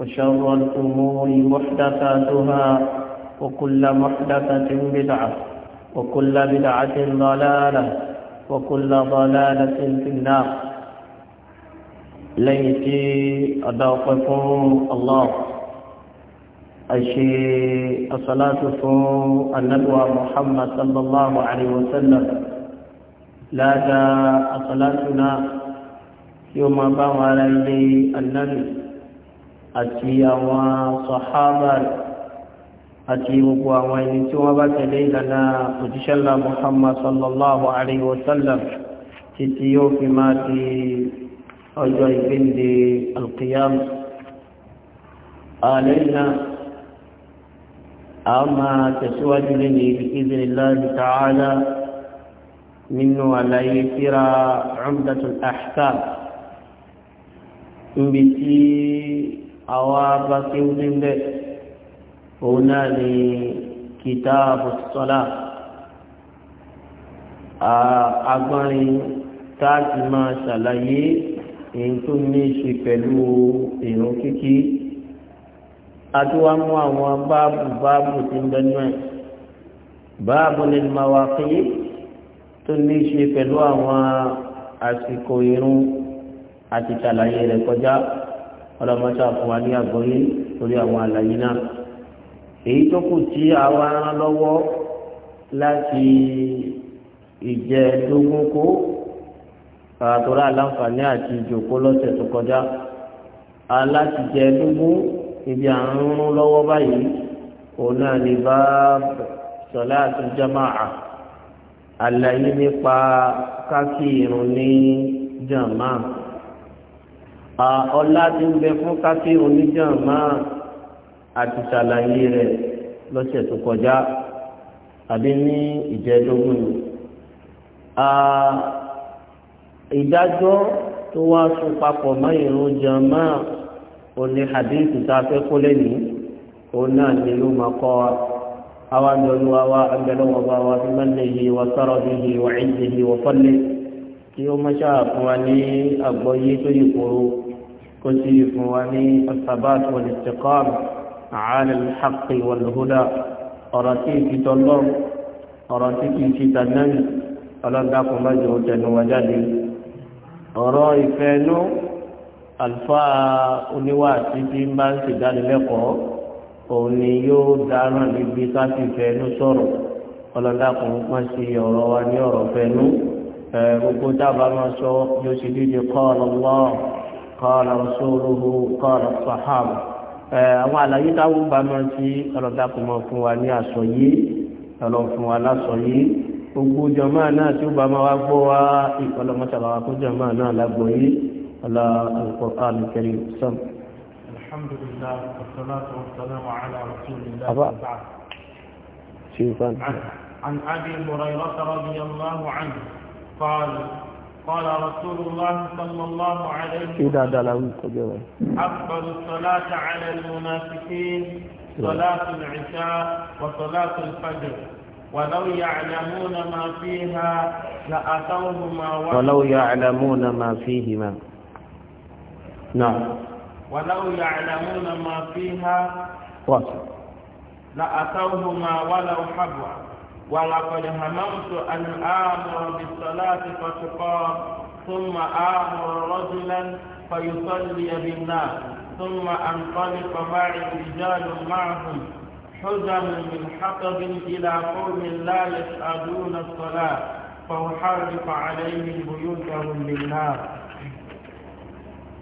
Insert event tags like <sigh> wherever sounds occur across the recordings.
وشر الأمور محدثاتها وكل محدثة بدعة وكل بدعة ضلالة وكل ضلالة في النار ليتي أدوقكم الله أشي الصلاة النبوة محمد صلى الله عليه وسلم لا دا صلاتنا يوم باوى عليه النبي àti àwọn sọ̀hábà àti gbogbo àwọn ẹni tí wọ́n bá tẹ̀lé ìlànà òjíṣẹ́lá Muhammad sallallahu alayhi wa sallam títí yóò fi máa di ọjọ́ ìgbéǹde alqiyam àlẹ́yìnà a máa tẹ̀síwájú lẹ́ni bi'iznillahi ta'ala nínú àlàyé tírà Umdatul Ahkam níbi tí àwọn abakéwú ní bẹ́ẹ̀ òun náà ni kìtàbù sọ́lá agbọ́nrin táàtì máa ṣàlàyé èyí tó ní ṣe pẹ̀lú èrò kíkí adúwámú àwọn báàbù báàbù tí ń bẹnu ẹ̀ báàbù ní mawaqi tó ní ṣe pẹ̀lú àwọn àsìkò irun àti ṣàlàyé rẹ̀ kọjá ọlọ́mọṣà fún wa ní àgbọ́yé lórí àwọn àlàyé náà èyí tó kù tí àwa rán lọ́wọ́ láti ìjẹ́dógún kó àtọ́lá aláǹfààní àti ìjòkó lọ́sẹ̀ tó kọjá aláti jẹ́dógún ibi à ń rún lọ́wọ́ báyìí òun náà ní bá sọlá àti jamaa àlàyé nípa kákì irun ní jamaa ọlá tí ń bẹ fún káfí oníjàmá àti ṣàlàyé rẹ̀ lọ́sẹ̀ tó kọjá àbí ní ìjẹ́dógún ni. ìdájọ́ tó wá sún papọ̀ mọ́ ìrun jàmá òní hadith tá a fẹ́ kó lẹ́yìn òun náà ni yóò máa kọ́ wa. أوان دلواوا أن دلواوا وبمنه وكرمه وعزه وفضله يوم شاء أقواني أقوي تيقروا كتيف ولي الثبات والاستقامة على الحق والهدى أراتيك تلوم أراتيك تتنن ألدك مجهودا وجدي أرأي فينو àlùfáà oníwà tí fi ń bá ń ṣèdánilẹ́kọ̀ọ́ òun ni yóò dáràn níbi káfí fẹ́ẹ́nú sọ̀rọ̀ ọlọ́dàkùn wọ́n ṣe ọ̀rọ̀ wa ní ọ̀rọ̀ fẹ́ẹ́nú gbogbo dábàá máa sọ yóò ṣe díje qala Allah قال رسوله قال الصحابة àwọn àlàyé táwọn bá máa ti ọlọ́dàkùnmọ̀ fún wa ní àsọyé ọlọ́fún wa lásọyé gbogbo jọmọ́ náà tí ó bá máa wá gbọ́ wá ìkọlọmọ́sàbà wa kó jọmọ́ náà lágbóyé ọlá Al-Qur'an sọ́m. alhamdulillah wa salatu wa salamu ala rasulillah عن أبي هريرة رضي الله عنه قال قال رسول الله صلى الله عليه وسلم أفضل الصلاة على المنافقين صلاة العشاء وصلاة الفجر ولو يعلمون ما فيها لأتوهما ولو يعلمون ما فيهما نعم ولو يعلمون ما فيها لأتوهما ولو حبوا ولقد هممت أن آمر بالصلاة فتقام ثم آمر رجلا فيصلي بالناس ثم أنطلق معي رجال معهم حزم من حطب إلى قوم لا يسألون الصلاة فأحرق عليهم بيوتهم بالنار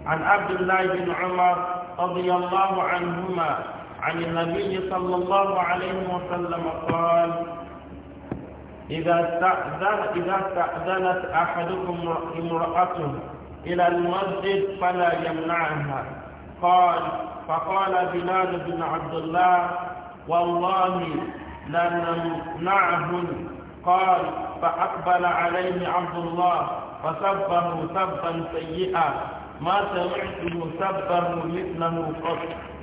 عن عبد الله بن عمر رضي الله عنهما عن النبي صلى الله عليه وسلم قال إذا استأذن إذا استأذنت أحدكم امرأته إلى المسجد فلا يمنعها قال فقال بلال بن عبد الله والله لنمنعهن قال فأقبل عليه عبد الله فسبه سبا سيئا ما سمعته سبه مثله قط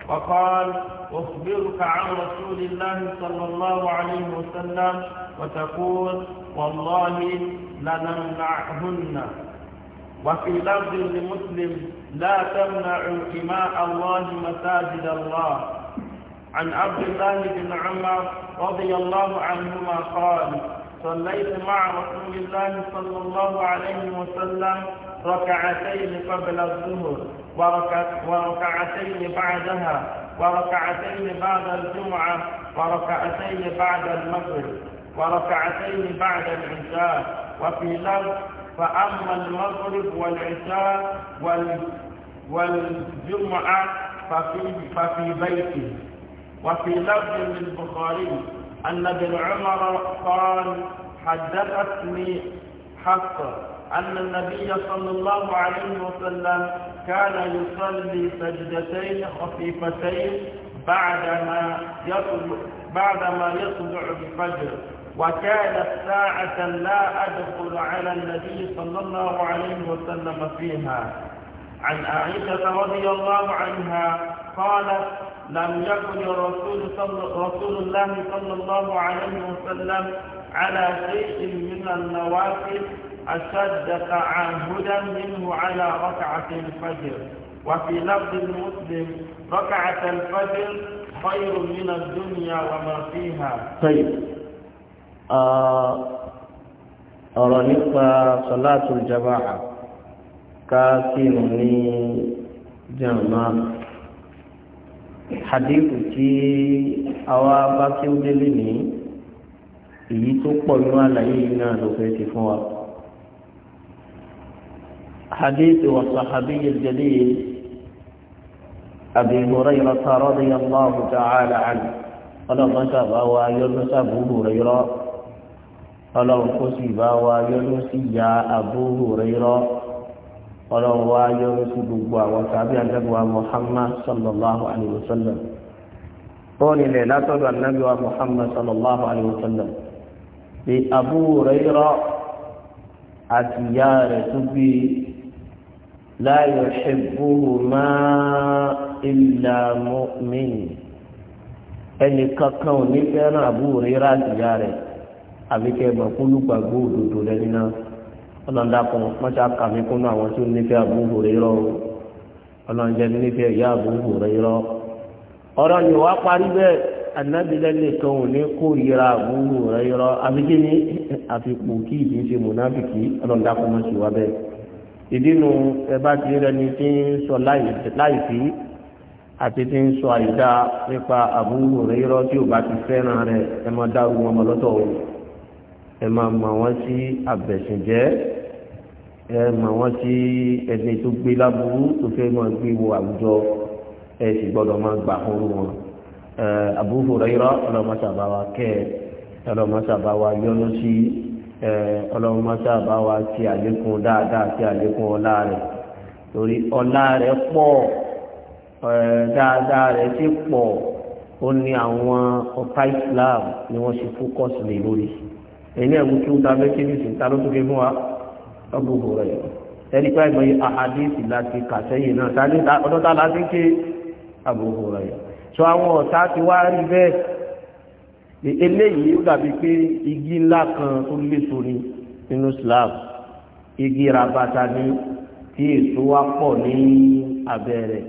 وقال أخبرك عن رسول الله صلى الله عليه وسلم وتقول والله لنمنعهن وفي لفظ لمسلم لا تمنعوا إماء الله مساجد الله عن عبد الله بن عمر رضي الله عنهما قال صليت مع رسول الله صلى الله عليه وسلم ركعتين قبل الظهر وركعتين بعدها وركعتين بعد الجمعة وركعتين بعد المغرب وركعتين بعد العشاء وفي لفظ فأما المغرب والعشاء والجمعة ففي, ففي بيته وفي لفظ للبخاري أن ابن عمر قال حدثتني حفصة أن النبي صلى الله عليه وسلم كان يصلي سجدتين خفيفتين بعدما يطلع بعدما يطلع الفجر وكانت ساعة لا أدخل على النبي صلى الله عليه وسلم فيها عن عائشة رضي الله عنها قالت لم يكن رسول, صل... رسول الله صلى الله عليه وسلم على شيء من النوافل أشد تعهدا منه على ركعة الفجر وفي لفظ المسلم ركعة الفجر خير من الدنيا وما فيها طيب ọ̀rọ̀ nípa sọ́látù jama'a káàkiri ní jama'a hadithu tí èyí tó pọ̀ inú àlàyé yìí náà ló fẹ́ ti fún wa. حديث والصحابي الجليل أبي هريرة رضي الله تعالى عنه قال ضكب ويلس أبو هريرة قال انقسب ويلس يا أبو هريرة قال ويلس دبوا وتابع دبوا محمد صلى الله عليه وسلم قول ليلة النبي محمد صلى الله عليه وسلم pé Abu Hurairah àti ìyá rẹ̀ tó bí la yuhibbuhuma illa mu'min ẹnì kankan ò ní fẹ́ràn Abu Hurairah àti ìyá rẹ̀ àbíkẹ́ bàkúlù gbàgbó òdòdó lẹ́ni náà ọlọ́dà kan wọ́n ṣe àkàmì kúnnú àwọn tí ó nífẹ̀ẹ́ Abu Hurairah ọlọ́dà nífẹ̀ẹ́ ìyá Abu Hurairah ọ̀rọ̀ yìí wá parí bẹ́ẹ̀ anábìlẹ̀ nìkan ò ní kó ìra àbúrò rẹ̀ yọrọ abíké ní àfikún kí ìdí ṣe mùnáfìkì ọlọ́dàkùn mọ́ sí wa bẹ́ẹ̀. ìdínú ẹ bá ti rẹni tí ń sọ láìsí àti tí ń sọ àìdá nípa àbúrò rẹ̀ yọrọ tí ò bá ti fẹ́ràn rẹ̀ ẹ máa dárú wọn mọ́ lọ́tọ̀ o ẹ máa mọ̀ wọ́n sí àbẹ̀sìnjẹ́ ẹ mọ̀ wọ́n sí ẹni tó gbé láburú tó fẹ́ máa gbé wo àwùjọ ẹ sì gbọ́dọ̀ máa gbà fún wọn. Eh, Abu Hurairah ọlọ́mọṣàbáwá kẹ́ ọlọ́mọṣàbáwá yọ́nú sí eh, ọlọ́mọṣàbáwá ti àlékún dáadáa ti àlékún ọlá rẹ̀ torí ọlá rẹ̀ pọ̀ eh, dáadáa rẹ̀ ti pọ̀ ó ní àwọn ọ̀pá Islam ni wọ́n ṣe fókọ̀sì lé lórí ẹni ẹ̀wù tí ó ta fẹ́ kébì sí ta ló tó fi fún wa Abu Hurairah ẹni pẹ́ ìmọ̀ yìí ahadíìsì láti kà sẹ́yìn náà ọdún tá láti ké Abu Hurairah sọ àwọn ọ̀tá ti wá rí bẹ́ẹ̀ eléyìí ó dàbí pé igi ńlá kan tó léso ni nínú Islam igi rabata ni tí èso wa pọ̀ ní abẹ́rẹ́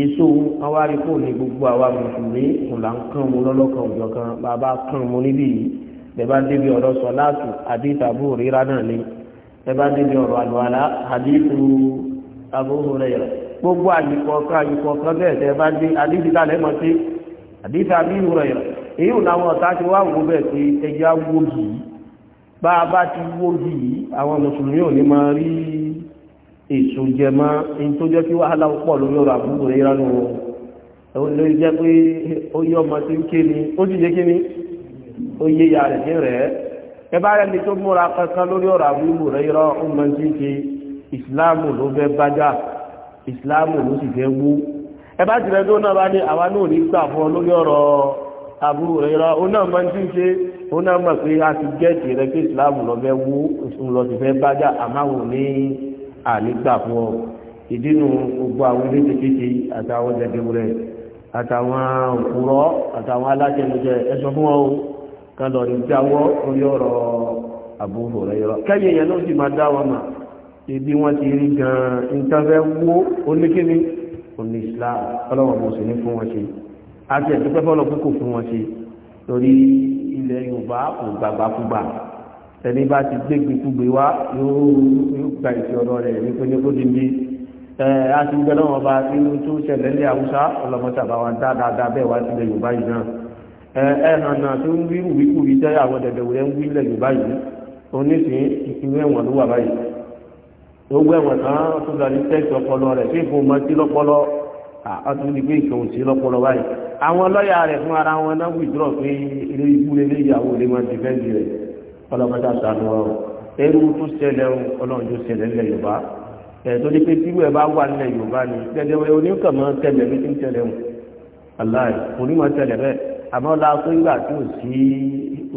èso awárí kò ní gbogbo àwa mùsùlùmí kò là ń kàn mú lọ́lọ́kan òjọ̀ kan bàbá kàn mú níbí yìí bẹ́ẹ̀ débi ọ̀rọ̀ sọ̀láàtù àdìtà bó ríra náà ni bẹ́ẹ̀ débi ọ̀rọ̀ àlùwàlá àdìtù Abu Hurairah gbogbo àyíkọ̀ọ̀kan àyíkọ̀ọ̀kan bẹ́ẹ̀ tẹ́ bá dé àdíjítà lẹ́mọ̀ sí àdíjítà bí ìwò rẹ̀ èyí làwọn ọ̀tá ti wá wò bẹ́ẹ̀ pé ẹja wó yìí bá a bá ti wó yìí àwọn mùsùlùmí ò ní máa rí èso jẹ mọ́ ẹni tó jẹ́ kí wàhálà pọ̀ lórí ọ̀rọ̀ àbúrò rẹ̀ jẹ́ pé ó ọmọ tí ń ké ni ó sì yé kí ni ó ya rẹ̀ sí rẹ̀ ẹ bá rẹ̀ tó múra kankan lórí ọ̀rọ̀ àbúrò rẹ̀ ìsìláàmù ló sì fẹ́ wó ẹ bá tìrẹ tó náà bá ní àwa náà ní gbà fún ọ lórí ọ̀rọ̀ àbúrò rẹ rọ ó náà máa ń tún ṣe ó náà mọ̀ pé a ti gẹ́ẹ̀tì rẹ pé ìsìláàmù lọ fẹ́ wó òṣùn lọ sì fẹ́ bájà àmáwò ní àlégbà fún ọ ìdínú gbogbo àwọn eléyìí kékeré àtàwọn jẹjẹrẹ àtàwọn òkúrọ àtàwọn alájẹnujẹ ẹsọ fún ọ kan lọ ní jáwọ orí ọ̀rọ̀ àbúrò rẹ rọ kẹyìn yẹn ló sì máa dá wọn mọ̀ ibi wọ́n ti rí gan-an ìtànfẹ́ wó oníkíní òní islam ọlọ́wọ́ mo sì ní fún wọn ṣe àti ẹ̀dúpẹ́ fọ́lọ́ pé kò fún wọn ṣe torí ilẹ̀ yorùbá kò gbàgbàkúgbà ẹni bá ti gbégbé kúgbe wá yóò gba ìṣe ọ̀rọ̀ rẹ̀ ní pé ní kó di bí ẹ á ti gbẹ lọ́wọ́ bá inú tó ṣẹlẹ̀ ní haúsá ọlọ́mọṣàbá wa dáadáa bẹ́ẹ̀ wá sílẹ̀ yorùbá yìí náà ẹ ẹ hànà tó ń wí wíkúwí jẹ́ àwọn dẹ̀dẹ̀wò rẹ̀ ń wí ilẹ̀ yorùbá yìí oníṣìí ìwé ẹ̀wọ̀n ló wà báyìí gbogbo ẹ̀wọ̀n tán ọtún lọ ní tẹ́sí ọpọlọ rẹ̀ ṣé ìfowó mọ sí lọ́pọlọ ọtún ní pé ìṣòwò sí lọ́pọlọ báyìí àwọn lọ́ọ̀yà rẹ̀ fún ara wọn náà wìdúrọ̀ pé ilé ikú lélẹ́ ìyàwó lè máa dìfẹ́ǹdì rẹ̀ ọlọ́mọdé àtàwọn ọ̀rọ̀ ẹrú tó ṣẹlẹ̀ ọlọ́run tó ṣẹlẹ̀ ńlẹ̀ Yorùbá ẹ̀ẹ́dọ́ ní pé tíwẹ̀ bá wà nílẹ̀ yorùbá ni gẹ́gẹ́ oníkàmọ́ tẹ̀lẹ̀ bí tí ń tẹ̀lẹ̀ wọn aláì onímọ̀ tẹ̀lẹ̀ bẹ́ẹ̀ àmọ́ láàpọ̀ ìgbà tí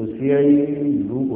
ò sí ìlú kò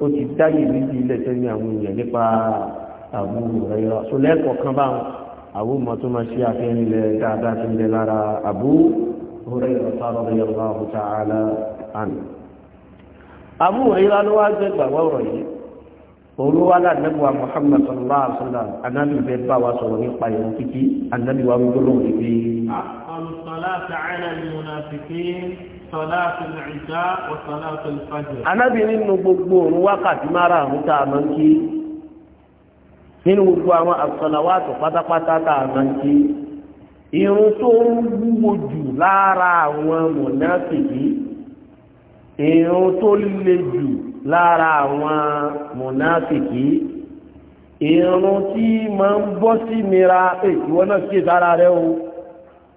ó ti dáyé níbi ilẹ̀ tẹ́lẹ̀ àwọn èèyàn nípa àwọn òrẹ́yọ so lẹ́ẹ̀kọ̀ọ̀kan bá wọn àwọn ọmọ tó máa ṣe àfihàn ilẹ̀ dáadáa ti ń bẹ lára àbú òrẹ́yọ sára òrẹ́yọ bá wọn ta àlà àmì àbú òrẹ́yọ ló wá jẹ́ gbàgbọ́ ọ̀rọ̀ yìí anábì nínú gbogbo òun wákàtí mara àrùn tá a máa ń kí nínú gbogbo àwọn àsàlàwátù pátápátá tá a máa ń kí irun tó ń wúwo jù lára àwọn mọ̀nàfìkì irun tó le jù lára àwọn mọ̀nàfìkì irun tí máa ń bọ́ sí nira èyí wọ́n náà kí sára rẹ o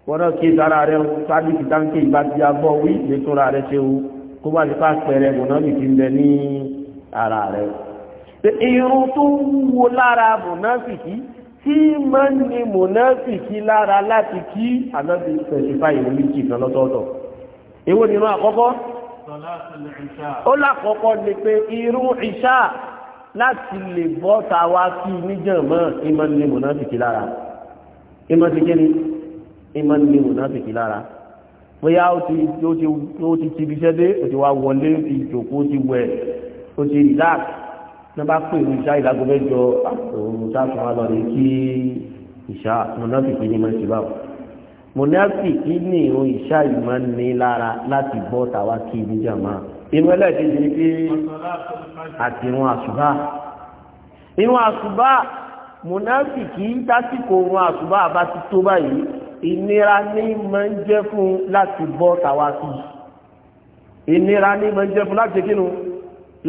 wọn náà kí sára rẹ sáájú ti dáńké ìgbà tí a bọ̀ wí ìgbésóra rẹ ṣe wo kó bá ti ká pẹ̀rẹ̀ mọ̀nàbì ti ń bẹ ní ara rẹ. irun tó wúwo lára mọ̀nàbì kí tí máa ń ní mọ̀nàbì kí lára láti kí ànábì fẹ̀sífà ìwé méjì kan lọ́tọ̀ọ̀tọ̀. èwo ni irun àkọ́kọ́? ó lákọ̀ọ́kọ́ ni pé irun ìṣá láti lè bọ́ tàwa kí níjàmọ́ ìmọ̀ ní mọ̀nàbì kí lára. ìmọ̀ ti kí ìmọ̀ ní mùnáfìkì lára bóyá ó ti ó ti ti ibiṣẹ́ dé ó ti wá wọlé ó ti jòkó ó ti wẹ̀ ó ti relax ní bá pè ní ìṣá ìdágó mẹ́jọ ah, òun sáfún wa lọ rí kí ìṣá mùnáfìkì ní mọ̀ síbà mùnáfìkì ní ìrún ìṣá ìmọ̀ ní lára láti bọ́ tàwa kí inú ẹlẹ́ẹ̀kejì ni pé àti ìrún àṣùbà ìrún ti tó báyìí ìnira ní máa ń jẹ́ fún láti bọ́ tàwa sí ìnira ní máa ń jẹ́ fún láti kínú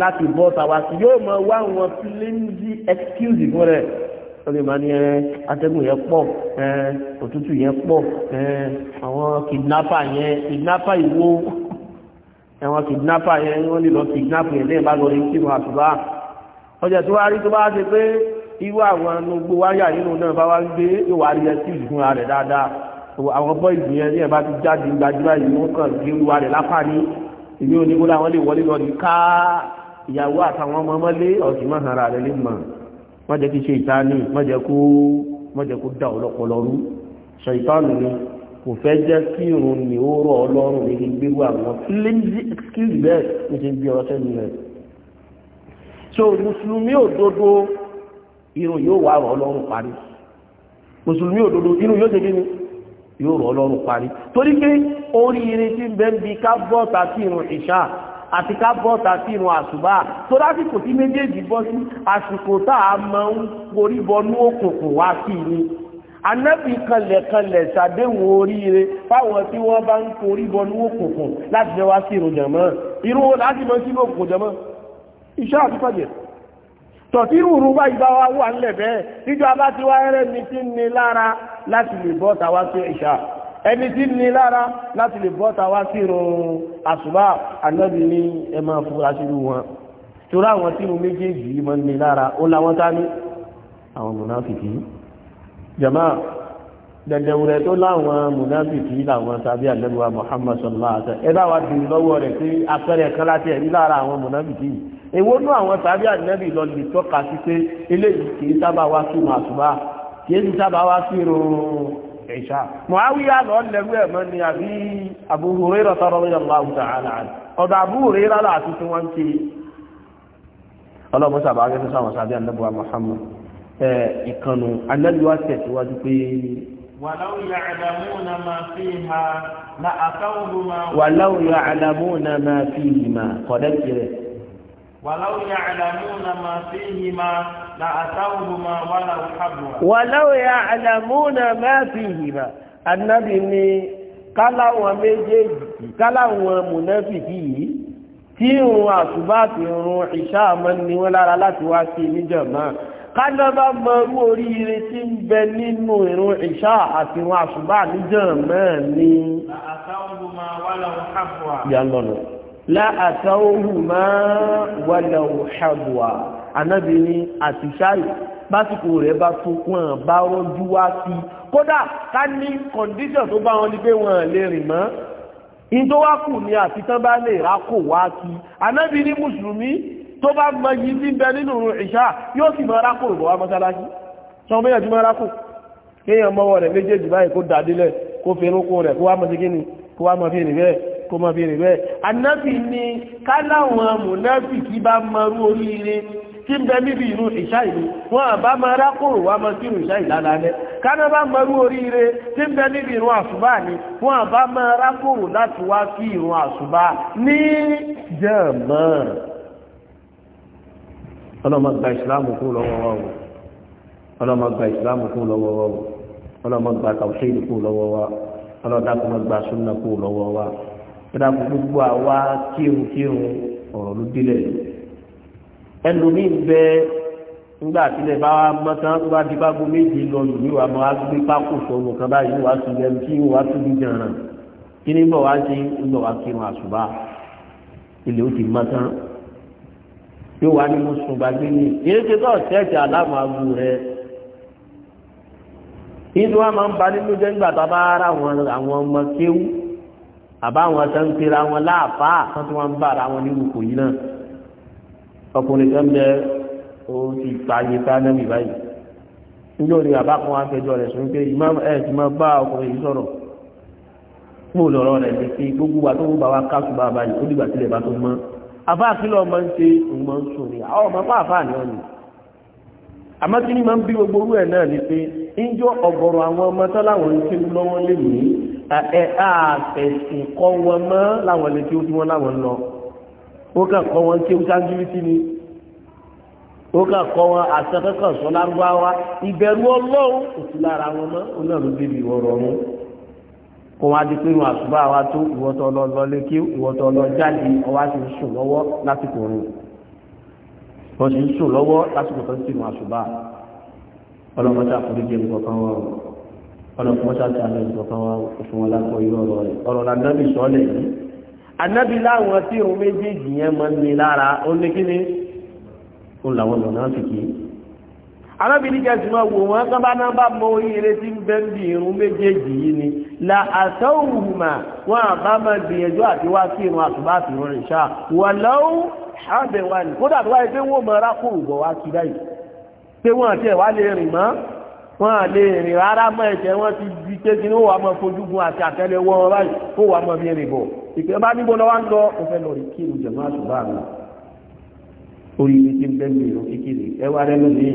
láti bọ́ tàwa sí yóò máa wá àwọn flimsy excuse fún rẹ̀ lórí ma ní ẹ atẹ́gùn yẹn pọ̀ ẹ òtútù yẹn pọ̀ ẹ àwọn kidnapper yẹn kidnapper ìwó <laughs> àwọn kidnapper yẹn wọ́n lè lọ kidnap yẹn lẹ́yìn bá lọ rí sínú àtúbà ọjà tó wá rí tó bá ṣe pé irú àwọn gbogbo wáyà nínú náà bá wá ń gbé yóò wá rí ẹtí ìgbìmọ̀ rẹ̀ dáadáa àwọn bọ́ìsì yẹn ní ẹ̀bá ti jáde gbajúmọ̀ yìí wọ́n kàn gé wá rẹ̀ lápá ní èmi ò ní kó láwọn lè wọlé lọ ní ká ìyàwó àtàwọn ọmọ mọ́lé ọ̀sìn máa hàn ara rẹ̀ lè mọ̀ wọ́n jẹ́ kí ṣe ìtaní wọ́n jẹ́ kó wọ́n jẹ́ kó dá ọlọ́pọlọ́rú sọ ìtọ́nù ni kò fẹ́ jẹ́ kí irun ni ó rọ̀ ọlọ́run ní gbígbó àwọn flimsy excuse bẹ́ẹ̀ ní ti gbé ọtẹ́ nílẹ̀ so mùsùlùmí òdodo irun yóò wá rọ̀ ọlọ́run parí mùsùlùmí òdodo irun yóò ṣe kíni yóò rọ̀ ọlọ́run parí torí pé oríire tí ń bẹ ń bi ká bọ́ta sí irun ìṣá àti ká bọ́ta sí irun àṣùbà tó lásìkò tí méjèèjì bọ́ sí àsìkò tá a máa ń gorí bọnú òkùnkùn wá sí ni anábì kanlẹ̀kanlẹ̀ ṣàdéhùn oríire fáwọn tí wọ́n bá ń korí bọnú òkùnkùn láti jẹ́ wá sí irun jẹ̀mọ́ irun wo láti mọ́ sínú òkùnkùn jẹ̀mọ́ ìṣá àti fàjẹ̀ tọ̀tírù rúbá ìgbà wa wà nílẹ̀ bẹ́ẹ̀ níjọ abá ti wá rẹ̀ ní tí ní lára láti lè bọ́ tàwa sí ìṣà ẹni tí ní lára láti lè bọ́ tàwa sí irun àṣùbà ànábì ní ẹ máa wọn torí àwọn tí mo méjèèjì yìí máa ní lára ó láwọn tá àwọn mùnáfìkì jama dẹ̀dẹ̀wùrẹ̀ tó láwọn mùnáfìkì làwọn tàbí àlẹ́lúwa Muhammad sallallahu alaihi wasallam ẹ bá wa dùn lọ́wọ́ rẹ̀ pé apẹ̀rẹ̀ kan láti ẹ̀rí lára àwọn mùnáfìkì yìí èwo nú àwọn tàbí ànábì lọ lè tọ́ka sí pé eléyìí kì í sábà wá sí màṣúbà kì í sábà wá sí rọrùn ìṣá Muawiya lọ lẹ́rú ẹ̀ mọ́ ni àbí Abu Hurairah radiyallahu ta'ala ọlọ́mọ sábà akẹ́kọ̀ọ́ sáwọn sábẹ́ ànábì wa Muhammad ìkànnù ànábì tẹ̀síwájú pé ولو يعلمون ما فيها لأتوه ما ولو يعلمون ولو يعلمون ما فيهما لأتوهما ولو حبوا ولو يعلمون ما فيهما النبي ni káláwọn méjèèjì káláwọn mùnẹ́fìkì yìí tí ìrun àsùbá ti run ìṣá àmọ́ ni wọ́n lára láti wá sí níjọ̀mọ́ kájọba mọrú oríire tí ń bẹ nínú ìrun ìṣá àti ìrun àsùbá níjọ̀mọ́ ni. àtàwọn ọmọ wa lọ kábọ̀ à. yà lọ́nà láàtàwòhùnmá wàlàwò ṣàbùwà anábì ní àtìṣáì básìkò rẹ̀ bá tún wọn bá rọ́jú wá sí kódà ká ní kọ̀ndíṣọ̀ tó bá wọn ní pé wọn lè rìn mọ́ in tó wá kù ní àti tán bá lè rá kò wá sí anábì ní mùsùlùmí tó bá mọ yìí ní bẹ nínú ìṣá yóò sì mọ rákò rò wá mọ́sálásí sọ méjèèjì tí mọ rákò kéèyàn mọ́wọ́ rẹ̀ méjèèjì báyìí kó dàdílẹ̀ kó fẹ́ràn kó rẹ̀ kó wá mọ́ sí kíni kó wá mọ́ fẹ́ràn bẹ́ẹ̀ kó mọ́ bí rẹ̀ bẹ́ẹ̀ anábì ni káláwọn mùnábì kí bá mọrú oríire tí ń bẹ níbi ìlú ìṣá ìlú wọn àbá máa rákòrò wá máa kírun ìṣá ìlànà alẹ́ káná bá mọrú oríire tí ń bẹ níbi ìrun àṣùbá ni wọn àbá máa rákòrò láti wá sí ìrun àṣùbá ní jẹ́ẹ̀mọ́ ọlọ́mọ gba ìsìláàmù kún lọ́wọ́ ọlọ́mọ gba ìsìláàmù kún lọ́wọ́ ọlọ́mọ gba tàwùsí ìlú kún ẹ̀dá gbogbo àwa kírun kírun ọ̀rọ̀ ló délẹ̀ ẹlòmíín bẹ nígbà tílẹ̀ bá wa mọ́tán tó bá di bágo méje lọ lùmí wa máa gbé pákó sọ̀rọ̀ kan báyìí wàá tún lẹ́nu tí wàá tún bí jàǹrà kí ni bọ̀ wá ṣe ń bọ̀ wá kírun àṣùbà ilé ó ti mọ́tán yóò wá ní mùsùlùmí gbàgbé ní ìyẹn ti tọ́ ṣẹ́ẹ̀tì aláàmú agbó rẹ inú máa ń ba nínú jẹ́ nígbà tá a bá ara àwọn ọmọ kéwú àbáwọn tó ń pera wọn láàfáà kan tí wọ́n ń bára wọn ní ìrùkò yìí náà ọkùnrin kan bẹ ó ti pààyè sáánẹ́mì báyìí níjọ́ ni bàbá kan wá fẹjọ́ rẹ̀ sọ pé ẹ̀ ti máa bá ọkùnrin yìí sọ̀rọ̀ fún olọ́rọ̀ rẹ̀ ní pé gbogbo wa tó ń bá wa káàkiri bá a báyìí ó dìgbà tilẹ̀ bá tó mọ́ afáàkìlọ̀ máa ń ṣe ìmọ̀ ń sùn ní àwọn ọmọ àmọ́ kí ni máa ń bí gbogbo orú ẹ̀ náà ni pé ńjọ́ ọ̀gọ̀rọ̀ àwọn ọmọ tán láwọn ń kéwú lọ́wọ́ lè mí ẹ àfẹ̀sìn kọ́ wọn mọ́ láwọn lè kéwú tí wọ́n láwọn lọ ó kà kọ́ wọn kéwú sáńgírísì ni ó kà kọ́ wọn àṣẹkẹ́kọ̀ọ́ sọ lárúbáwá ìbẹ̀rù ọlọ́run kò sí lára wọn mọ́ ó náà ló débi ìwọ̀rọ̀ wọn kó wọn adi pé ìwọ̀n àṣùbà wa tó ìwọ́tọ̀ ọlọ́ọ̀lọ́ wọ́n sì ń sùn lọ́wọ́ lásìkò tó ń sìn wọn àṣùbà ọlọ́mọṣà àforíjì nǹkan kan wà ọlọ́mọṣà ti àlọ́ nǹkan kan wà fún wọn lápò irú ọ̀rọ̀ rẹ̀ ọ̀rọ̀ làǹdàbí sọ́ọ̀lẹ̀ yìí ànábì láwọn tí òun méjèèjì yẹn máa ń ní lára ó ní kíni ó làwọn lọ náà fìkì arábìnrin kẹsì máa wò wọn kán bá náà bá mọ oríire tí ń bẹ ń bí irun méjèèjì yìí ni la àtọ́wùmà wọn àbá máa gbìyànjú àti wá sí irun àtúbà àti irun ìṣá wọ̀lọ́wọ́ àbẹ̀ wa ní kódà tó wáyé pé wọ́n mọ arákùnrin bọ̀ wá kí báyìí pé wọ́n àti ẹ̀wá lè rìn mọ́ wọ́n à lè rìn rárá mọ́ ẹ̀jẹ̀ wọ́n ti di kéjì ní wọ́n mọ́ fojúgun àti àtẹ́lẹwọ́ wọn báyìí ó wà mọ́ bí ẹ̀rìn bọ̀ ìpè bá níbo lọ́wọ́ ń lọ ó fẹ́ lọ rí kí ìlú jẹ̀mọ́ àṣùbà mi orí ibi tí ń bẹ́ mi ìrún kékeré ẹ wá rẹ lónìí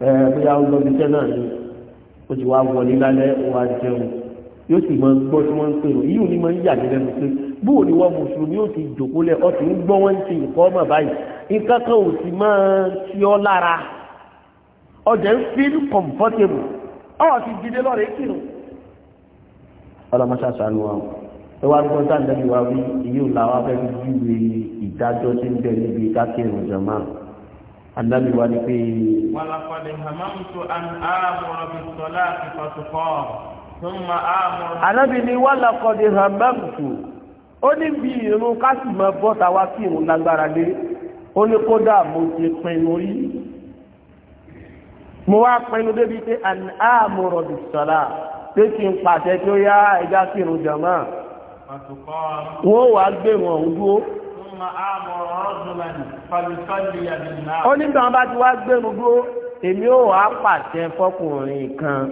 ẹ bóyá ó lọ bí iṣẹ́ náà ni ó ti wá wọlé lálẹ́ ó wá jẹun yóò sì mọ gbọ́ tí wọ́n ń pè ó yíò ní mọ bóò ni wọ́n mùsùlùmí ò ti jòkólẹ̀ ọ ti ń gbọ́ wọn ti nǹkan ọmọ báyìí nǹkan kan ò sì máa ti ọ lára ọjà ń feel comfortable ọ ti dìde lọ́rẹ̀ẹ́ kírun. ọlọmọṣà sànù wa ẹ wá gbọ́n tá ǹdẹ́bí wa wí ìyóò làwọn afẹ́ fi júwe ìdájọ́ tí ń bẹ níbi kákẹ́rùn jọ̀mọ́ anabi wa ni pé. wàlàkọ̀dé hamamutu an aamura bi sọlá àti fatukọ́ tún ma aamura. anabi ni wàlàkọ̀dé hamamutu ó ní bí irun ká sì mọ bọ́ta wá sí irun lágbára lé ó ní kódà mo ti pinnu rí mo wá pinnu débi pé àmúrọ̀ bìsọ̀lá pé kí n pàṣẹ tí yá ẹja sí irun jọ̀mọ́ wọ́n wàá gbé wọn òun dúró ó nígbà wọn bá ti wá gbẹ̀rún dúró èmi ò wá pàṣẹ fọkùnrin kan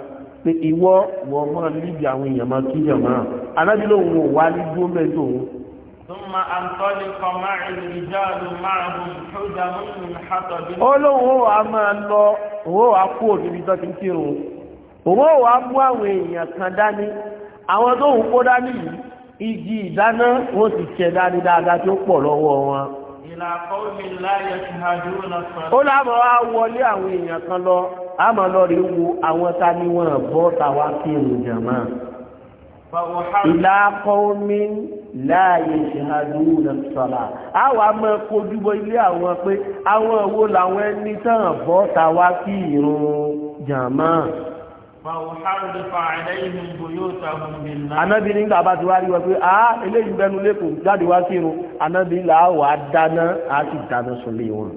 pé ìwọ́ wọ́n mọ́ níbi àwọn èèyàn máa kí yàn máa alábílò òun ò wá ní gbó mẹ́jọ òun. Súnmọ́ àǹtọ́lé kan máa ń rí jáde máa hùn ṣúdà mọ́sùn hátọ̀dé. Ó lóun ó wàá máa lọ, òun ó wàá kú òdìbí tó ti ń kírun. Òun ó wàá mú àwọn èèyàn kan dání. Àwọn tó ń kó dání yìí, igi ìdáná wọ́n ti ṣẹ̀ dání dáadáa tó pọ̀ lọ́wọ́ wọn ó láàmọ́ wá wọlé àwọn èèyàn kan lọ àmọ́ lọ rí wo àwọn ta ni wọ́n bọ́ tàwa kí ìrìn jàmá ìlà kọ́ọ́mí láàyè ìṣẹ́hàdú lẹ́sọ̀lá àwọn àmọ́ kojúbọ ilé àwọn pé anabi nígbà bá ti wá rí wọn pé a eléyìí bẹnu lẹkọọ jáde wá sí irun anabi là á wà á dáná á sì dáná sọlé wọn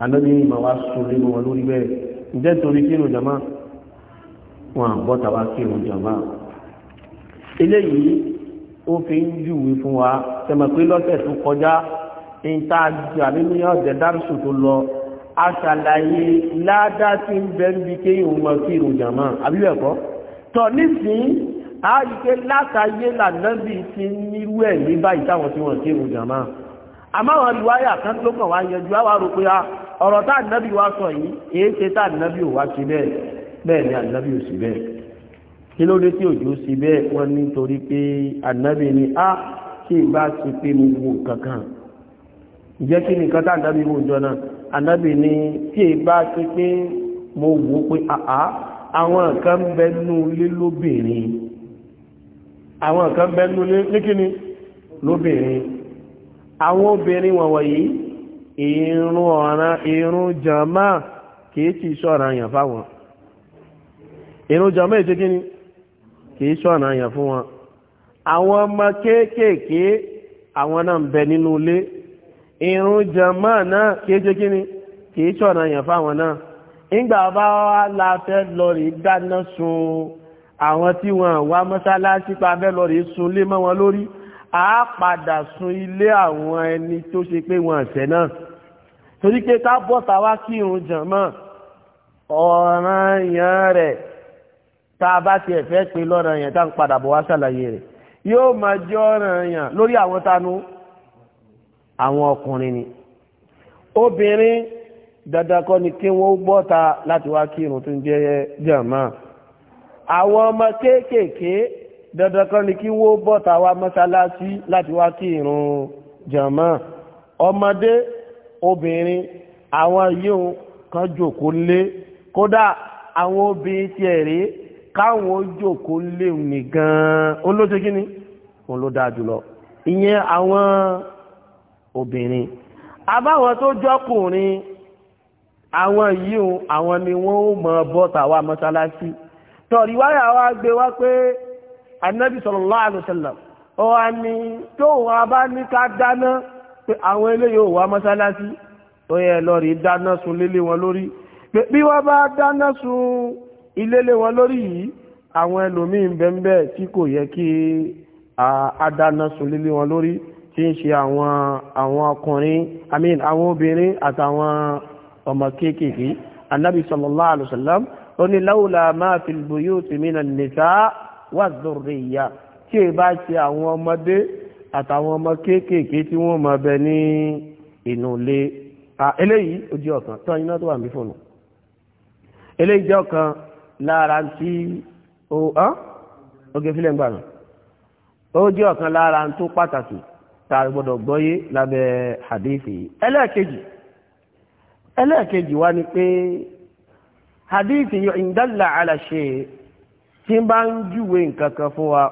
anabi ní ìmọ̀ wá sọlé wọn lórí bẹ́ẹ̀ ǹjẹ́ torí kí irun jama wọn àbọ̀tà wá sí irun jama eléyìí ó fi ń júwe fún wa tẹ̀mọ̀ pé lọ́sẹ̀ tó kọjá ní tá jù àbí ní ọ̀dẹ̀ dárúsù tó lọ aṣàlàyé ládá tí ń bẹ̀rù kí òun mọ̀ sí ìròyìn àmọ́ àbíbẹ̀kọ́ tọ̀ nísìnyí àáríkẹ́ látàyé lànàbì ti nírú ẹ̀ ní báyìí táwọn tí wọ́n sí ìròyìn àmọ́ àmọ́ àwọn ìwáyà kan ló kàn wá yanjú àwa rò pé ah, ọ̀rọ̀ tá wá sọ yìí èé ṣe tá ò wá sí bẹ́ẹ̀ bẹ́ẹ̀ ni ànábì ò sí bẹ́ẹ̀ kí ló dé tí òjò sí bẹ́ẹ̀ wọ́n nítorí pé ànábì ni a ah, kí ìbá ti pé mo wo kankan ìjẹ́ kí nìkan tá wò jọ náà anábì ni tí è bá ṣe pé mo wò pé àá àwọn nǹkan bẹnu lé lóbìnrin àwọn nǹkan bẹnu lé níkíní lóbìnrin àwọn obìnrin wọ̀nwọ̀nyí ìrún ọ̀ràn ìrún jàmá kìí ti ṣọ́ra yàn fáwọn ìrún jàmá ètò kíní kìí ṣọ́ra yàn fún wọn àwọn ọmọ kéékèèké àwọn náà ń bẹ nínú ilé ìrun jàmá náà kìí ṣe kí ni kìí ṣọ̀nà yàn fáwọn náà ìgbà bá wá la fẹ́ lọ rí dáná sun àwọn tí wọn wá mọ́sálásí pa fẹ́ lọ sun lé mọ́ wọn lórí a padà sun ilé àwọn ẹni tó ṣe pé wọn ẹ̀sẹ̀ náà torí pé ká bọ́ta wá kí ìrun jàmá ọ̀ràn yàn rẹ̀ tá a bá ti ẹ̀fẹ́ pé lọ́rọ̀ yẹn tá ń padà bọ̀ wá ṣàlàyé rẹ̀ yóò máa jẹ́ ọ̀ràn yàn lórí àwọn tanu àwọn ọkùnrin ni obìnrin dandan kọ́ ni kí wọ́n bọ́ta láti wá kírun tó ń jẹ́ jàmá àwọn ọmọ kéékèèké dandan kọ́ ni kí wọ́n bọ́ta wá mọ́sálásí láti wá kírun jàmá ọmọdé obìnrin àwọn yíò kan jòkó lé kódà àwọn obìnrin ti ẹ̀rí káwọn jòkó lé nìgan olóṣèkíní òun ló dáa jùlọ ìyẹn àwọn obìnrin àbáwọn tó jọkùnrin àwọn yìí àwọn ni wọ́n ó mọ bọ́ta wa mọ́sálásí tọ̀rí wáyà wá gbé wá pé anábì sallallahu alaihi wasallam ọwà ni tóun abá ní ká dáná pé àwọn eléyìí ò wá mọ́sálásí tó yẹ lọ rí dáná sun lélé wọn lórí pé bí wọ́n bá dáná sun ilélé wọn lórí yìí àwọn ẹlòmíín bẹ́ẹ̀ bẹ́ẹ̀ tí kò yẹ kí a dáná sun lélé wọn lórí tí ń ṣe àwọn àwọn ọkùnrin i mean àwọn obìnrin àtàwọn ọmọ kéékèèké anábì sallallahu alaihi wasallam ó ní láwùlà máa fil buyuti minan nisa wa dhurriya tí ì bá ṣe àwọn ọmọdé àtàwọn ọmọ kéékèèké tí wọ́n máa bẹ ní inú ilé eléyìí ó jẹ́ ọ̀kan tán iná tó wà ní fóònù eléyìí jẹ́ ọ̀kan lára tí ó oge fílẹ̀ ń gbà náà ó jẹ́ ọ̀kan lára tó pàtàkì tá a gbọ́dọ̀ gbọ́yé lábẹ́ hadithi ẹlẹ́ẹ̀kejì ẹlẹ́ẹ̀kejì wá ni pé hadithi yóò ń dálà aláṣẹ tí ń bá ń júwe nǹkan kan fún wa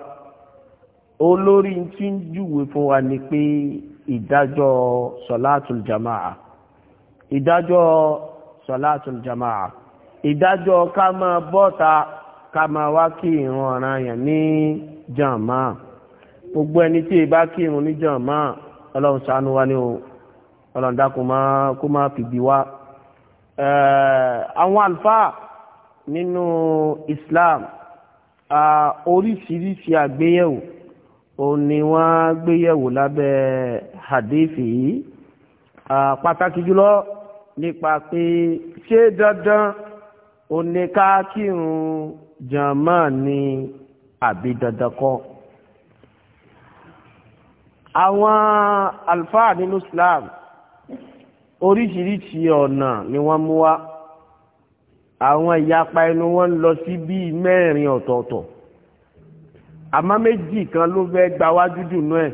olórí tí ń júwe fún wa ni pé ìdájọ́ sọláàtùl jama'a ìdájọ́ sọláàtùl jama'a ìdájọ́ ká máa bọ́ta ká máa wá kí ìran ọ̀ranyàn ní jama'a gbogbo ẹni tí ì bá kírun níjàn máa ọlọ́run ṣàánú wa ní o ọlọ́run dákun máa kó máa fìdí wa. àwọn àlùfáà nínú Islam oríṣiríṣi àgbéyẹ̀wò òun ni wọ́n gbéyẹ̀wò lábẹ́ hadithi yìí pàtàkì jùlọ nípa pé ṣé dandan òun ni ká kírun jàmáà ni àbí dandan kọ́ àwọn alfáà nínú Islam oríṣiríṣi ọ̀nà ni wọ́n mú wá àwọn ìyapa ẹnu wọn lọ sí bíi mẹ́rin ọ̀tọ̀ọ̀tọ̀ àmọ́ méjì kan ló fẹ́ gba wájú dùnú ẹ̀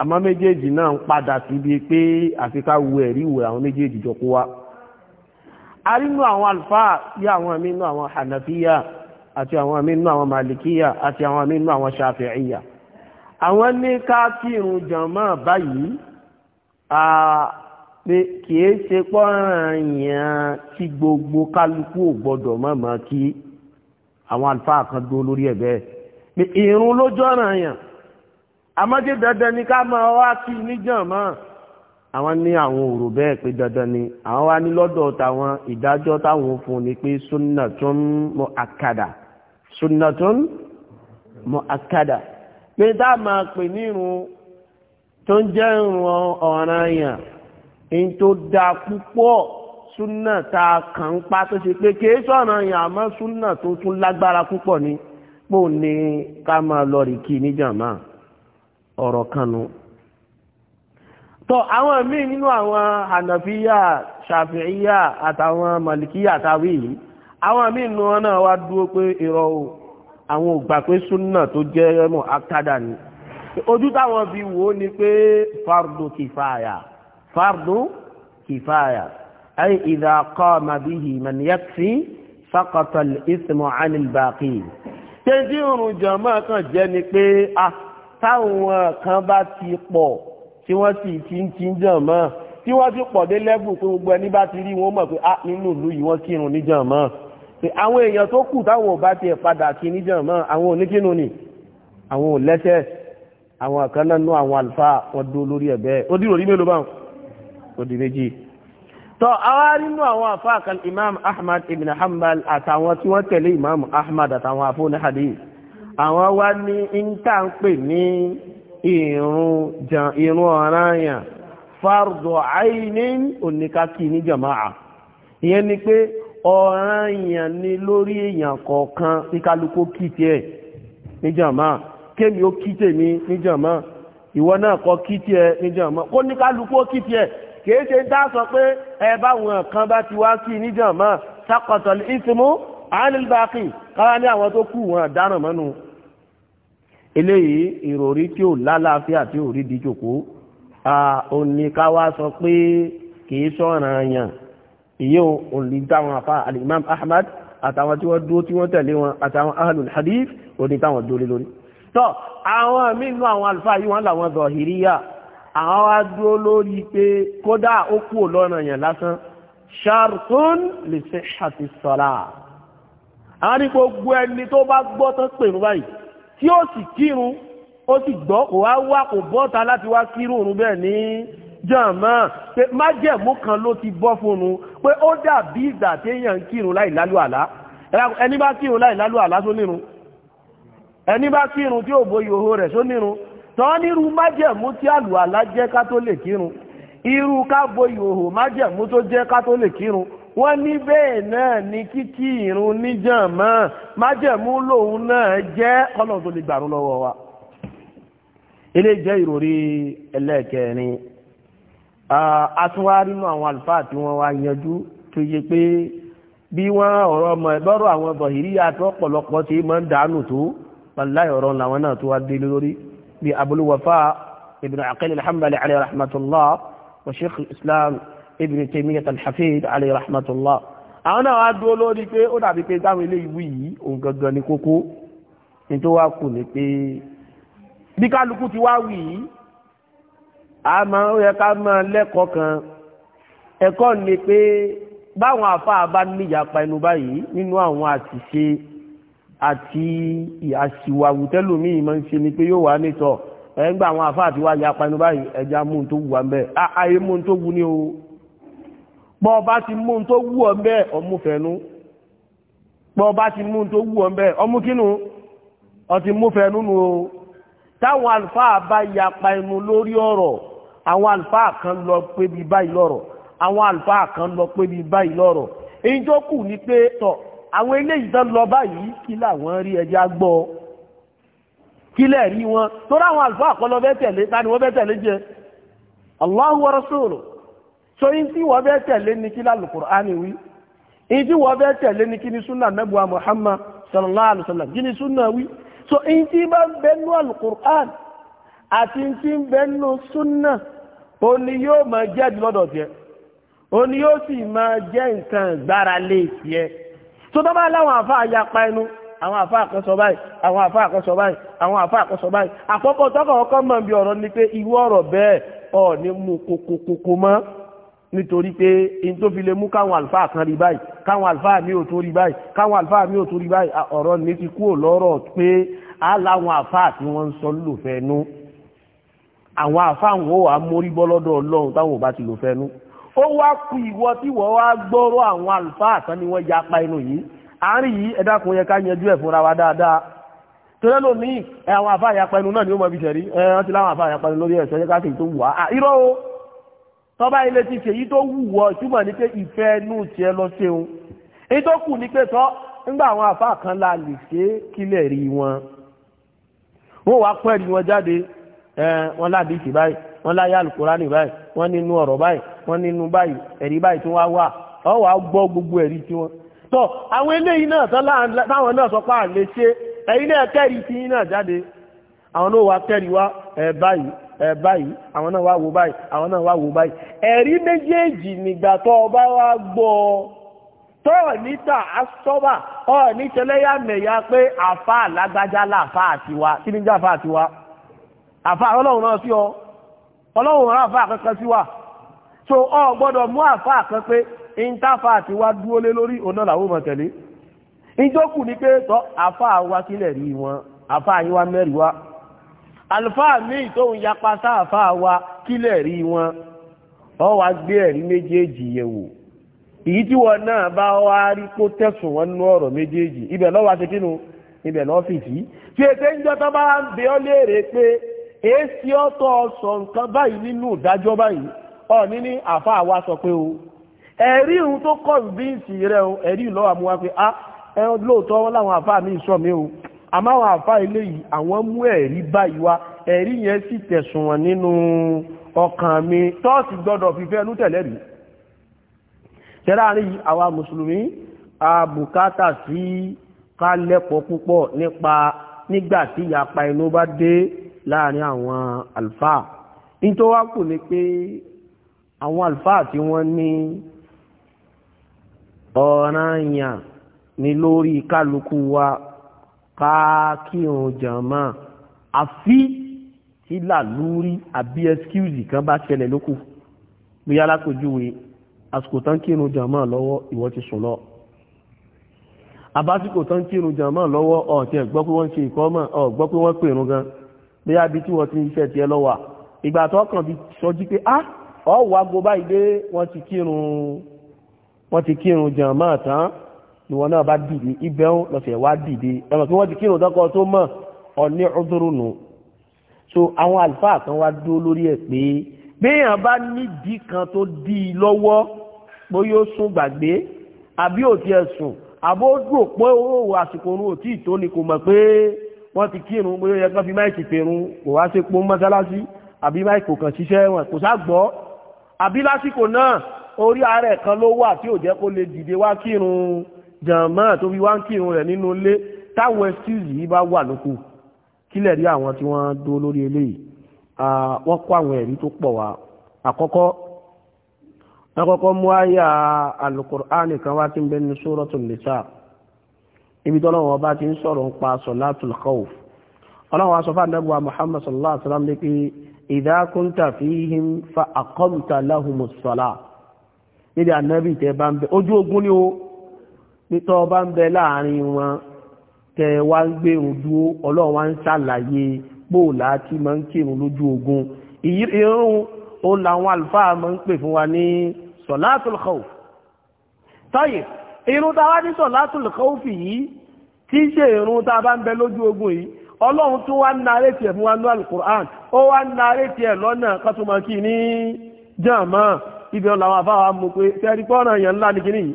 àmọ́ méjèèjì náà ń padà síbi pé àfi ká wo ẹ̀rí ìwé àwọn méjèèjì jọ kó wá a rí nínú àwọn alfáà bí àwọn àmì nínú àwọn hànàfíyà àti àwọn àmì nínú àwọn màlìkíyà àti àwọn àmì nínú àwọn ṣàfíìyà àwọn ní ká kírun jàmáà báyìí a pé kìí ṣe pọ́nrán yẹn tí gbogbo kálukú ò gbọ́dọ̀ má máa kí àwọn àlùfáà kan dúró lórí ẹ̀ bẹ́ẹ̀ pé ìrun ló jọ́ràn yẹn àmọ́jẹ́ dandan ni ká máa wá kí ní jàmáà àwọn ní àwọn òrò bẹ́ẹ̀ pé dandan ni àwọn wá ní lọ́dọ̀ táwọn ìdájọ́ táwọn fún ni pé sunnatun mu'akkada sunnatun mu'akkada pé tá a máa pè ní irun tó ń jẹ́ irun ọ̀ranyàn èyí tó dáa púpọ̀ súnà tá a kàn ń pa tó ṣe pé kìí sọ̀ranyàn àmọ́ súnà tó tún lágbára púpọ̀ ni pò ní ká máa lọ rí kí níjàmá ọ̀rọ̀ kanu tọ́ àwọn míì nínú àwọn hànàfíyà ṣàfihíyà àtàwọn màlìkíyà tàwí yìí àwọn míì nínú wọn náà wá dúró pé ìrọ̀ o àwọn ògbà pé súnà tó jẹ́ mọ̀ akádà ni ojú táwọn fi wò ó ni pé fardu kìfàyà fardu kìfàyà ay idha qama bihi man yakfi saqata al-ithmu 'an al-baqin tẹ́jú òrùn jọmọ́ kan jẹ́ ni pé a táwọn kan bá ti pọ̀ tí wọ́n sì ti ń ti jọmọ́ tí wọ́n ti pọ̀ dé lẹ́bù pé gbogbo ẹni bá ti rí wọn mọ̀ pé nínú ìlú yìí wọ́n kírun ní jọmọ́ pé àwọn èèyàn tó kù táwọn ò bá tiẹ̀ padà kí níjàn mọ́ àwọn oníkínú ni àwọn ò lẹ́sẹ̀ àwọn kan náà nú àwọn àlùfáà wọn dó lórí ẹ̀ bẹ́ẹ̀ ó dìrò rí mélòó báwọn ó di méjì. tọ́ àwa nínú àwọn àfáà kan imam ahmad ibn hanbal àtàwọn tí wọ́n tẹ̀lé imam ahmad àtàwọn àfọ́nà hadith àwọn wá ní níta ń pè ní ìrun ọ̀ranyàn fardu ainin oníkàkí ní jama'a ìyẹn ni pé ọ̀ràn èèyàn ni lórí èèyàn kọ̀ọ̀kan tí kálukú kì tiẹ̀ níjàmá kémi ó kì tèmi níjàmá ìwọ náà kọ kì tiẹ̀ níjàmá kó ní kálukú ó kì tiẹ̀ kìí ṣe dá sọ pé ẹ báwọn kan bá ti wá kí níjàmá saqata al-ithmu 'ala ní àwọn tó kù wọn dáràn mọ́nu eléyìí ìròrí tí ò lálàáfíà tí ò rí di jòkó òní sọ pé kìí sọ̀ràn yàn ìyẹn òní táwọn àfá ahmad àtàwọn tí wọ́n dúó tí wọ́n tẹ̀lé wọn àtàwọn ahlul hadith òní táwọn lé lórí tọ́ àwọn mínú àwọn alfa yìí làwọn zọ̀hìríyà àwọn wá dúó lórí pé kódà ó kú lọ́nà lásán jàmá pé májẹ̀mú kan ló ti bọ́ fún pé ó dàbí ìgbà téèyàn ń kírun láì lálù àlá ẹni bá kírun lálù àlá só nírun ẹni bá kírun tí ò bo ìhòhò rẹ̀ só nírun tán nírú májẹ̀mú tí àlù àlá jẹ́ ká tó lè kírun irú ká tó jẹ́ ká tó lè kírun wọ́n ní ni kíkí níjàmá májẹ̀mú lòun náà jẹ́ ọlọ́run tó lè gbàrún lọ́wọ́ wa atúnwárí nínú àwọn àlùfáà tí wọ́n wá yanjú tó yẹ pé bí wọ́n ọ̀rọ̀ ọmọ ẹ̀bọ́rọ̀ àwọn bọ̀hìrí àti ọ̀pọ̀lọpọ̀ tí máa ń dànù tó pàláì ọ̀rọ̀ làwọn náà tó wá dé lórí bí Abul Wafa ibn Aqil al-Hanbali alayhi rahmatullah wa sheikh islam ibn Taymiyyah al-Hafid alayhi rahmatullah àwọn náà wá dúró lórí pé ó dàbí pé táwọn ilé ìwú yìí òun gangan ni kókó ní tó wá kù ní pé bí kálukú ti wá wì yìí a máa ó yẹ ká máa lẹ́kọ̀ọ́ kan ẹ̀kọ́ ni pé báwọn àfáà bá níyapa ẹnu báyìí nínú àwọn àṣìṣe àti àṣìwà àwùtẹ́lòmíì máa ń ṣe ni pé yóò wá nítọ̀ ẹ̀ ń gba àwọn àfáà tí wá yapa ẹnu báyìí ẹja mú un tó wù wá ń ààyè mú un tó wù ní o pọ́ ọba ti mú un tó wù ọ́ ń bẹ́ẹ̀ ọmú fẹ́nu pọ́ ọba ti mú un tó wù ọ́ ń ọmú kínú ọ ti mú fẹ́nu nu o táwọn àlùfáà bá yapa ẹnu lórí ọ̀rọ̀ àwọn àlùfáà kan lọ pé bí báyìí lọ́rọ̀ àwọn àlùfáà kan lọ pé bí báyìí lọ́rọ̀ èyí tó kù ni pé tọ̀ àwọn eléyìí tán lọ báyìí kí làwọn rí ẹja gbọ́ kí lẹ́ẹ̀rí wọn tó ráwọn àlùfáà kan lọ bẹ́ tẹ̀lé ta ni wọ́n bẹ́ tẹ̀lé so yín tí wọ́n ni kí wí tí wọ́n bẹ́ tẹ̀lé kí Muhammad sallallahu kí ni súnà so tí bá ń àti tí ń bẹ nínú súnà ó ní yóò máa jẹ́ lọ́dọ̀ tiẹ̀ ó ní yóò sì máa jẹ́ nǹkan gbára lé tiẹ̀ tó tọ́ bá láwọn àfa àyapa ẹnu àwọn àfa àkọsọ báyìí àwọn àfa àkọsọ báyìí àwọn àfa àkọsọ báyìí àkọ́kọ́ tọ́kọ̀ ọkọ́ mọ̀ bí ọ̀rọ̀ ni pé irú ọ̀rọ̀ bẹ́ẹ̀ ọ̀ ni mú kokokoko mọ́ nítorí pé in tó fi lè mú káwọn àlùfáà kan rí báyìí káwọn àlùfáà mi ò tó rí báyìí káwọn àlùfáà mi ò tó rí báyìí ọ̀rọ̀ ní ti kúrò lọ́rọ̀ pé á láwọn àfáà tí wọ́n ń sọ lòfẹ́ nú àwọn àfáwọn ò wá mórí bọ́ lọ́dọ̀ ọlọ́run táwọn ò bá ti lò fẹ́nu ó wá kú ìwọ tí wọ́n wá gbọ́rọ̀ àwọn àlùfáà tán ni wọ́n yapa inú yìí àárín yìí ẹ dákun yẹ ká yanjú ẹ̀ fúnra wa dáadáa torí ló ní ẹ àwọn àfáà yapa inú náà ni ó mọ ibi ṣẹ̀rí ẹ wọ́n ti láwọn àfáà yapa inú lórí ẹ̀sọ́ yẹ ká sì tó wù á irọ́ o tọ́ba ilé ti ṣèyí tó wù wọ ìtumọ̀ ní pé ìfẹ́ inú tiẹ̀ lọ ṣeun èyí tó kù ní pé tọ́ nígbà àwọn àfáà kan la lè ṣe kílẹ̀ rí wọn wọ́n wá pẹ́ẹ́rì wọn jáde wọ́n láàbí ìsì báyìí wọ́n láyé alukurani báyìí wọ́n nínú ọ̀rọ̀ báyìí wọ́n nínú báyìí ẹ̀rí báyìí tí wọ́n wà ọ wà gbọ́ gbogbo ẹ̀rí tí wọ́n. tọ́ àwọn eléyìí náà táwọn náà sọ pé à lè ṣe ẹ̀yin náà kẹ́rì tí yín náà jáde àwọn náà wá kẹ́rì wá ẹ báyìí ẹ̀ báyìí àwọn náà wá wò báyìí àwọn náà wá wò báyìí ẹ̀rí méjèèjì nígbà tó o bá wá gbọ́ ọ níta asọ́bà ọ ní tẹlẹ́yàmẹ̀yà pé àfa àlágbájá láàfa àtiwá kí ni jáfa àtiwá àfà ọlọ́run náà sí ọ ọlọ́run rán àfà àkẹ́kẹ́ sí wà so ọ gbọ́dọ̀ mú àfà àkẹ́kẹ́ ìntàfà àti wá dúó lé lórí ọ̀nà làwọn mọ̀ tẹ̀lé ìjókù ní pé wa kílẹ̀ rí wọn àfà yín wá mẹ́rin wá àlùfáà míì tó ń wa kílẹ̀ rí wọn ọ wá gbé ẹ̀rí méjèèjì yẹ̀wò èyí tí wọn náà bá wá rí kó tẹ̀sùn wọn nú ọ̀rọ̀ méjèèjì ibẹ̀ lọ́wọ́ aṣekínú ibẹ̀ lọ́fíìsì fi ètè ń jọ tó bá ń bẹ ọ léèrè pé èsì ọ̀tọ̀ sọ nǹkan báyìí nínú ìdájọ́ báyìí ọ̀ní ní àfa àwa sọ pé o ẹ̀rí ìhun tó kọ̀ǹbíǹsì rẹ o ẹ̀rí ìlọ́wà mú wa pé a ah, ẹ lóòótọ́ wọn láwọn àfa mi sọ mi o àmọ́ àwọn àfa eléyìí àwọn mú ẹ̀rí báyìí wá ẹ̀rí yẹn sì tẹ̀sùn wọn nínú ọkàn mi tọ́ọ̀sì gbọ́dọ̀ fífẹ́ ẹnu tẹ̀lẹ́ rí tẹ́láàrin yìí àwa mùsùlùmí a bùkátà sí nígbà tí ìyapa inú bá dé láàrin àwọn àlùfáà nítorí wá kù ni pé àwọn àlùfáà tí wọ́n ní ọ̀ranyàn ni lórí kálukú wa káàkiri jàmá àfi tí làlúrí àbí ẹskúùsì kan bá ṣẹlẹ̀ lókù bí alákòjúwe àsìkò tán kírun jàmá lọ́wọ́ ìwọ ti sùn lọ àbásìkò tán kírun jàmá lọ́wọ́ ọ̀tí ẹ̀gbọ́ pé wọ́n ṣe ìkọ́mọ̀ ọ̀gbọ́ pé wọ́n pèrún gan bí a bí tí wọ́n ti ń iṣẹ́ tiẹ̀ lọ́wà ìgbà tó kàn bí sọjí pé á ọ̀wọ́ ago báyìí dé wọ́n ti kírun wọ́n ti kírun jàn máa tán ìwọ náà bá dìde ibẹ̀ ń wá dìde ẹ̀mọ̀ pé wọ́n ti kírun tọ́kọ tó mọ̀ ọ̀ní ọdúnrúnù so àwọn àlùfáà kan wá dúró lórí ẹ̀ pé béèyàn bá nídìí kan tó dí i lọ́wọ́ bóyá ó sún gbàgbé àbí ò tiẹ̀ sùn àbó dùn àsìkò òun ò tí kò mọ̀ pé wọ́n ti kírun bóyá yẹ kán fi máìkì pèrun kò wá sí pọ́n mọ́sálásí àbí máìkì kò kàn ṣiṣẹ́ wọn kò sá gbọ́ àbí lásìkò náà orí ààrẹ kan ló wà tí ò jẹ́ kó lè dìde wá kírun jàmọ́ tó fi wá ń kírun rẹ̀ nínú ilé táwọn excuse yìí bá wà lóko kílẹ̀ rí àwọn tí wọ́n dó lórí eléyìí wọ́n kó àwọn ẹ̀rí tó pọ̀ wá àkọ́kọ́ àkọ́kọ́ mú àyà alukur'ani ibi tọ́lọ́wọ́ bá ti ń sọ̀rọ̀ ń pa sọ̀látùl khawf ọlọ́wọ́ asọ́fà nẹ́bùwà muhammad sallallahu alaihi wasallam ní pé idha kunta fihim fa aqamta lahumus salah níbi ànábì tẹ bá ń bẹ ojú ogun ni ìyírun ó làwọn àlùfáà máa ń pè fún wa ní sọ̀látùl khawf irun tá a wá ní sọ̀látùl khawfi yìí tí í ṣe irun tá a bá ń bẹ lójú ogun yìí ọlọ́run tún wá ń narẹ́ tiẹ̀ fún wa ní alukur'an ó wá ń narẹ́ tiẹ̀ lọ́nà kátùmọ̀kì ní jàmá ibi ọ̀làwọ̀ àbáwá mú pé tẹ́rí pọ́nrán yẹn ńlá ní kíní yìí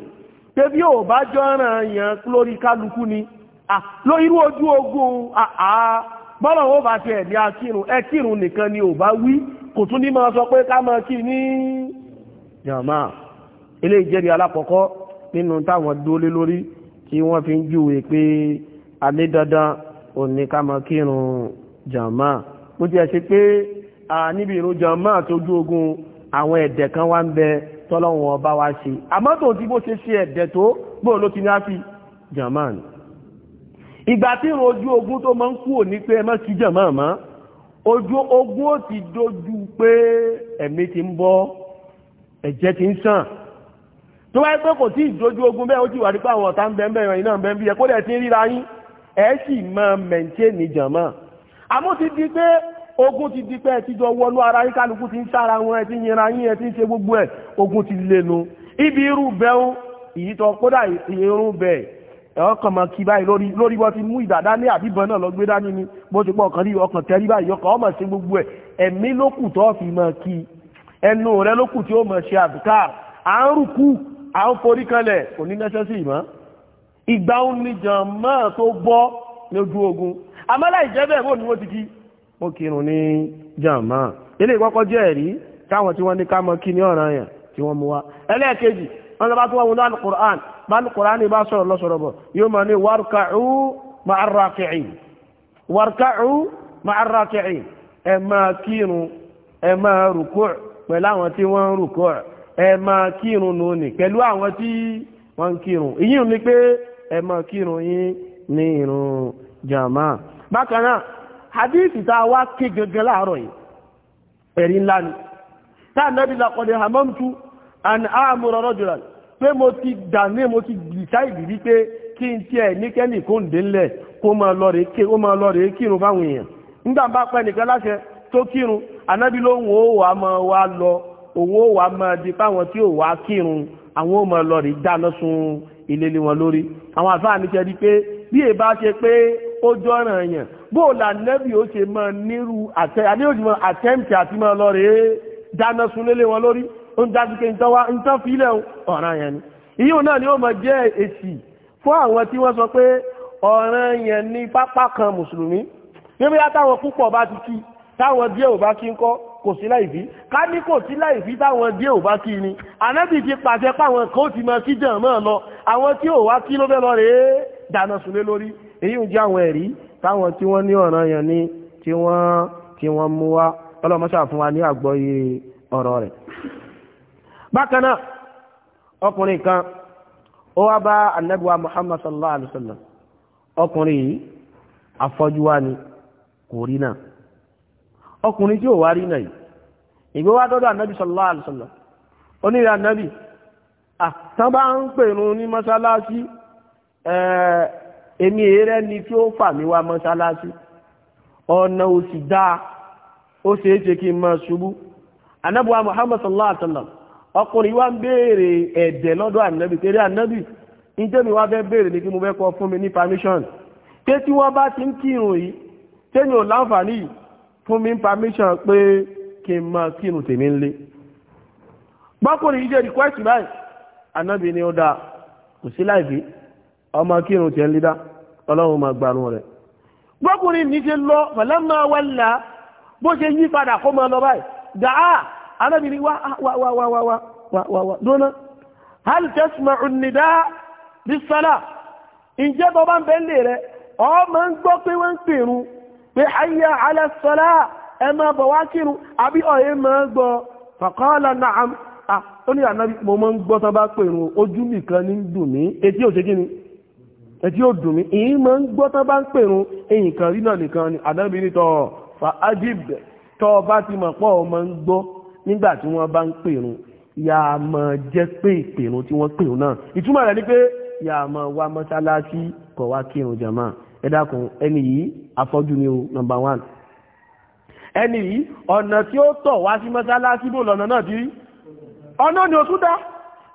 pé bí ò bá jọ́ràn yẹn lórí kálukú ni ló irú ojú ogun bọ́lọ̀ ó bá tiẹ̀ ní akírun ẹ kírun nìkan ni ò bá wí kò tún ní máa sọ pé ká máa kí ní jàmá eléyìí jẹ́ ní alákọ̀ọ́kọ́ nínú táwọn dúólé lórí tí wọ́n fi ń júwe pé alẹ́ dandan òní ká máa kírun jàmá bó ti ẹ̀ ṣe pé níbi ìrun jàmá tójú ogun àwọn ẹ̀dẹ̀ kan wá ń bẹ tọ́lọ́wọ́n ọba wá ṣe àmọ́ tó ti bó ṣe ṣe ẹ̀dẹ̀ tó gbóò ló ti ní á fi jàmá ni ìgbà tí ìrun ojú ogun tó máa ń kúrò ní pé ẹ sí jàmá mọ́ ojú ogun ó ti dojú pé ẹ̀mí ti ń bọ́ ẹ̀jẹ̀ ti ń sàn tó wáyé pé kò tí ì dojú ogun bẹ́ẹ̀ ó ti wà nípa àwọn ọ̀tá ń bẹ́ẹ̀ bẹ́ẹ̀ iná ń bẹ́ẹ̀ bí ẹ kó dẹ̀ ti ń ríra yín ẹ sì máa mẹ̀ǹtẹ́ nìjàmọ́ àmọ́ ti di pé ogun ti di pé ẹ ti jọ wọnú ara yín kálukú ti ń sára wọn ẹ ti ń yẹra yín ẹ ti ń ṣe gbogbo ẹ ogun ti lẹ́nu ibi irú bẹ́ẹ̀ ìyí tọ́ kódà irú bẹ́ẹ̀ ọkàn mọ̀ kí báyìí lórí lórí bọ́ ti mú ìdàdá ní àbíbọn náà lọ gbé dání ni bó ti pọ̀ ọkàn rí ọkàn tẹ́rí báyìí ọkàn ọmọ sí gbogbo ẹ̀ ẹ̀mí lókù tó fi mọ̀ kí ẹnu rẹ lókù tí ó mọ̀ ṣe àbùkà à ń rùkú à ń forí kanlẹ̀ kò ní nẹ́sẹ̀sì ìmọ̀ ìgbà òun ni jàmáà tó bọ́ lójú ogun àmọ́lá ìjẹ́bẹ̀ bò ní wọ́n ti kí ó kírun ní jàmáà ilé ìkọ́kọ́ jẹ́ ẹ̀rí káwọn tí wọ́n ní ká mọ kí ní ọ̀ràn yẹn tí wọ́n mú wa ẹlẹ́ẹ̀kejì wọ́n lọ́ba tó wọ́n wọn lọ́nà Qur'an bá ní Qur'an bá sọ̀rọ̀ lọ́sọ̀rọ̀ bọ̀ yóò máa ní warka'u ma'ar raki'in warka'u ma'ar raki'in ẹ máa kírun ẹ máa rùkú pẹ̀lú àwọn tí wọ́n ń e máa kírun nù ní pẹ̀lú àwọn tí wọ́n ń kírun ìyí ní pé ẹ kírun yín ní ìrun jàmá bákan náà hadithi wá ké gẹ́gẹ́ láàárọ̀ yìí ẹ̀rí nẹ́bí lakọ̀dẹ̀ hamamtu and amúrọ̀ rọ́jùlá pé mo ti dà ní mo ti gbìtá ìdìrí pé kí n tiẹ̀ ní kó ń délẹ̀ kó máa lọ rèé kírun fáwọn èèyàn nígbà bá pẹ́ nìkan lọ owó wa máa di fáwọn tí ò wá kírun àwọn ò máa lọ rí dáná sun ilé lé wọn lórí àwọn àfáà mi ṣe rí pé bí ẹ bá ṣe pé ó jọ́ràn yàn bóòlà nẹ́bì ó ṣe máa nírú àtẹ adéòjìmọ̀ àtẹ́mtì àti máa lọ rèé dáná sun lélé wọn lórí ó ń dájú pé nǹkan fílẹ̀ ọ̀ràn yẹn ni ìyóò náà ni ó máa jẹ́ èsì fún àwọn tí wọ́n sọ pé ọ̀ràn yẹn ni pápá kan mùsùlùmí bí bí táwọn púpọ̀ bá ti kí táwọn díẹ̀ ò bá kí ń kọ́ kò sí láìfí ká ní kò sí láìfí táwọn díẹ̀ ò bá kí ni anábì ti pàṣẹ páwọn kan ó ti mọ kí jàn mọ́ lọ àwọn tí ò wá kí ló fẹ́ lọ rèé dáná súnlé lórí èyí ń jẹ́ àwọn ẹ̀rí táwọn tí wọ́n ní ọ̀ràn yàn ni tí wọ́n tí wọ́n mú wá ọlọ́mọṣà fún wa ní àgbọ́yé ọ̀rọ̀ rẹ̀ bákan náà ọkùnrin kan ó wá bá anábìwá Muhammad sallallahu alaihi wasallam ọkùnrin yìí afọ́júwá ni kò rí náà ọkùnrin tí ó wá rí náà yìí ìgbé wá dọ́dọ̀ ànábì sallallahu alaihi wasallam ànábì àtàn ń pèrún ní mọ́sálásí èmi ni tí ó fà mí wá mọ́sálásí ọ̀nà ó é ṣe kí n wa Muhammad sallallahu alaihi ọkùnrin wá ń béèrè ẹ̀dẹ̀ lọ́dọ̀ ànábì ànábì mi wá fẹ́ béèrè kí mo fẹ́ fún mi permission pé kí n máa kírun tèmi ń lé gbọ́kùnrin yìí jẹ́ request báyìí anábì ni ó dáa kò sí láìpẹ́ ọmọ kírun tiẹ̀ ń lé dá ọlọ́run máa gbarun rẹ̀ gbọ́kùnrin ní ṣe lọ pẹ̀lẹ́mọ̀ wẹ́lá bó ṣe yí padà kó máa lọ báyìí dáa anábì ni wá wá wá wá wá wá wá wá dóná hal tasma'u nida bis sala ǹjẹ́ bọ́ bá ń bẹ́ńlẹ̀ rẹ̀ ọ máa ń gbọ́ pé wọ́n ń pèrún pé hayya ala salah ẹ máa bọ̀ wá kírun àbí ọ̀yẹ́ máa gbọ́ faqala na'am ó ní ànábì mo máa gbọ́ bá ojú nìkan ní etí ò ni etí ò èyí gbọ́ bá ń èyí kan rí náà nìkan ni ànábì ní tọ́ fa ajib tọ́ bá ti gbọ́ nígbà tí wọ́n bá ń yà á jẹ́ tí wọ́n náà ìtumọ̀ rẹ̀ ni wá mọ́ṣáláṣí kọ̀ wá kírun ẹ dákun ẹni yìí afọ́jú ni o number one ẹni yìí ọ̀nà tí ó tọ̀ wá sí mọ́sálásí bò lọ́nà náà ti rí ọ̀nà ni ó tún dá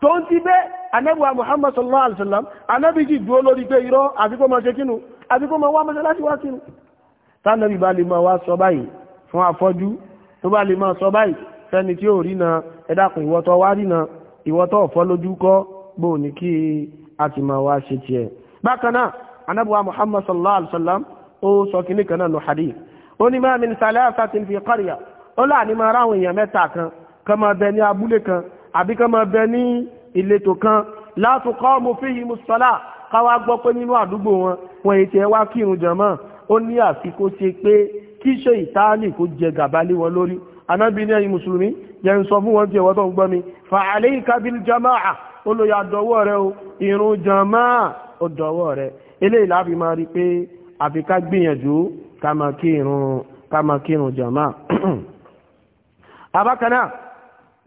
tó ń ti bẹ́ anẹ́bùwa Muhammad sallallahu alaihi wasallam anẹ́bì jì dúró lórí pé irọ́ àfikún ma ṣe kínú àfikún ma wá mọ́sálásí wá kínú tánàbì bá lè máa wá sọ báyìí fún na ẹ dákun ìwọ́tọ̀ na ìwọ́tọ̀ ọ̀fọ́ lójú kọ́ gbòó ní kí a ti anábùwà muhammad sallallahu alaihi wasallam ó sọ kìíní kan náà nù hadith ó ní máa min thalathatin fi qarya ó láàánú máa ráwọn èèyàn mẹ́ta kan kan máa bẹ ní abúlé kan àbí kan máa bẹ ní ìletò kan la tuqamu fihimu s-salah káwá gbọ́ pé nínú àdúgbò wọn wọn èyí tí ẹ wá kírun jàmá ó ní àfikó ṣe pé kíṣe ìtaálì kó jẹ gàba lé wọn lórí anábì ní ẹ̀yin mùsùlùmí jẹ́ ń sọ fún wọn tí ẹ̀wọ́ tó ń gbọ́ mi fa alayka bil jama'a ó lóye àdọ́wọ́ rẹ o ìrun jàmá ó dọ́wọ́ rẹ eléyìí láàbí máa rí pé àfi ká gbìyànjú ká máa kírun ká máa kírun jàmá <clears throat> abákanáà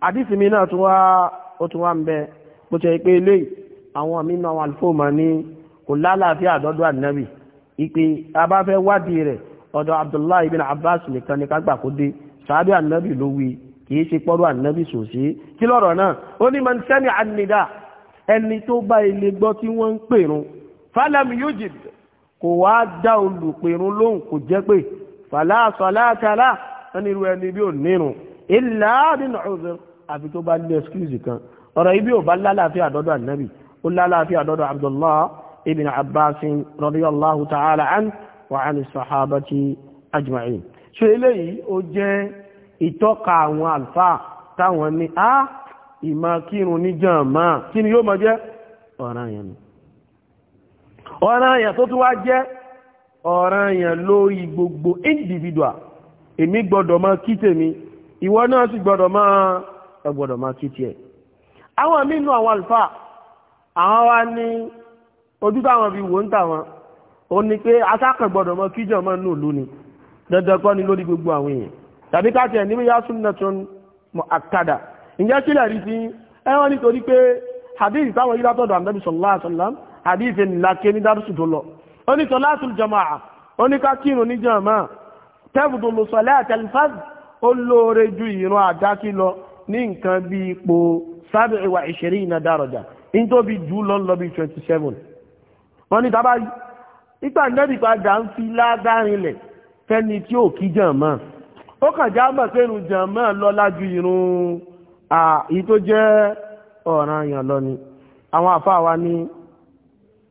àdísì mi náà tún wá ó tún wá ń bẹ bó ṣe pé eléyìí àwọn mínú àwọn àlùfóòmà ní kò lálàáfíà àdọ́dọ́ ànábì ìpè abáfẹ́ wádìí rẹ̀ ọ̀dọ̀ Abdullahi ibn Abbas nìkan ni ká gbà kó dé sàábì ànábì ló wí kìí ṣe pọ́rọ̀ ànábì sòsí kí lọ́rọ̀ náà ó ní man sami'a an-nida ẹni tó bá ilé gbọ́ tí wọ́n ń pèrún falam yujib kò wá dá olùpẹ̀rún lóhùn kò jẹ́ pé fàlà sọ̀láàtàlà ẹni irú ẹni bí ò nírun ìlà nínú ọ̀sẹ̀ àfi tó bá lé ẹskúùsì kan ọ̀rọ̀ ibi ò bá lálàáfíà dọ́dọ̀ ànábì ó lálàáfíà dọ́dọ̀ abdullah ibn abbas radiyallahu ta'ala an wa an sahabati ajma'in so eléyìí ó jẹ́ ìtọ́ka àwọn àlfà táwọn ní a ah, ìmọ̀ kírun ní jàmá kí ni yóò máa jẹ́ ọ̀ranyàn ọ̀ràn èèyàn tó tún wá jẹ́ ọ̀ràn èèyàn lórí gbogbo individual èmi gbọ́dọ̀ máa kí tèmi ìwọ náà sì gbọ́dọ̀ máa ẹ gbọ́dọ̀ máa kí tiẹ̀ àwọn mínú àwọn àlùfáà àwọn wá ní ojú táwọn fi wò ń tà wọn ó ní pé asákàn gbọ́dọ̀ máa kíjọ máa nù lú ni dandan kọ́ ni lórí gbogbo àwọn èèyàn tàbí ká tiẹ̀ níbi yá sunnatun mu'akkada ǹjẹ́ sílẹ̀ rí sí ẹ̀wọ̀n nítorí pé hadith táwọn yílá tọ̀dọ̀ ànábì sallallahu alaihi wasallam àdífẹ́ níláké ní dárúsù tó lọ ó ní sọláàtù jama'a ó ní ká kírun ní jama'a tẹ́bùdùlù sọlẹ́ àtẹlifásì ó lóore ju ìrun àdákí lọ ní nǹkan bí ipò sábẹ̀ ìwà ìṣẹ̀rí iná dárọjà ní tó bí jù lọ lọ bí 27 wọ́n ní tábà ipa nẹ́bì padà ń fi ládárin lẹ̀ fẹ́ni tí ò kí jama'a ó kàn já àwọn àfáà wa ní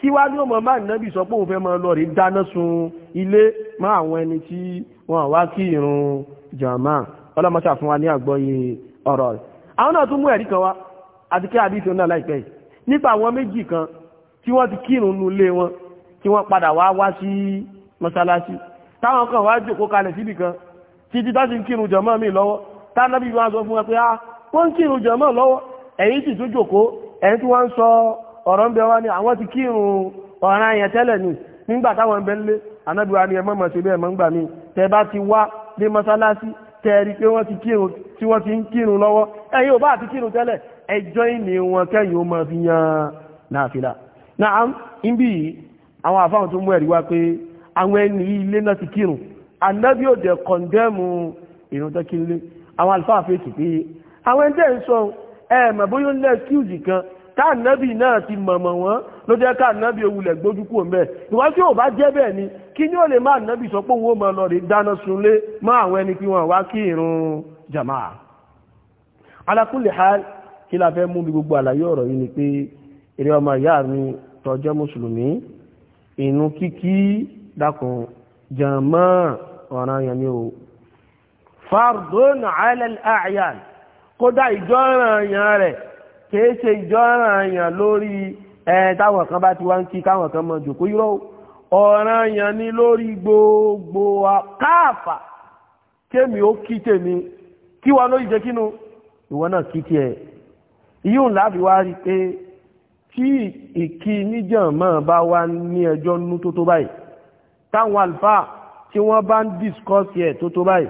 kí wá ní ọmọ máa nábì sọ pé òun fẹ́ máa lọ rí dáná sun ilé mọ́ àwọn ẹni tí wọ́n wá kí irun jàmá ọlọ́mọṣà fún wa ní àgbọ́yé ọ̀rọ̀ rẹ̀ àwọn náà tún mú ẹ̀rí kan wá àti kí àdìsí náà láìpẹ́ yìí nípa àwọn méjì kan tí wọ́n ti kírun nu ilé wọn tí wọ́n padà wá wá sí mọ́ṣáláṣí táwọn kan wá jókòó kalẹ̀ síbì kan títí tá sì ń kírun jàmá mi lọ́wọ́ tánábì wọn sọ fún wọn pé ah wọ́n ń kírun jàmá lọ́wọ́ ẹ̀yin sì tún jókòó ẹ̀yin tí wọ́n ń sọ ọ̀rọ̀ ń bẹ wá ní àwọn ti kírun ọ̀ràn àyàn tẹ́lẹ̀ ni nígbà táwọn ẹgbẹ́ lé anábíwá ni ẹmọ́ mọ̀ sí bẹ́ẹ̀ mọ́ ń gbà mí tẹ bá ti wá dé mọ́sálásí tẹ rí pé wọ́n ti kírun tí wọ́n ti ń kírun lọ́wọ́ ẹ̀yin ò bá ti kírun tẹ́lẹ̀ ẹjọ́ ìní wọn kẹ́yìn ó mọ fi yan nàfìlà náà ń bí àwọn àfáwọn tó mú ẹ̀rí wá pé àwọn ẹni ilé náà ti kírun anábí ò dẹ̀ kọ̀ndẹ́mù ìrun tó àwọn àlùfáà fèsì pé àwọn ẹni tẹ́ ń sọ ẹ̀ẹ̀mọ̀ bóyá ó lẹ́ káànábì náà ti mọ̀mọ̀ wọn ló jẹ́ káànábì owulẹ̀ gbójú kúrò ń bẹ̀ ìwọ́n tí ò bá jẹ́ bẹ́ẹ̀ ni kí ni ó lè máa nábì sọ pé òun ó mọ lọ rè dáná sunlé mọ́ àwọn ẹni pé wọ́n wá kí irun jamaa ala kulli hal kí la fẹ́ mú bí gbogbo àlàyé ọ̀rọ̀ yìí ni pé eré ọmọ ìyá mi tó mùsùlùmí inú kíkí dákun jàmọ́ ọ̀ràn yẹn ni o fardun ala al kódà ìjọ́ràn kìí ṣe ìjọ́ràn yàn lórí ẹ táwọn kan bá ti wá ń kí káwọn kan mọ jòkó yúrọ ọ̀ràn yàn ni lórí gbogbo káàfà kémi ó kí tèmi kí wa ló ìjẹ́ kínú ìwọ náà kí tiẹ̀ yíò láti wá rí pé tí ìkí níjànmọ́ bá wá ní ẹjọ́ nú tó tó báyìí táwọn àlùfáà tí wọ́n bá ń discuss ẹ̀ tó tó báyìí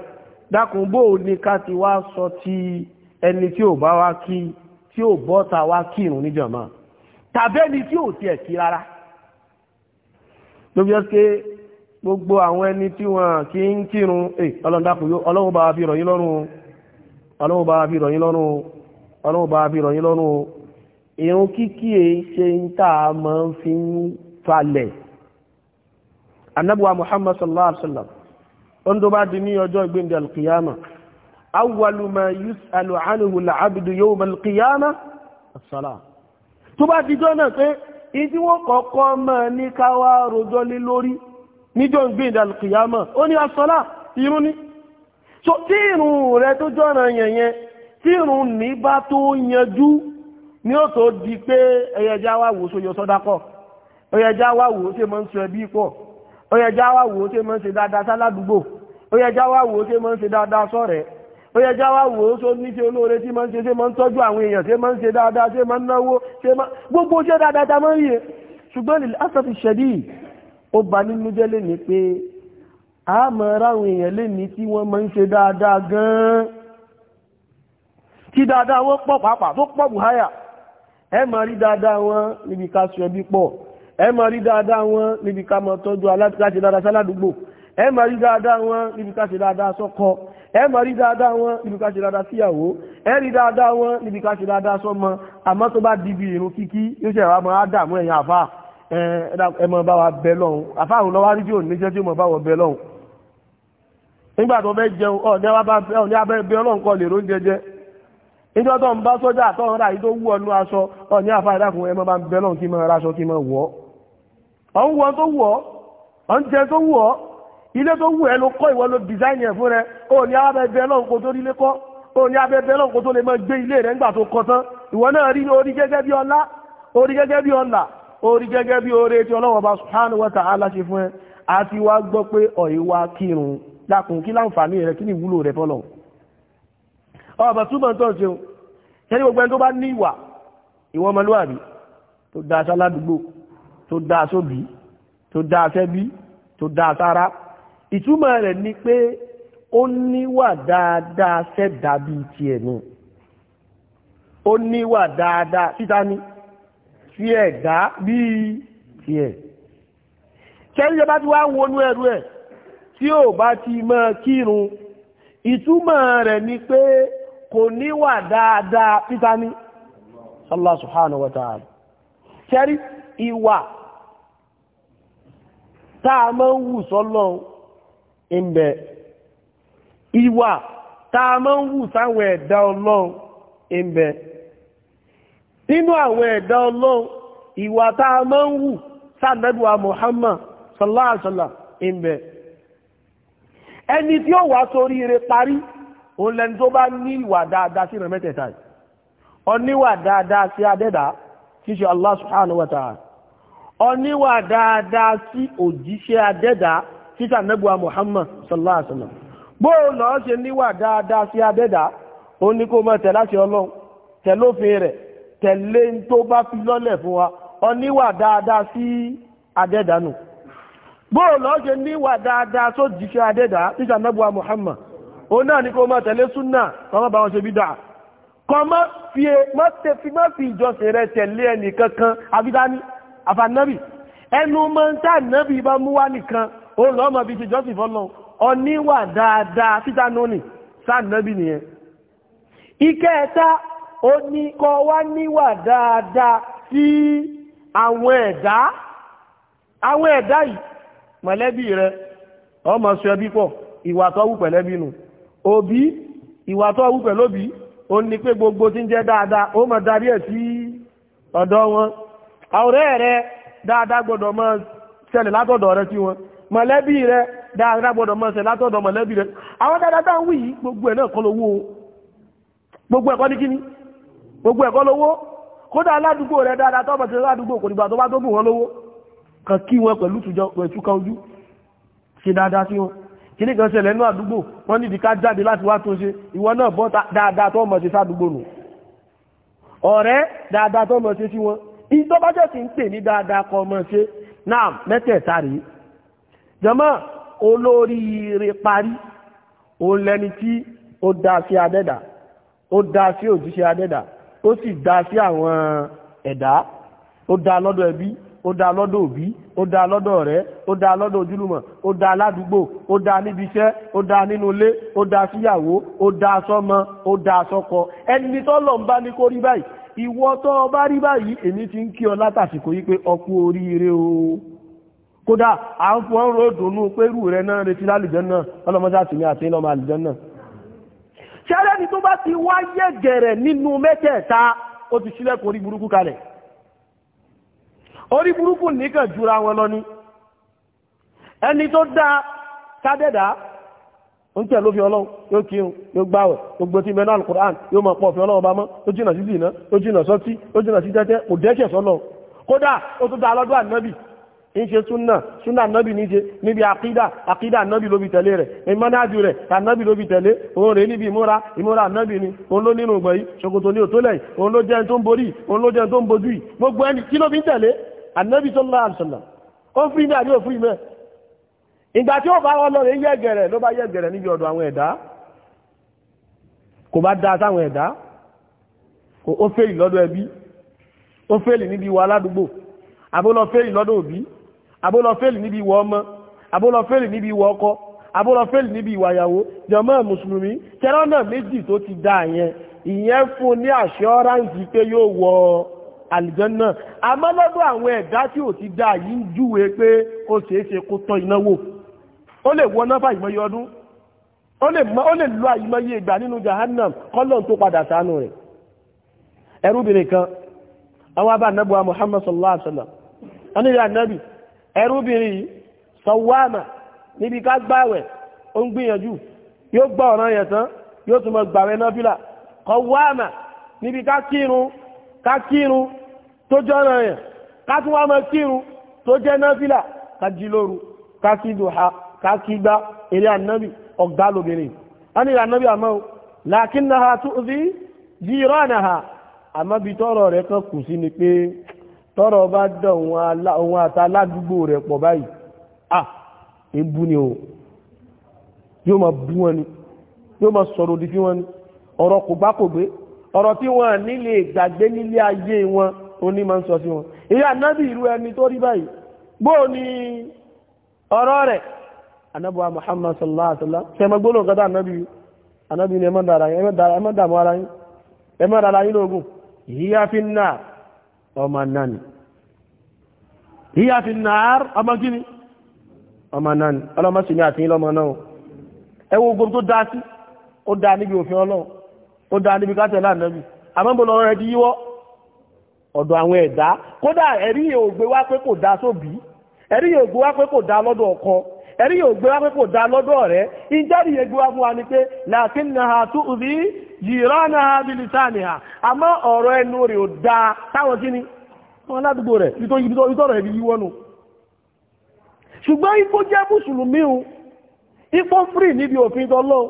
dákun bóò ní ká ti wá sọ ti ẹni tí ò bá wá kí tí ò bọ́ta wá kírun níjàmá tàbẹ́ni tí ò tiẹ̀ kí rárá ló fi ẹ́ pé gbogbo àwọn ẹni tí wọ́n kí ń kírun eh, ọlọ́run bá fi rọ̀yìn lọ́rùn ọlọ́run bá fi rọ̀yìn lọ́rùn ọlọ́run bá fi rọ̀yìn lọ́rùn irun kíkí è e ṣe ń tà máa ń fi ń falẹ̀ anábùwà Muhammad sallallahu alaihi wasallam ó ń tó bá di ní ọjọ́ ìgbéǹdẹ̀ alkiyama awwalu ma yus'alu anhu al-'abdu yawm al-qiyamah as-salah tó bá ti jọ́nà pé ìdí wọ́n kọ̀ọ̀kọ́ mọ̀ ní káwà rojọ́ lé lórí níjọ́ ń gbé ìdàlùkìyàmọ̀ ó ní as-salah irun ní so tí irun rẹ̀ tó jọ́nà yẹ̀yẹn tí irun ní bá tó yanjú ní ó tó di pé ẹyẹjá wà wò sóyọ sọ́dákọ̀ ẹyẹjá wà wò ṣe máa ń sọ ẹbí pọ̀ ẹyẹjá wà wò ṣe máa ń ṣe dáadáa sáládùúgbò ẹyẹjá wà wò ṣe máa ń ṣe dáadáa sọ́rẹ̀ẹ́ ó yẹ já wá wò ó só ní ṣe olóore tí máa ń ṣe ṣe máa ń tọ́jú àwọn èèyàn ṣe máa ń ṣe dáadáa ṣe máa ń náwó ṣe máa gbogbo ṣe dáadáa ta máa ń yẹ ṣùgbọ́n lè asàfi ṣẹ̀dí ó bà nínú jẹ́ lè pé a máa ráwọn èèyàn lè tí wọ́n máa ń ṣe dáadáa gan-an kí dáadáa wọ́n pọ̀ pàápàá tó pọ̀ bùháyà ẹ máa rí dáadáa wọn níbi ká sọ ẹbí pọ̀ ẹ máa rí dáadáa wọn níbi ká máa tọ́jú aláṣẹ dáadáa sáládùúgbò ẹ máa rí dáadáa wọn níbi ká ṣe dáadáa sọ́kọ ẹ mọ̀ rí dáadáa wọn níbi ká ṣe dáadáa síyàwó ẹ rí dáadáa wọn níbi ká ṣe dáadáa sọ́mọ àmọ́ tó bá di bí irun kíkí yóò ṣe àwọn ọmọ ádámù ẹ̀yìn àfà ẹ mọ̀ bá wa bẹ lọ́hùn àfà àwọn lọ́wọ́ rí tí ò níṣẹ́ tí ó mọ̀ bá wọ bẹ lọ́hùn. nígbà tó fẹ́ jẹun ọ̀ ní abẹ́ bẹ ọlọ́run kọ lè róúnjẹ jẹ níjọ́ tó ń bá sọ́jà àtọ́run rà yìí tó wú ilé tó wù ẹ́ ló kọ́ ìwọ ló design ẹ̀ fún rẹ o ní abẹ́bẹ́ lọ́n kó tó nílé kọ́ o ní abẹ́bẹ́ lọ́n kó tó lè máa gbé ilé rẹ̀ nígbà tó kọ́ tán ìwọ náà rí orí gẹ́gẹ́ bí ọlá orí gẹ́gẹ́ bí ọlà orí gẹ́gẹ́ bí oore tí Ọlọ́hun Ọba subhanahu wa ta'ala ṣe fún ẹ àti wá gbọ́ pé ọ̀yí wá kírun dákun kí láǹfààní rẹ̀ kí ni ìwúlò rẹ̀ fọ́lọ̀ ọ̀bà túbọ̀ tó ń ṣeun kẹ́ni gbogbo ẹni tó bá ní ìwà ìwọ ọmọlúwàbí tó dáa sáládùúgbò tó dáa sóbì tó dáa sẹ́bí tó dáa sára ìtumọ̀ rẹ̀ ni pé ó níwà dáadáa sẹ́dá bíi tiẹ̀ nù ó níwà dáadáa síta ní sí ẹ̀dá bíi tiẹ̀ kẹ́rí bá ti wá ń wọnú ẹrú ẹ̀ tí ò bá ti mọ́ kírun ìtumọ̀ rẹ̀ ni pé kò níwà dáadáa síta ní Allah subhanahu wa ta'ala kẹ́rí ìwà táa mọ́ ń wù sọ́lọ́run ń iwa ìwà tá a máa ń wù nínú àwọn ẹ̀dá iwa taa ma wu máa Muhammad sallallahu alaihi ẹni tí ó wà sórí ire parí òun lẹni tó bá ní ìwà dáadáa sí ìrẹ̀mẹ́tẹ̀ẹ̀ta yìí dáadáa sí tí ṣe títà nẹ́bùwa Muhammad sallallahu alaihi wasallam bó lọ ṣe níwà dáadáa sí abẹ́dà ó ní kó máa tẹ̀láṣẹ ọlọ́run tẹ̀lófin rẹ̀ tẹ̀lé tó bá fi lọ́lẹ̀ fún wa ọ níwà dáadáa sí adẹ́dànù bó lọ ṣe níwà dáadáa tó jíṣẹ́ adẹ́dà títà nẹ́bùwa Muhammad ó náà ní kó máa tẹ̀lé súnà kọ́mọ́ bá wọn ṣe bídà kọ́mọ́ fi má fi ìjọsìn rẹ̀ tẹ̀lé ẹnì kankan àbídání àfànàbì ẹnu mọ́ ń tà nábì bá mú wá nìkan ó lọ ọmọ bíi ṣe jọ́sìn fọ́lọ́ dáadáa títà nónì sáàdínàbì nìyẹn ìkẹta ó ní kọ wá níwà dáadáa sí àwọn ẹ̀dá àwọn ẹ̀dá yìí rẹ ọmọ sọ ẹbí pọ̀ ìwà wù nù gbogbo tí ń jẹ́ dáadáa ó mọ̀ darí ẹ̀ sí wọn ọ̀rẹ́ rẹ dáadáa mọ́ mọ̀lẹ́bí rẹ dáadáa gbọ́dọ̀ mọ́ ṣe látọ̀dọ̀ mọ̀lẹ́bí rẹ àwọn dáadáa wí yìí gbogbo ẹ̀ náà kọ́ lówó gbogbo ẹ̀kọ́ ní kíní gbogbo ẹ̀kọ́ lówó kódà aládùúgbò rẹ dáadáa tọ́ bàtí aládùúgbò kò nígbà tó bá tó bù wọn lówó kan kí wọn pẹ̀lú ẹ̀tú kan ojú ṣe dáadáa sí wọn kíní kan ṣẹlẹ̀ nínú àdúgbò wọn nídìí ká jáde láti wá tó ṣe ìwọ náà bọ́ dáadáa tó mọ̀ ṣe sádùúgbò nù ọ̀rẹ́ dáadáa tó mọ̀ ṣe sí wọn ìtọ́bájẹ́ sì ń pè ní dáadáa kọ́ mọ̀ ṣe náà mẹ́tẹ̀ẹ̀ta rèé jọmọ́ olóríire parí òun lẹni tí ó dá sí adẹ́dà ó dá sí òjíṣẹ́ adẹ́dà ó sì dá sí àwọn ẹ̀dá ó dá lọ́dọ̀ ẹbí ó dá lọ́dọ̀ òbí ó dá lọ́dọ̀ ọ̀rẹ́ ó dá lọ́dọ̀ ojúlùmọ̀ ó dá ládùúgbò ó dá níbi iṣẹ́ ó dá nínú ilé ó dá síyàwó ó dá sọ́mọ ó dá sọ́kọ ẹni tọ́lọ̀ ń bá ní kó rí báyìí ìwọ tó o bá rí báyìí èmi ti ń kí ọ látàsìkò yí pé ọkú oríire o kódà à ń fọ́n ròdùnú pé irú rẹ̀ náà retí lálùjánnà ọlọ́mọdé àti ní àti ìlọ́mọ àlùjánnà ṣẹ́rẹ́ ni tó bá ti wá yẹ̀gẹ̀rẹ̀ nínú mẹ́tẹ̀ẹ̀ta ó ti ṣílẹ̀kùn orí burúkú kalẹ̀ orí burúkú nìkan jura wọn lọ ní ẹni tó dá kádẹ́dá ń tẹ̀ ló fi ọlọ́run yóò kírun yóò gbáwẹ̀ gbogbo tí mẹ́nà alukur'an yóò máa pọ̀ fi ọlọ́run bá mọ́ ó jìnà sí ìná ó jìnà sọ́tí ó jìnà sí tẹ́tẹ́ kò dẹ́ṣẹ̀ sọ́lọ́run kódà ó tún dá lọ́dọ̀ ànábì ń ṣe súnà súnà nọ́bì ní ṣe níbi àkídà àkídà nọ́bì ló fi tẹ̀lé rẹ̀ ìmọ́nájú rẹ̀ ta nọ́bì ló fi tẹ̀lé òun rẹ̀ níbi ìmúra ìmúra nọ́bì ni òun ló nínú ìgbọ̀nyí ṣòkòtò ní òtó lẹ́yìn òun ló jẹun tó ń borí òun ló jẹun tó ń bojú yìí gbogbo ẹni kí ló fi ń tẹ̀lé ànọ́bì tó lọ́ àṣàlà ó fún ilé àbí òfin mẹ́ ìgbà tí ó bá wọn lọ yẹ gẹ̀rẹ̀ ló bá yẹ gẹ̀rẹ̀ níbi ọ̀dọ̀ àwọn ẹ̀dá kò bá da sáwọn ẹ̀dá ó fẹ́lì lọ́dọ̀ ẹbí ó fẹ́lì níbi ìwà aládùúgbò àbólọ́ fẹ́lì lọ́dọ̀ òbí abúlọ fẹ́lì níbi ìwọ ọmọ abúlọ fẹ́lì níbi ìwọ ọkọ abúlọ fẹ́lì níbi ìwà ìyàwó jọmọ́ mùsùlùmí kẹrọ́nà méjì tó ti dá yẹn ìyẹn fún ní àṣọ́ráǹsì pé yóò wọ àlìjọ́nà àmọ́ lọ́dọ̀ àwọn ẹ̀dá tí ò ti dá yìí ń júwe pé ó ṣeé ṣe kó tọ́ iná ó lè wọ nọ́fà ìmọye ọdún ó lè lọ àìmọye ìgbà nínú jahannam kọ́lọ̀ tó padà sánú rẹ̀ ẹrúbìnrin kan àwọn abá nàbùwà Muhammad sallallahu alaihi wa sallam ẹrúbìnrin yìí sọwọ́àmà níbi ká gbàwẹ̀ ó ń gbìyànjú yóò gbọ́ ọ̀ràn yẹn tán yóò tún mọ gbàwẹ̀ náfìlà kọwọ́àmà níbi ká kírun ká kírun tó jẹ́ ọ̀ràn yẹn ká tún wá mọ kírun tó jẹ́ náfìlà ká jí lóru ká kí dùhà ká kí gbá eré ànábì ọ̀gá lóbìnrin a ní ànábì àmọ́ làákínnáha tó fi jí rọ́ọ̀nà ha àmọ́ bí tọ́rọ̀ rẹ̀ kan kù sí ni pé tọ́rọ bá dọ̀ ohun àtàládúgbò rẹ̀ pọ̀ báyìí ah ebú ni o yóò máa bú wọn ni yóò máa sọ̀rọ̀ òdì fí wọn ni ọ̀rọ̀ kò bá kò gbé ọ̀rọ̀ tí wọ́n nílé gbàgbé nílé ayé wọn oní máa ń sọ sí wọn ìyá anábì irú ẹni tó rí báyìí bóò ni ọ̀rọ̀ rẹ̀ anábùwà Muhammad sallallahu alaihi wasallam sẹ́mọ gbólóhùn kọ́tà anábì anábì ni ẹ má dàrá yín ẹ má dàmú ara yín ẹ má dàrá yín lóògùn ìyá fi náà ọmọ náà ni a fi nnar ọmọ gíní ọmọ náà ni ọlọ́mọ sí ní àtìyìn ọmọ náà ẹ ogun tó dá sí ó dá níbi òfin ọlọ ó dá níbi kátẹ̀lá nàbì àmọ́bọ̀ lọ́rọ̀ ẹ̀ ti yíwọ́ ọ̀dọ̀ àwọn ẹ̀dá kódà ẹ̀rí ọkọ ẹ̀rí yóò gbé wá pé kò dá lọ́dọ̀ rẹ̀ ìjẹ́rì yẹ gbé wá fún ni pé làákín na ha na ha bí lìtá ni ha àmọ́ ọ̀rọ̀ ẹnu rẹ̀ dá táwọn kí ni wọn ládùúgbò rẹ̀ ìtọ́rọ̀ ẹ̀bí yíwọ́nu ṣùgbọ́n ipò jẹ́ mùsùlùmí o ipò free níbi òfin tọ́lọ́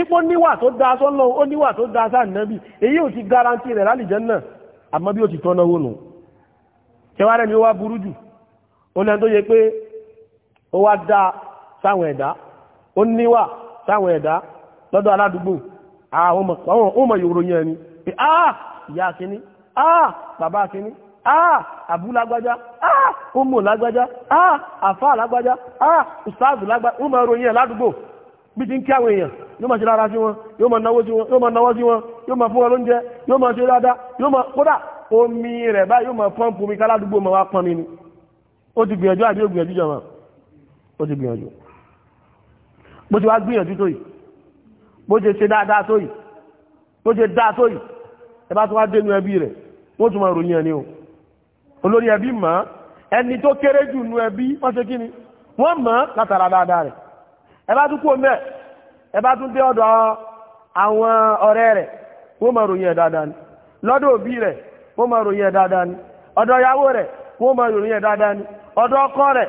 ipò níwà tó dá sọ́lọ́ ó níwà tó dá sáà èyí ti garanti rẹ̀ lálìjẹ́ náà àmọ́ bí ó ti nù rẹ̀ ni ó wá burú jù ó ó wá dá sáwọn ẹ̀dá ó níwà sáwọn ẹ̀dá lọ́dọ̀ aládùúgbò àwọn ah, ọmọ ìròyìn ẹni pé áà ah, ìyá kíní áà ah, bàbá kíní ah! àbú lágbájá ọmọ lágbájá áà àfá lágbájá áà ustaz lágbájá ah! yóò máa ṣe lára sí wọn yóò máa náwó sí wọn yóò máa náwó sí wọn yóò máa fún yóò máa ṣe dáadáa yóò máa kódà omi rẹ̀ báyìí yóò máa omi máa wá ni ó ti gbìyànjú ó ti gbìyànjú bó ti wá gbìyànjú tó yìí bó ṣe ṣe dáadáa tó yìí bó ṣe dáa tó yìí ẹ bá tún wá dénú ẹbí rẹ̀ wọ́n tún máa ròyìn ẹni o olórí ẹbí mọ̀ ẹni tó kéré jù nú ẹbí wọ́n ṣe kí ni wọ́n mọ̀ látara dáadáa rẹ̀ ẹ bá tún kú omi ẹ̀ ẹ bá tún dé ọ̀dọ̀ àwọn ọ̀rẹ́ rẹ̀ wọ́n máa ròyìn ẹ̀ dáadáa ni lọ́dọ̀ òbí rẹ̀ wọ́n máa ròyìn ẹ̀ dáadáa ni ọ̀dọ̀ ìyàwó rẹ̀ wọ́n máa ròyìn ẹ̀ dáadáa ni ọ̀dọ̀ ọkọ rẹ̀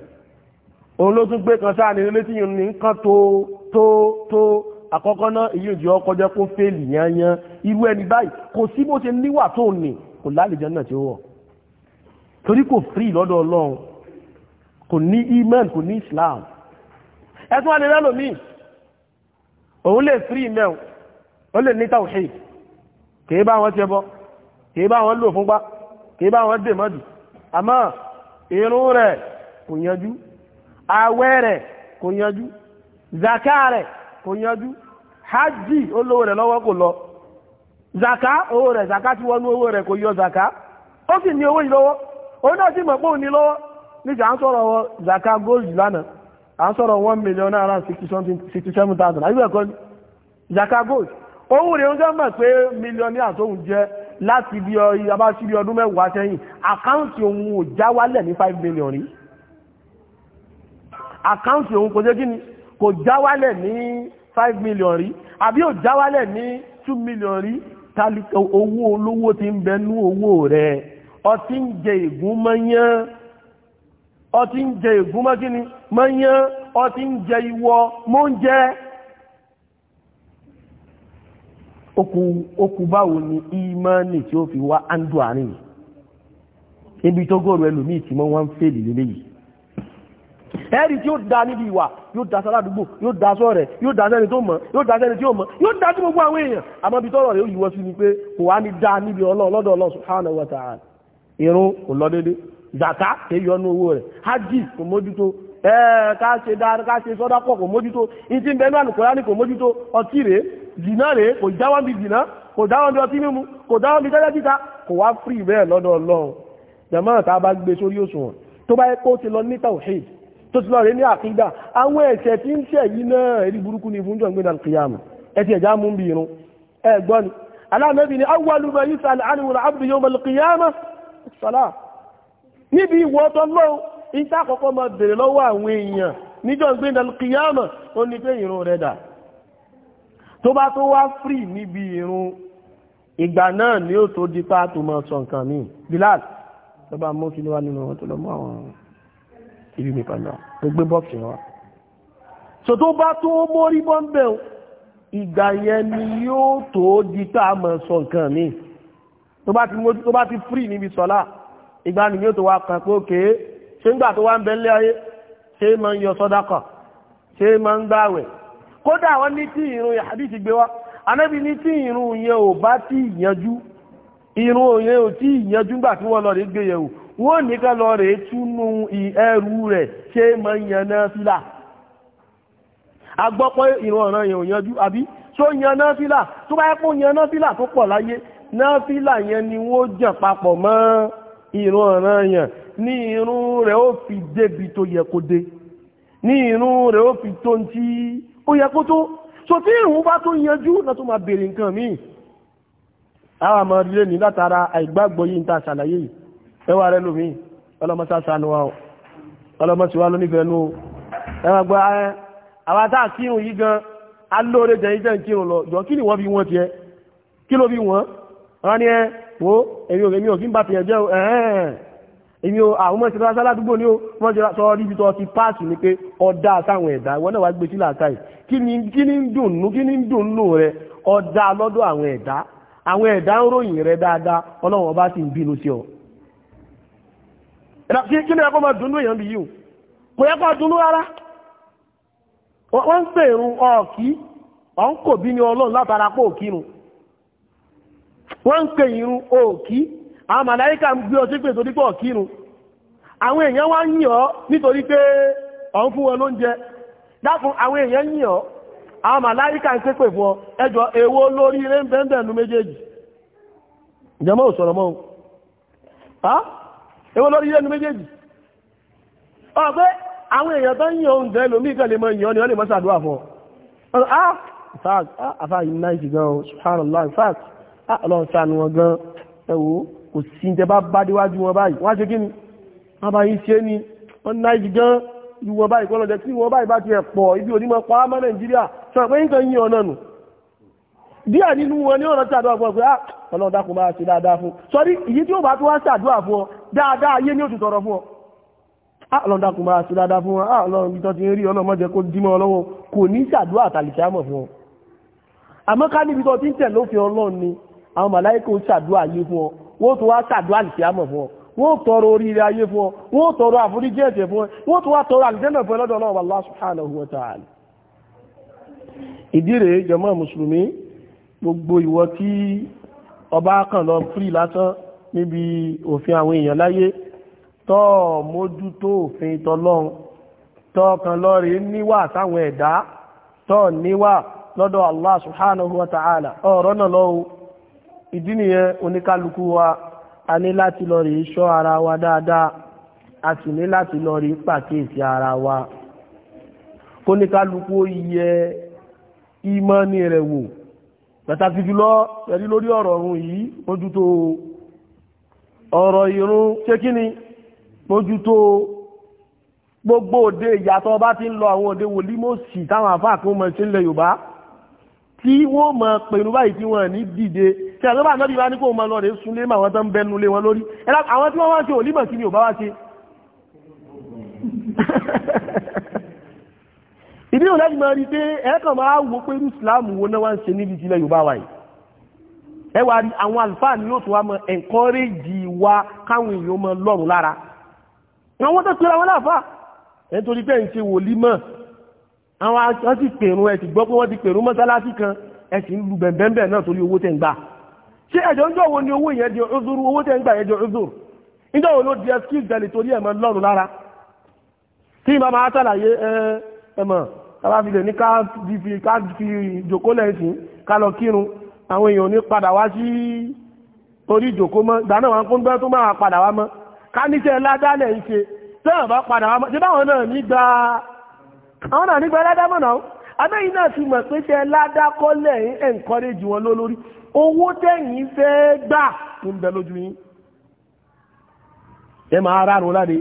òun ló tún gbé kan sáà ní ilé tí yìí ní nǹkan tó tó tó àkọ́kọ́ náà èyí ò jẹ́ ọkọ̀ jẹ́ kó fèèlì yanyan irú ẹni báyìí kò sí bó ṣe níwà tó nì kò lálejò náà tí ó wọ̀ torí kò fírí lọ́dọ̀ ọlọ́run kò ní iman kò ní islam ẹ̀tún alẹ́ lẹ́lòmí òun lè fírí mẹ́un ó lè ní tawhid kìí bá wọn tẹbọ kìí bá wọn lò fúnpá kìí bá wọn dè mọ́dù àmọ́ irun rẹ̀ kò yanjú àwẹ̀ rẹ̀ kò yanjú zaka rẹ̀ kò yanjú hajj olówó rẹ̀ lọ́wọ́ kò lọ zaka owó rẹ̀ zaka ti wọnú owó rẹ̀ kò yọ zaka ó sì ní owó yìí lọ́wọ́ òun náà sì mọ̀ pé òun ní lọ́wọ́ zaka gold lánàá à ń sọ̀rọ̀ one million naira sixty seven thousand kọ́ ni zaka gold owó rẹ̀ ń sọ mọ̀ pé mílíọ̀nìyà tóun jẹ́ láti bí abáṣíbí ọdún mẹ́wàá sẹ́yìn five million àkáǹtì òun kò jẹ́ kí ni kò já ní five million rí àbí ò já ní two million rí owó olówó ti ń bẹnú owó rẹ̀ ọtí ń jẹ ìgún mọ́yán ọtí ń jẹ ìgún mọ́ kí ni mọ́yán ọtí ń jẹ ìwọ mọ́ ń jẹ́ okù báwo ni ìmánì tí ó fi wá ándù àárín ibi tó gòrò ẹlòmíì tí mọ́ wọ́n ń fèlì lélẹ́yìí ẹ̀rí tí ó da níbi ìwà yóò da sáládùúgbò yóò da sọ́ọ̀rẹ̀ yóò da sẹ́ni tó mọ̀ yóò da sẹ́ni tí ó mọ̀ yóò da sí gbogbo àwọn èèyàn àmọ́ ibi tọ́rọ̀ yóò yíwọ́ sí ni pé kò wá ní da níbi ọlọ́ọ̀lọ́dọ̀ ọlọ́ọ̀ subhanahu wa ta'ala irun kò lọ déédé zàká kéyọ ọnú owó rẹ̀ hajj kò mójútó ẹ̀ẹ́ ká ṣe dáadáa ká ṣe sọ́dá pọ̀ kò mójútó ìtì bẹ́ẹ̀ náà kò rání kò mójútó ọtí rèé jìnnà rèé kò jáwọ́ bí jìnnà kò dáwọ́ bí ọtí mímu kò dáwọ́ bí tẹ́lẹ̀ títa kò wá fírì bẹ́ẹ̀ lọ́dọ̀ ọlọ́run jẹ̀mọ́ ta bá gbé sórí òṣùwọ̀n tó bá yẹ kó ti lọ ní tawhid tó ti lọ rẹ̀ ní àkídà àwọn ẹ̀ṣẹ̀ tí ń ṣẹ̀ yìí náà ẹ̀rí burúkú ni fún jọ̀ǹgbé náà kìyàmù ẹ̀tì ẹ̀já mú bí irun ẹ̀gbọ́n ni aláàmẹ́bí ni awwalu ma yus'al anhu al-'abdu yawm al-qiyamah as-salah níbi ìwọ́tọ́ lọ́wọ́ ìta àkọ́kọ́ máa bèèrè lọ́wọ́ àwọn èèyàn níjọ̀ǹgbé náà kìyàmù ó ní pé irun rẹ̀ dà tó bá tó wá fírì níbi irun ìgbà náà ni ó tó di pàtó máa sọ míì Bilal tó bá mú kí ló wá nínú wọn tó àwọn ọ̀rọ̀ ìlú mi kan náà tó gbé bọ́ọ̀sì wọn so tó bá tó mórí bọ́m̀bẹ̀ ìgbà yẹn ni yóò tó di mọ̀ sọ nǹkan mi tó bá ti free níbi sọ́lá ìgbà ni yóò tó wá kan pé òkè ṣé ń gbà tó wá ń bẹ nílé ayé ṣé máa ń yọ sọ́dákọ̀ ṣé máa ń gbàwẹ̀ kódà wọ́n ní tí ìrun hadith gbé wá anábì ní tí ìrun yẹn ò bá tí ìyanjú ìrun yẹn ò tí ìyanjú gbà tí wọ́n lọ rí gbé yẹ̀wò wọ́n ní ká lọ rèé túnú ẹrú rẹ̀ ṣé máa ń yan náfìlà agbọ́pọ̀ ìran ọ̀ràn yẹn ò yanjú àbí tó yan náfìlà tó bá yẹ kó yan náfìlà tó pọ̀ láyé náfìlà yẹn ni wọ́n jàn papọ̀ mọ́ ìran ọ̀ràn yẹn ní irun rẹ̀ ó fi débi tó yẹ kó dé ní irun rẹ̀ ó fi tó ń tí ó yẹ kó tó so tí ìrun bá tó yanjú náà tó máa béèrè nǹkan míì àwọn àmọ́ rílé ní látara àìgbàgbọ́ yìí ń ta ṣàlàyé yìí ẹwà rẹ lómi ọlọ́mọsásánu wa o ọlọ́mọsíwá lónífẹ̀ẹ́nu o ẹwà gba ẹ àwọn tá a kírun yìí gan alóore jẹ́ yìí jẹ́ ń kírun lọ jọ kí ni wọ́n fi wọ́n tiẹ̀ ní wo èmi ò èmi ò kí ń bá tiẹ̀ o ẹ̀ẹ́n èmi ò àwọn ọmọ ìṣẹ̀lẹ̀ aládùúgbò ni ó wọ́n ti sọ níbi tó ti páàsì ni pé ọ̀dà sáwọn ẹ̀dá ìwọ náà wàá gbé sílẹ̀ àtàyè kí ni kí ni ń dùnnú kí ni ń dùnnú rẹ ọ̀dà lọ́dọ̀ àwọn ẹ̀dá àwọn ẹ̀dá ń ròyìn rẹ dáadáa ọlọ́run ọba sì ń bínú sí ọ ẹ̀dàkí kí ni ẹkọ́ máa dùnú èèyàn bí yíò kò yẹ kọ́ dùnú rárá wọ́n ń pè ìrun ọ̀kí ọ̀n kò bí ní ọlọ́run látara pò kírun wọ́n ń pè ìrun òkí àwọn màláíkà ń gbé ọtí pé torí pé ọ̀kírun àwọn èèyàn wá ń yìn ọ́ nítorí pé ọ̀n fún wọn lóúnjẹ dákun àwọn èèyàn ọ́ àwọn ń fún ọ lórí èwo lórí ilé ẹnu méjèèjì ọ̀pẹ́ àwọn èèyàn tó ń yàn oúnjẹ lómi ìkàlẹ̀ mọ́ ìyàn ni wọ́n lè mọ́ sàdúrà fún ọ àfà iná ìsì gan o subhanallah in fact ah, ọlọ́run sànù wọn gan ẹ wò kò sí jẹ bá bá déwájú wọn báyìí wọ́n á ṣe kí ni wọ́n bá yín ṣe ni wọ́n ná ìsì gan ju wọn báyìí bá ti ẹ̀ pọ̀ ibi onímọ̀ pa nàìjíríà sọ pé nǹkan yín ọ̀nà nù díẹ̀ nínú wọn ni ọ̀nà tí àdúrà fún ọ pé ah, ọlọ́run dákun máa ṣe dáadáa fún sọrí dáadáa ayé ní òtútọ̀rọ fún ọ alọ́ndakùn máa sí dáadáa fún wọn alọ́run bí tọ́ ti rí ọlọ́mọdé kó dímọ́ ọlọ́wọ́ kò ní sàdúrà àtàlìṣàmọ̀ fún ọ àmọ́ ká níbi tọ́ ti ń tẹ̀lé òfin ọlọ́run ni àwọn màláìkò sàdúrà ayé fún ọ wọ́n tó wá sàdúrà àtàlìṣàmọ̀ fún ọ wọ́n tọrọ oríire ayé fún ọ Allah subhanahu wa ta'ala ìdí rèé jàmá mùsùlùmí gbogbo ìwọ tí ọba kan níbi òfin àwọn èèyàn láyé tọ́ mójútó òfin tọlọ́run tọ́ kan lọ́rí níwà sáwọn ẹ̀dá tọ́ níwà lọ́dọ̀ Allah subhanahu wa ta'ala ọ̀rọ̀ náà lọ́wọ́ ìdí nìyẹn oníkálukú wa a ní láti lọ ṣọ́ ara wa dáadáa a sì ní láti ara wa yẹ ní rẹ̀ wò pẹ̀tàkì jùlọ lórí ọ̀rọ̀ ọ̀rọ̀ ìrun ṣé kí ni mójútó gbogbo òde ìyàtọ̀ bá ti ń lọ àwọn òde wòlímọ̀sì táwọn àfáà kan mọ̀ sí ilẹ̀ yorùbá tí wọ́n mọ̀ pẹ̀lú báyìí tí wọ́n ní dìde tí àwọn bá nọ́bí bá ní kó mọ̀ lọ rẹ̀ súnlé mà wọ́n ni ò bá wá <laughs> rí pé ẹ̀ẹ́kàn máa wò pé irú ìsìláàmù náà wá ń ṣe níbi ìjìnlẹ̀ yorùbá wáyìí ẹ wá rí àwọn àlùfáà ni yóò tún wá mọ ẹ̀ńkọ́rẹ́jì wa káwọn èèyàn mọ lọ́rùn lára àwọn tó pera wọn láàfà ẹni tó ní pé ń ṣe wòlí mọ̀ àwọn àwọn ti pèrún ẹ ti gbọ́ pé wọ́n ti pèrún mọ́sálásí kan ẹ sì ń lu bẹ̀m̀bẹ̀m̀bẹ̀ náà torí owó tẹ̀ ń gbà ṣé ẹ̀jọ̀ ń jọ wo ni owó yẹn di ọ̀zọ́rù owó tẹ̀ ń gbà yẹn di ọ̀zọ́rù níjọ́ wo ló di excuse dẹni torí ẹ̀ mọ lọ́rùn lára tí ìmọ̀ máa ṣàlàyé ẹ ẹ mọ̀ tábà fi lè ní ká fi ká fi jòkó lẹ́yìn sí ká lọ kírun àwọn èèyàn ní padà wá sí orí ìjòkó mọ́ ìgbà náà wọn kún gbẹ́ tó máa padà wá mọ́ ká níṣẹ́ ládálẹ̀ ń ṣe tẹ́wọ̀n bá padà wá mọ́ ṣe báwọn náà nígbà àwọn náà nígbà ládámọ̀ náà abẹ́yìn náà ti mọ̀ pé ṣe ládákọ́lẹ̀ ń encourage wọn lólórí owó tẹ̀yìn fẹ́ gbà ń bẹ lójú yín ẹ máa rárun láde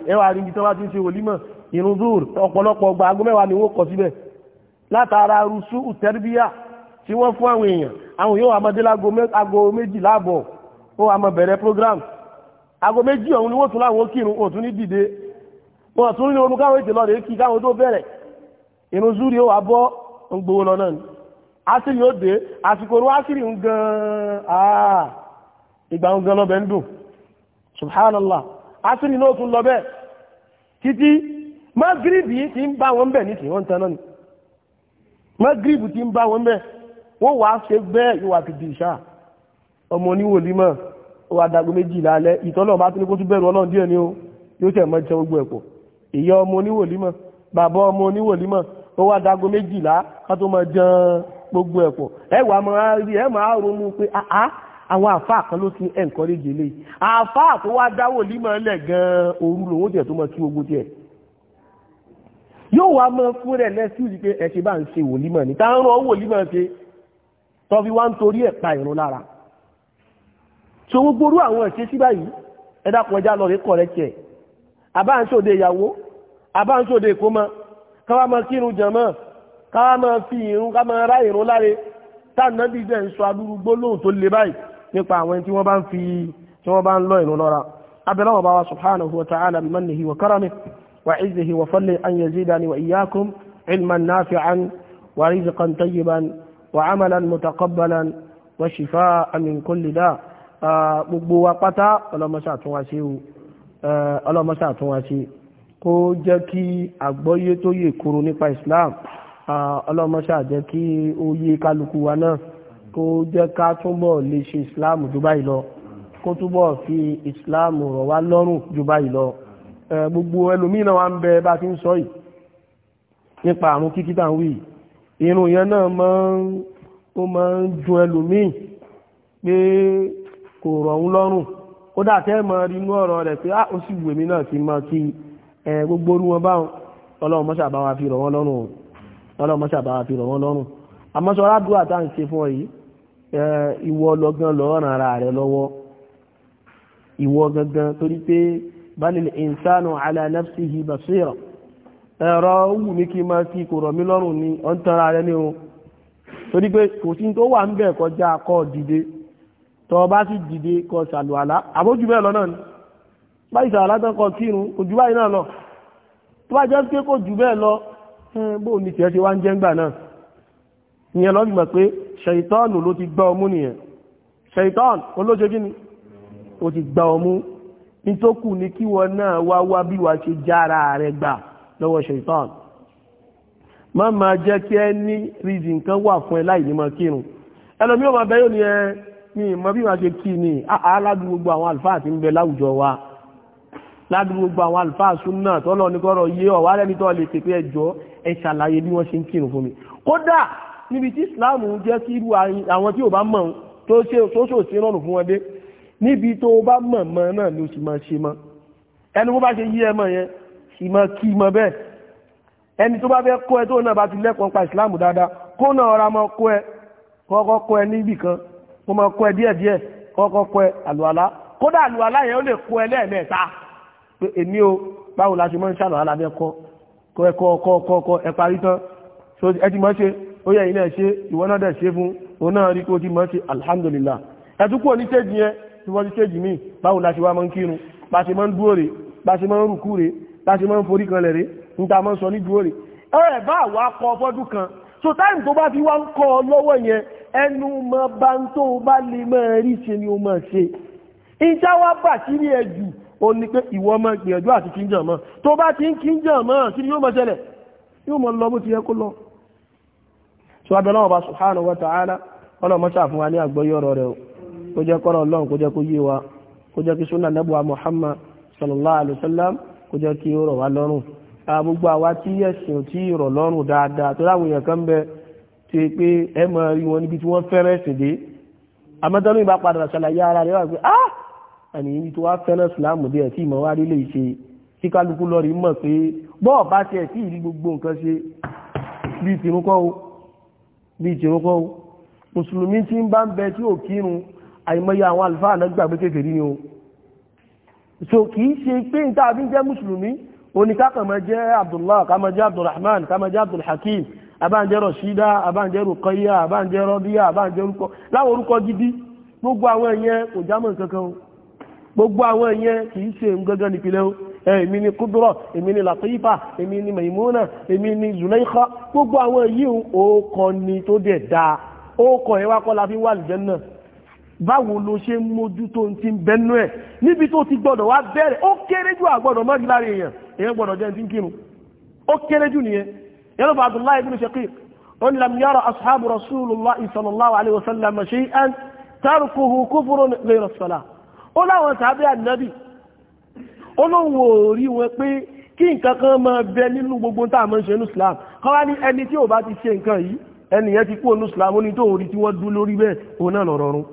àwọn yóò amadé lágo méjì láàbọ̀ ó àmọ́ bẹ̀rẹ̀ program ago méjì ọ̀hún ni wọ́n tún láwọn kírun ò tún ní dìde wọn tún ní orun káwọn ètè lọ́rẹ̀ kí káwọn tó bẹ̀rẹ̀ irun zúrí ó wà bọ́ ń ni asiri ó dé àsìkò orun asiri ń gan àà ìgbà ń gan lọ́bẹ̀ ń dùn subhanallah asiri náà tún lọ bẹ́ẹ̀ títí magribi ti ń bá wọn bẹ̀ ní tí wọ́n náà ni magribi ti ń bá wọn bẹ́ẹ̀ wọ́n wá ṣe bẹ́ẹ̀ yóò wá fi di ìṣá ọmọ oníwòlímọ̀ ó wá dàgbé méjìlá alẹ́ ìtọ́lọ̀ bá tún ní kó tún bẹ̀rù ọlọ́run díẹ̀ ni ó yóò tẹ̀ mọ́ jẹ gbogbo ẹ̀pọ̀ ìyá ọmọ oníwòlímọ̀ bàbá ọmọ oníwòlímọ̀ ó wá dàgbé méjìlá ká tó mọ jẹun gbogbo ẹ̀pọ̀ ẹ wà mọ rí ẹ máa ronú pé àá ah, ah, àwọn àfáà kan ló ti encourage eléyìí àfáà tó wá dá wòlímọ̀ lẹ̀ gan-an òru lòun tiẹ̀ tó mọ sí gbogbo tiẹ̀ yóò wá mọ fún rẹ̀ lẹ́sùn yìí pé ẹ̀ ṣe bá ń ṣe wòlímọ̀ ní táwọn wòlímọ̀ ṣe tó fi wá ń torí ẹ̀ pa ìrun lára so gbogbo orú àwọn ẹ̀ṣẹ̀ sí báyìí ẹ dákun ẹja lọ rí kọ̀rẹ́kẹ̀ àbá ń ṣòde ìyàwó àbá ń ṣòde ìkómọ káwá máa kírun jàmá káwá máa fi ìrun ká máa rá ìrun láre táànà bí ń sọ alúrú gbólóhùn tó le báyìí nípa àwọn tí wọ́n bá ń fi tí wọ́n bá ń lọ ìrun lọ́ra abẹ́lẹ́ bá wa subhanahu wa ta'ala bimannihi wa karamihi wa izzihi wa fadlihi an yazidani wa iyyakum ilman nafi'an wa rizqan tayyiban وعملا متقبلا وشفاء من كل داء gbogbo wa pátá ọlọmọṣà tún wá sí ọlọmọṣà tún wá sí kó jẹ́ kí àgbọ́yé tó yè kúrò nípa Islam ọlọmọṣà jẹ́ kí ó yé kálukú wa náà kó jẹ́ ká túnbọ̀ lè ṣe Islam jù báyìí lọ kó túnbọ̀ fi Islam rọ̀ wá lọ́rùn jù báyìí lọ gbogbo ẹlòmíràn wa ń bẹ bá ti ń sọ yìí nípa àrùn kíkí tá à ń wí yìí irun yẹn náà máa ń ó máa ń dùn ẹlòmíì pé kò rọ̀ ń lọ́rùn ó dàtẹ́ mọ inú ọ̀rọ̀ rẹ̀ pé á ah, ó sì wù mí náà kí n máa kí ẹ gbogbo orú wọn báwọn ọlọ́run mọ́ṣà bá wa fi rọ̀ wọ́n lọ́rùn ọlọ́run mọ́ṣà bá wa fi rọ̀ wọ́n lọ́rùn àmọ́ aládùúgbò tá à fún ọ yìí ìwọ lọ́gán lọ́ọ́ ràn ara rẹ lọ́wọ́ ìwọ gangan torí pé balil insanu ala nafsihi basira ẹ̀rọ wù mí kí n máa fi kò rọ̀ mí lọ́rùn ni ọ̀ ń tanra rẹ ní o torí pé kò sí tó wà ń bẹ̀ kọjá kọ́ dìde tọ́ ọ bá sì dìde kọ ṣàlùwàlá àbójú bẹ́ẹ̀ lọ náà ni báyìí ṣàlùwàlá tán kọ kírun kò báyìí náà lọ tó bá jẹ́ pé kò jù bẹ́ẹ̀ lọ bó ní tiẹ̀ ṣe wá ń jẹ́ ńgbà náà ìyẹn lọ́ gbìmọ̀ pé ṣèyítọ́ọ̀nù ló ti gbá ọmú nìyẹn ṣèyítọ́ọ̀nù olóṣe kí ni ó ti gbá ọmú nítòkù ni kíwọ náà wá wá bí wàá ṣe jára rẹ gbà lọ́wọ́ ṣèitán Ma máa jẹ́ kí ẹ ní rízi nǹkan wà fún ẹ láì ní máa kírun ẹlòmí ò máa bẹ ẹ ní ìmọ̀ bí wàá ṣe kí ni aládùn gbogbo àwọn àlùfáà ti ń bẹ láwùjọ wa ládùn gbogbo àwọn àlùfáà súnà tọ́lọ́ ní kọ́rọ̀ yé ọ̀wá lẹ́ni tó lè pèpè ẹjọ́ ẹ ṣàlàyé bí wọ́n ṣe ń kírun fún mi kódà níbi tí Islam jẹ́ kí irú àwọn tí ò bá mọ̀ tó ṣe tó ṣò sí rọrùn fún wọn níbi tó bá mọ̀ mọ́ náà ló sì máa ṣe mọ́ ẹnu bó bá ṣe yí ẹ mọ̀ yẹn ìmọ̀ kí ìmọ̀ bẹ́ẹ̀ ẹni tó bá fẹ́ kó ẹ tó náà bá ti lẹ́kọ̀ọ́ pa ìsìláàmù dáadáa kó náà ọ̀rá mọ́ kó ẹ kọ́kọ́ kó ẹ níbì kan kó mọ́ kó ẹ díẹ̀díẹ̀ kọ́kọ́ kó ẹ àlùwàlá kódà àlùwàlá yẹn ó lè kó ẹ lẹ́ẹ̀mẹ́ta pé èmi o báwo la ṣe mọ́ ń ṣàlọ́ alábẹ́ kọ́ kọ́ ẹ kọ́ kọ́ kọ́ kọ́ ẹ parí tán so ẹ ti mọ́ ṣe ó yẹ ilé ẹ ṣe ìwọ náà dẹ̀ ṣe fún òun náà rí kó ti mọ́ ṣe alhamdulillah ẹ tún kúrò ní stéèjì yẹn tí wọ́n ti stéèjì míì báwo la ṣe wá mọ́ ń kírun bá ṣe mọ́ ń dúró rè bá ṣe mọ́ ń rùkú rè láti mọ́ ń forí kan lẹ̀ rí ní ta sọ ní dúró rí ẹ bá wà kọ fọ́dún kan so táìmù tó bá fi wá ń kọ lọ́wọ́ yẹn ẹnu mọ bá ń tó bá lè mọ́ rí ṣe ni o mọ̀ ṣe ìjà wá bà sí rí ẹ jù ó ní pé ìwọ mọ gbìyànjú àti kíńjàn mọ tó bá ti ń kíńjàn mọ kí ni yóò mọ ṣẹlẹ̀ yóò mọ lọ bó ti yẹ kó lọ so abẹ́lọ́wọ́ bá subhanahu wa ta'ala ọlọ́mọ ṣàfihàn ní àgbọ́yé ọ̀rọ̀ rẹ̀ kó jẹ́ kọ́rọ̀ ọlọ́run kó jẹ́ kó yé wa kó jẹ́ kí súnà nẹ́bùwà Muhammad sallallahu alaihi wasallam kó jẹ́ kí ó rọ̀ wá lọ́rùn gbogbo àwa tí ẹ̀sìn ò tí rọ̀ lọ́rùn dáadáa tó láwọn èèyàn kan ń bẹ tí ó pé ẹ mọ̀ rí wọn níbi tí wọ́n fẹ́ràn ẹ̀sìn dé amẹ́tọ́nú ìbá padà ṣàlàyé ara rẹ̀ wà pé á àní ibi tí wọ́n fẹ́ràn ìsìláàmù dé ẹ̀tí ìmọ̀ wá nílé ìṣe tí kálukú lọ rí mọ̀ pé bọ́ọ̀ bá tiẹ̀ sí ìrí gbogbo nǹkan ṣe bíi tìrúkọ́ o bíi tìrúkọ́ o mùsùlùmí tí ń bá ń bẹ tí ò kírun àìmọye àwọn àlùfáà náà gbàgbé kékeré ni o so kìí ṣe pé níta àbí jẹ́ mùsùlùmí oníká kàmọ jẹ́ abdullah kàmọ jẹ́ abdulrahman kàmọ jẹ́ abdulhakim abáǹjẹ́ rọ̀ṣídá abáǹjẹ́ rukọ́yá abáǹjẹ́ rọ́bíyá abáǹjẹ́ orúkọ láwọn orúkọ gidi gbogbo àwọn ìyẹn kò jámọ́ kankan o gbogbo àwọn ìyẹn kìí ṣe gangan nípìnlẹ̀ o èmi ni kudurọ èmi ni latifa èmi ni maimuna èmi ni zulaikha gbogbo àwọn yìí ó kọ ni tó dẹ̀ dáa ó kọ ẹ wá kọ́ la fi wà lìjẹ́ náà báwo ló ṣe ń mójútó ti ń bẹnú ẹ̀ níbi tó ti gbọ́dọ̀ wá bẹ̀rẹ̀ ó kéré jù àgbọ̀dọ̀ mọ́jú lára èèyàn èèyàn gbọ́dọ̀ jẹ́ ti ń kírun ó kéré jù nìyẹn yẹn bá Abdullahi ibn Shaqiq ó ní lam yara ashabu Rasulullahi sallallahu alaihi wasallam shay'an tarkuhu kufrun ghayra as-salah ó láwọn tàbí ànábì ó lóun ò rí wọn pé kí nǹkan kan máa bẹ nínú gbogbo tá a máa ń ṣe ní Islam kọ́ ní ẹni tí ò bá ti ṣe nǹkan yìí ẹnìyẹn ti kú ní Islam ó ní tó orí tí wọ́n dú lórí bẹ́ẹ̀ òun náà lọ̀rọ̀rùn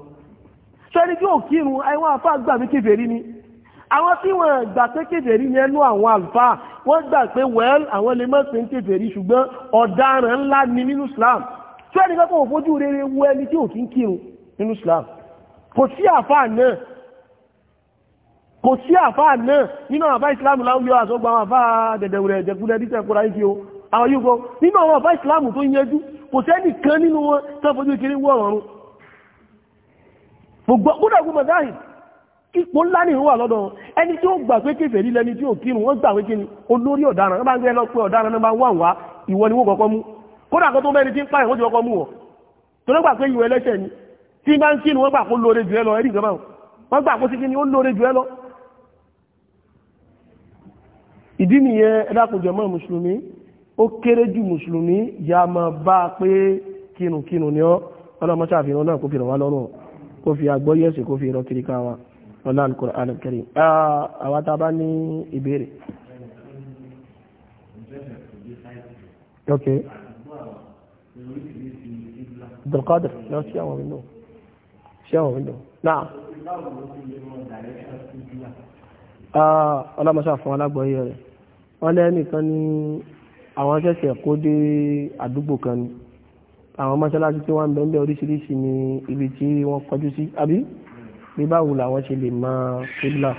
sẹ́ni tí ò kírun àwọn àfá gbà mí kèfèrí ni àwọn tí wọ́n gbà pé kèfèrí ni ẹnu àwọn àlùfà wọ́n gbà pé wẹ́l àwọn lè mọ́ sí kèfèrí ṣùgbọ́n ọ̀daràn ńlá ni nínú Islam sẹ́ni kọ́kọ́ òfojú rere wo ẹni tí ò kí ń kírun nínú Islam kò sí àfá náà kò sí àfá náà nínú àfá Islam láwùjọ àsọgbà àwọn àfá dẹ̀dẹ̀wẹ̀rẹ̀ jẹ̀kúlẹ̀ díṣẹ́ kúra ìfi o àwọn yóò kọ́ nínú àwọn àfá Islam tó yẹjú kò sẹ́nì kan nínú wọn tó fojú kiri wọ́ọ̀rùn gbogbo kódà gbogbo mọ̀dáhì ipò ńlá ní ìwà lọ́dọ̀ ẹni tí ó gbà pé kèfèrí lẹni tí ò kírun wọ́n gbà pé kí ni olórí ọ̀daràn bá ń gbé lọ́pẹ́ ọ̀daràn náà bá ń wà wá ìwọ ni wọ́n kọ́kọ́ mú kódà kan tó mẹ́rin tí ń pààyàn wọ́n ti kọ́kọ́ mú wọ̀ tó lọ́gbà pé ìwọ ẹlẹ́ṣẹ̀ ni tí bá ń kírun wọ́n gbà kó lóore jù ẹ lọ ẹ̀rí ìjọba wọ́n gbà kó sí kí ni ó lóore jù ẹ lọ ìdí nìyẹn ẹ náà kó fi wá lọ́rùn kó fi àgbọ́yé ẹ̀sìn kó fi rọ kiri ká wa ọlá al-Qur'an al-Karim ní ìbéèrè. ok dulqadir lọ sí àwọn windo sí àwọn windo náà. ọlọ́mọṣà fún alágbọ̀ọ́yé rẹ̀ wọ́n lẹ́nìkan ní àwọn ṣẹ̀ṣẹ̀ kó dé àdúgbò kan ni àwọn mọ́ṣáláṣí tí wọ́n ń bẹ ń bẹ oríṣiríṣi ní ibi tí wọ́n kọjú sí àbí bí báwo làwọn ṣe lè mọ kíbla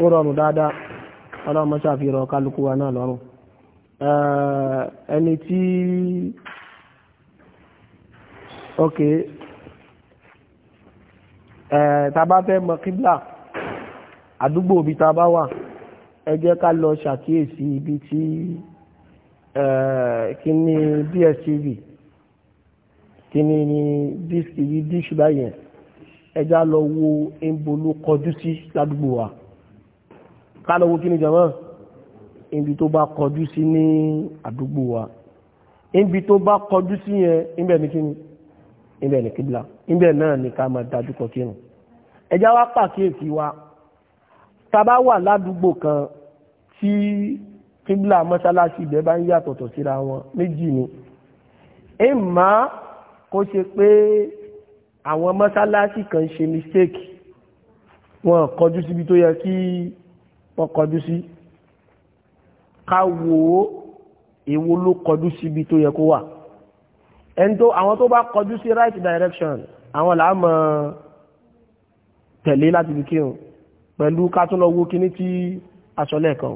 ó rọrùn dáadáa ọlọ́run mọ́ṣá fi rọ kálukú wa náà lọ́rùn ẹni tí ok tá bá fẹ́ mọ kíbla àdúgbò ibi tá wà ẹ ká lọ ṣàkíyèsí ibi tí kí ni DSTV kíní ni díṣì yìí díṣì báyẹn ẹjá lọ wo ẹ̀ńbó ló kọjú sí ládùúgbò wa ká lọ wo kíní jọmọ́ ibi tó bá kọjú sí ní àdúgbò wa ibi tó bá kọjú sí yẹn ibẹ̀ ní kíní ibẹ̀ ní kíbla ibẹ̀ náà ní ká máa dájú kọ kírun ẹjá wá pàkíyèsí wa tàbá wà ládùúgbò kan tí kíbla mọ́sálásí ibẹ̀ bá ń yàtọ̀tọ̀ síra wọn méjì ni. Ẹ máa kó ṣe pé àwọn mọ́sálásí kan ṣe mistake wọn kọjú síbi tó yẹ kí wọ́n kọjú sí ká wò ó èwo ló kọjú síbi tó yẹ kó wà ẹni tó àwọn tó bá kọjú sí right direction àwọn làá mọ̀ tẹ̀lé láti bí kírun pẹ̀lú ká tún lọ wo kíní tí aṣọ lẹ́ẹ̀kan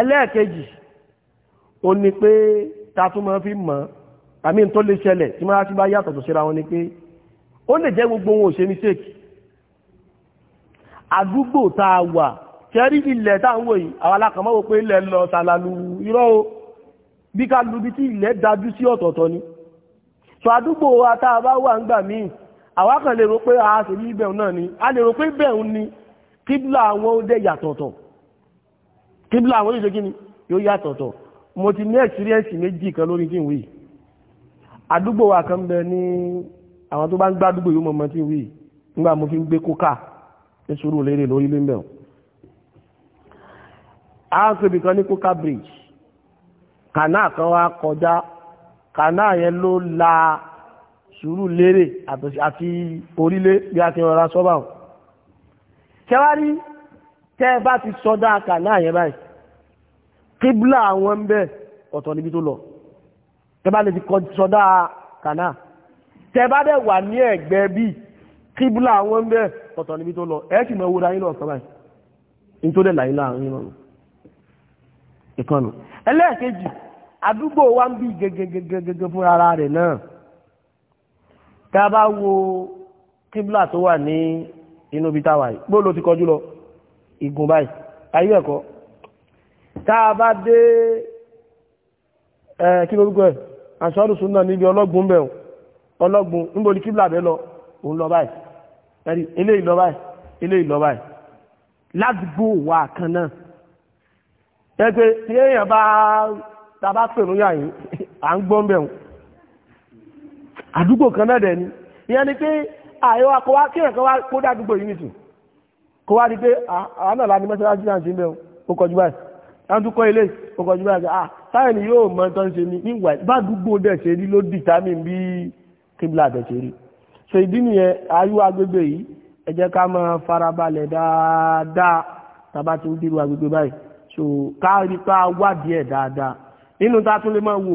ẹlẹ́ẹ̀kejì ó ní pé ta tún mọ́ fi mọ̀ ọ́ àmì tó lè ṣẹlẹ̀ tí máa ti bá yàtọ̀ tó ṣera wọn ni pé ó lè jẹ́ gbogbo wọn ò ṣe mistake àdúgbò tá a wà kẹrí ilẹ̀ tá à ń wò yìí àwọn alákàmọ́ wò pé ilẹ̀ lọ sàlàlù irọ́ o bí ká lu bí tí ilẹ̀ dájú sí ọ̀tọ̀ọ̀tọ̀ ni sọ àdúgbò wa tá bá wà ń gbà míì àwa kan lè rò pé a ṣe ní ibẹ̀ náà ni a lè rò pé ibẹ̀ ni kíbla àwọn ó dẹ̀ yàtọ̀ọ̀tọ̀ kíbla àwọn yóò ṣe kí ni yóò yàtọ̀ọ̀tọ̀ mo ti ní experience méjì kan lórí kí yìí àdúgbò wa kan bẹ ní àwọn tó bá ń gbádùgbò yóò mọ̀mọ́ tí wí nígbà mo fi ń gbé kókà ní sùúrù lérè lórí ilé mẹ́ọ̀ a ń pè bìkan ní kókà bridge kànáà kan wá kọjá kànáà yẹn ló la sùúrù lérè àti orílé bí a ti rọra sọ́bà ọ̀ tẹ́wárí tẹ́ bá ti sọdá kànáà yẹn báyìí kíbla àwọn ń bẹ ọ̀tọ̀ níbi tó lọ tẹ́bá lè fi sọdá kànáà tẹ́bá dẹ̀ wà ní ẹ̀gbẹ́ bíi kíbùlà àwọn ń bẹ̀ tọ̀tọ̀ níbi tó lọ ẹ̀ sì mọ ewúra yín lọ sọ báyìí ní tó dẹ̀ láyé láàrin lọ́rùn ìkànnì ẹlẹ́ẹ̀kejì àdúgbò wa ń bí gẹ́gẹ́gẹ́gẹ́gẹ́ fún ara rẹ̀ náà tá a bá wo kíbùlà tó wà ní inú bí táwà yìí gbóòlò ti kọjú lọ ìgùn báyìí ayé ẹ̀kọ́ tá a bá dé ẹ̀ kí lórúkọ ẹ̀ aṣọ́rù súnà níbi ọlọ́gbùn bẹ̀ ọlọ́gbùn níbo ni kíbla bẹ́ lọ òun lọ báyìí ẹ̀rí báyìí báyìí ládùúgbò wà kan náà ẹ pé tí èèyàn bá tàbá pèrú yà yìí à ń kan náà dẹ̀ ni ìyẹn ni pé a akọwá kí ẹ̀kan wá kó dádúgbò yìí nìtù kó wá di tàbíkọ́ ilé ọkọ̀jú bá ah táyẹ̀lì yóò mọ tán ṣe ní ìwà bá dúgbò dẹ̀ ṣe rí ló determine bí kíbla dẹ̀ ṣe rí so ìdí nìyẹn ayú agbègbè yìí ẹ jẹ́ ká máa farabalẹ̀ dáadáa tàbá ti ń dírú agbègbè báyìí so ká rí pa wádìí ẹ̀ dáadáa nínú tá a tún lè máa wò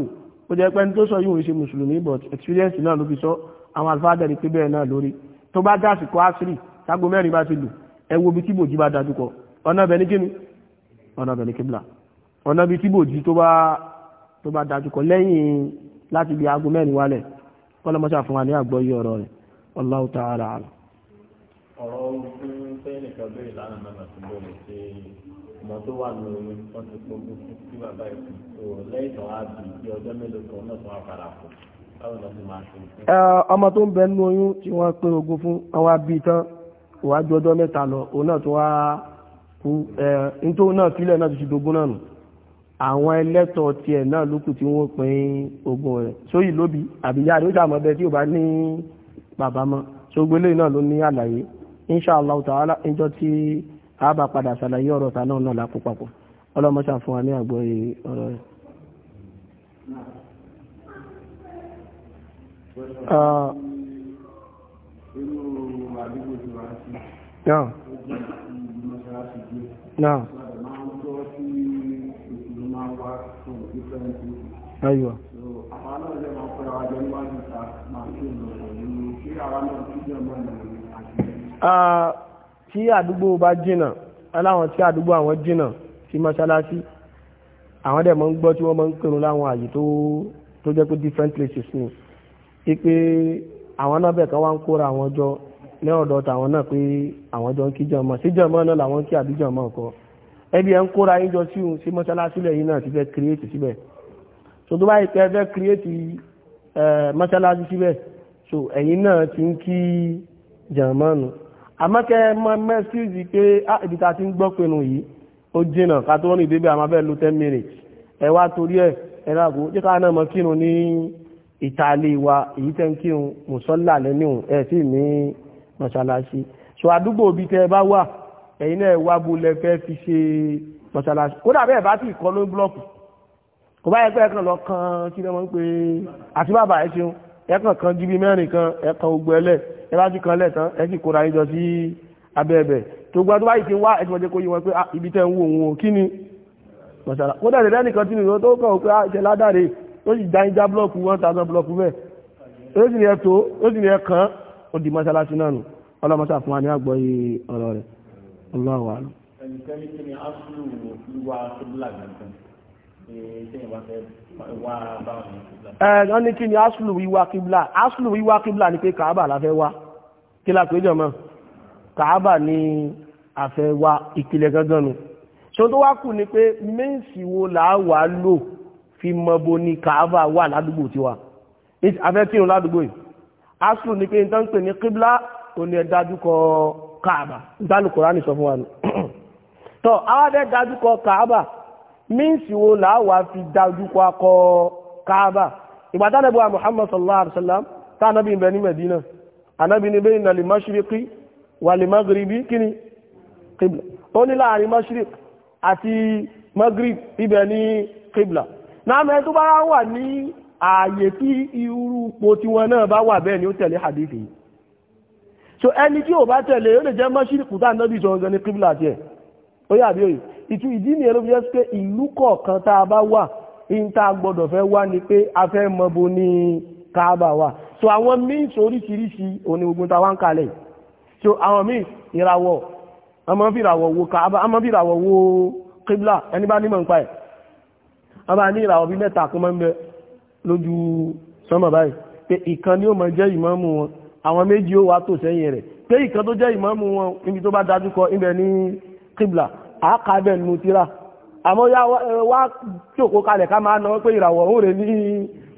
ó jẹ́ pé tó sọ yìí ṣe mùsùlùmí but experience náà ló fi sọ àwọn alifáàdà ní pé bẹ́ẹ̀ náà lórí tó bá dásìkò àṣírí tágbó mẹ́rin bá ti lù ẹ wo ọ̀nà bẹ̀lẹ̀ kíbla ọ̀nà bíi tí bòjú tó bá tó bá dájú kọ lẹ́yìn láti bí aago mẹ́rin wálẹ̀ kọ́lọ́mọ́sá fún wa ní àgbọ́yé ọ̀rọ̀ rẹ̀ Allahu ta'ala àlọ́. ọ̀rọ̀ ogun tẹ́lẹ̀ kan bẹ́ẹ̀ lánàá náà ti bẹ̀rẹ̀ pé ọmọ tó wà ní oyún wọ́n ti gbogbo sí bàbá ìkú tó lẹ́yìn tó wá bí i ọjọ́ mélòó kan náà tó wá padà kù ọmọ tó ń bẹ nínú oyún tí wọ́n pé ogun fún àwọn abí tán òwájú ọjọ́ mẹ́ta lọ òun náà tó wá nítorí náà kílẹ̀ náà ti ṣe dogun náà nù àwọn ẹlẹ́tọ̀ tiẹ̀ náà lókù tí wọ́n pín ogún rẹ̀ sóyì lóbi àbíyá rẹ̀ ó dààmú ọbẹ̀ tí o bá ní bàbá mọ́ sógbélé náà ló ní àlàyé inṣàlá ta'ala ìjọ tí a bá padà ṣàlàyé ọ̀rọ̀ ta náà náà lápò papọ̀ ọlọ́mọṣà fún wa ní àgbọ́yé ọ̀rọ̀ rẹ̀. Yeah. náà ayọ̀ tí àdúgbò bá jìnà aláwọn tí àdúgbò àwọn jìnà sí mọ́ṣálásí àwọn dẹ̀ mọ́ ń gbọ́ tí wọ́n mọ́ ń pèrún láwọn àyè tó jẹ́ pé different places ni ipé àwọn náà bẹ̀ kan wá ń kóra àwọn jọ ní ọ̀dọ̀ tàwọn náà pé àwọn jọ ń kí jọmọ sí jọmọ náà làwọn kí àbí jọmọ nǹkan ẹbí ẹ ń kóra yín jọ sí sí mọ́ṣáláṣí lẹ́yìn náà ti fẹ́ kírètì síbẹ̀ so tó báyìí pé ẹ fẹ́ kírètì mọ́ṣáláṣí síbẹ̀ so ẹ̀yin náà ti ń kí jọmọ nù àmọ́ kẹ́ ẹ pé ah, ibi tá a ti ń gbọ́ pinnu yìí ó jìnnà ká tó rìn débẹ̀ àmọ́ bẹ́ẹ̀ lo ten minutes ẹ wá torí ẹ ẹ náà wa èyí tẹ́ ń kírun mùsọ́lá mọ́ṣáláṣí so àdúgbò bí tẹ́ ẹ bá wà ẹ̀yin náà wá bolẹ̀ fẹ́ fi ṣe mọ́ṣáláṣí kódà bẹ́ẹ̀ bá sì kọ́ ló blọ́ọ̀kù kò bá yẹ pé ẹ̀kan lọ kan kí ni wọ́n ń pè é àti bàbá ẹ ṣeun ẹ̀kan kan jíbi mẹ́rin kan ẹ̀kan ogbó ẹlẹ̀ ẹ bá ti kan lẹ́ẹ̀tàn ẹ sì kóra yín jọ sí abẹ́ẹ̀bẹ̀ tó gbọ́dọ̀ báyìí ti wá ẹ̀sìn ọjọ́ kó yí wọn pé ah, ni mọ̀sára ó di mọ́sálásí náà nù ọlọ́mọsá fún wa ní àgbọ́yé ọ̀rọ̀ rẹ̀ ọlọ́wà lọ. ẹnikẹ́ni ni aṣọ ìwà kíbla gangan ẹ̀ẹ́dán ní kí ni aṣọ ìwà kíbla aṣọ ìwà kíbla ni la fẹ́ wá kí la ni a fẹ́ wá ìpìlẹ̀ gangan nù so tó wá kù ni pé mẹ́ǹsì wo làá wàá lò fi mọ bo kàábà wà ládùúgbò tiwa a fẹ́ kírun ládùúgbò yìí asùn ní pé n tán ń pè ní kíblá kò ní ẹ dájúkọ káàbà ìdánù kòránì sọ fún wa nù <clears throat> tọ́ awádẹ́ dájúkọ káàbà míǹsì wo làwà fi dájúkọ akọ káàbà ìgbàdánẹ́bọ̀ Muhammad sallallahu alaihi wasallam tá anábì ń bẹ ní Medina anábì ní bẹ́ẹ̀ nà lè mashriqi wà lè magribi kíni kíblà ó ní láàrin mashriq àti magrib ibẹ̀ ní kíblà náà tó bá wà ní ààyè tí irú po tí wọn náà bá wà bẹ́ẹ̀ ni ó tẹ̀lé hadithi so ẹni tí ò bá tẹ̀lé ó lè jẹ́ mọ́ṣíríkù tá ànábì sọ ọ̀gán ní kíbla tiẹ̀ ó yà bí òye ìtú ìdí nìyẹn ló fi jẹ́ pé ìlú kọ̀ọ̀kan tá a bá wà ń tá gbọ́dọ̀ fẹ́ wá ni pé a fẹ́ mọ bo ní káàbà wà so àwọn míì oríṣiríṣi òní ogun tá a wá ń kalẹ̀ so àwọn míì ìràwọ̀ ọmọ fìràwọ̀ wo káàbà ọmọ fìràwọ̀ wo kíbla ẹni bá nímọ̀ nípa ẹ̀ ọba ní lójú sánmà báyìí pé ìkan ni ó máa jẹ́ ìmáàmù wọn àwọn méjì ó wá tò sẹ́yìn rẹ̀ pé ìkan tó jẹ́ ìmáàmù wọn níbi tó bá dájú kọ ibẹ̀ ní kíblà àákàbẹ̀ nù tíra àmọ́ yá wá jókòó kalẹ̀ ká máa náwó pé ìràwọ̀ òun rẹ̀ ní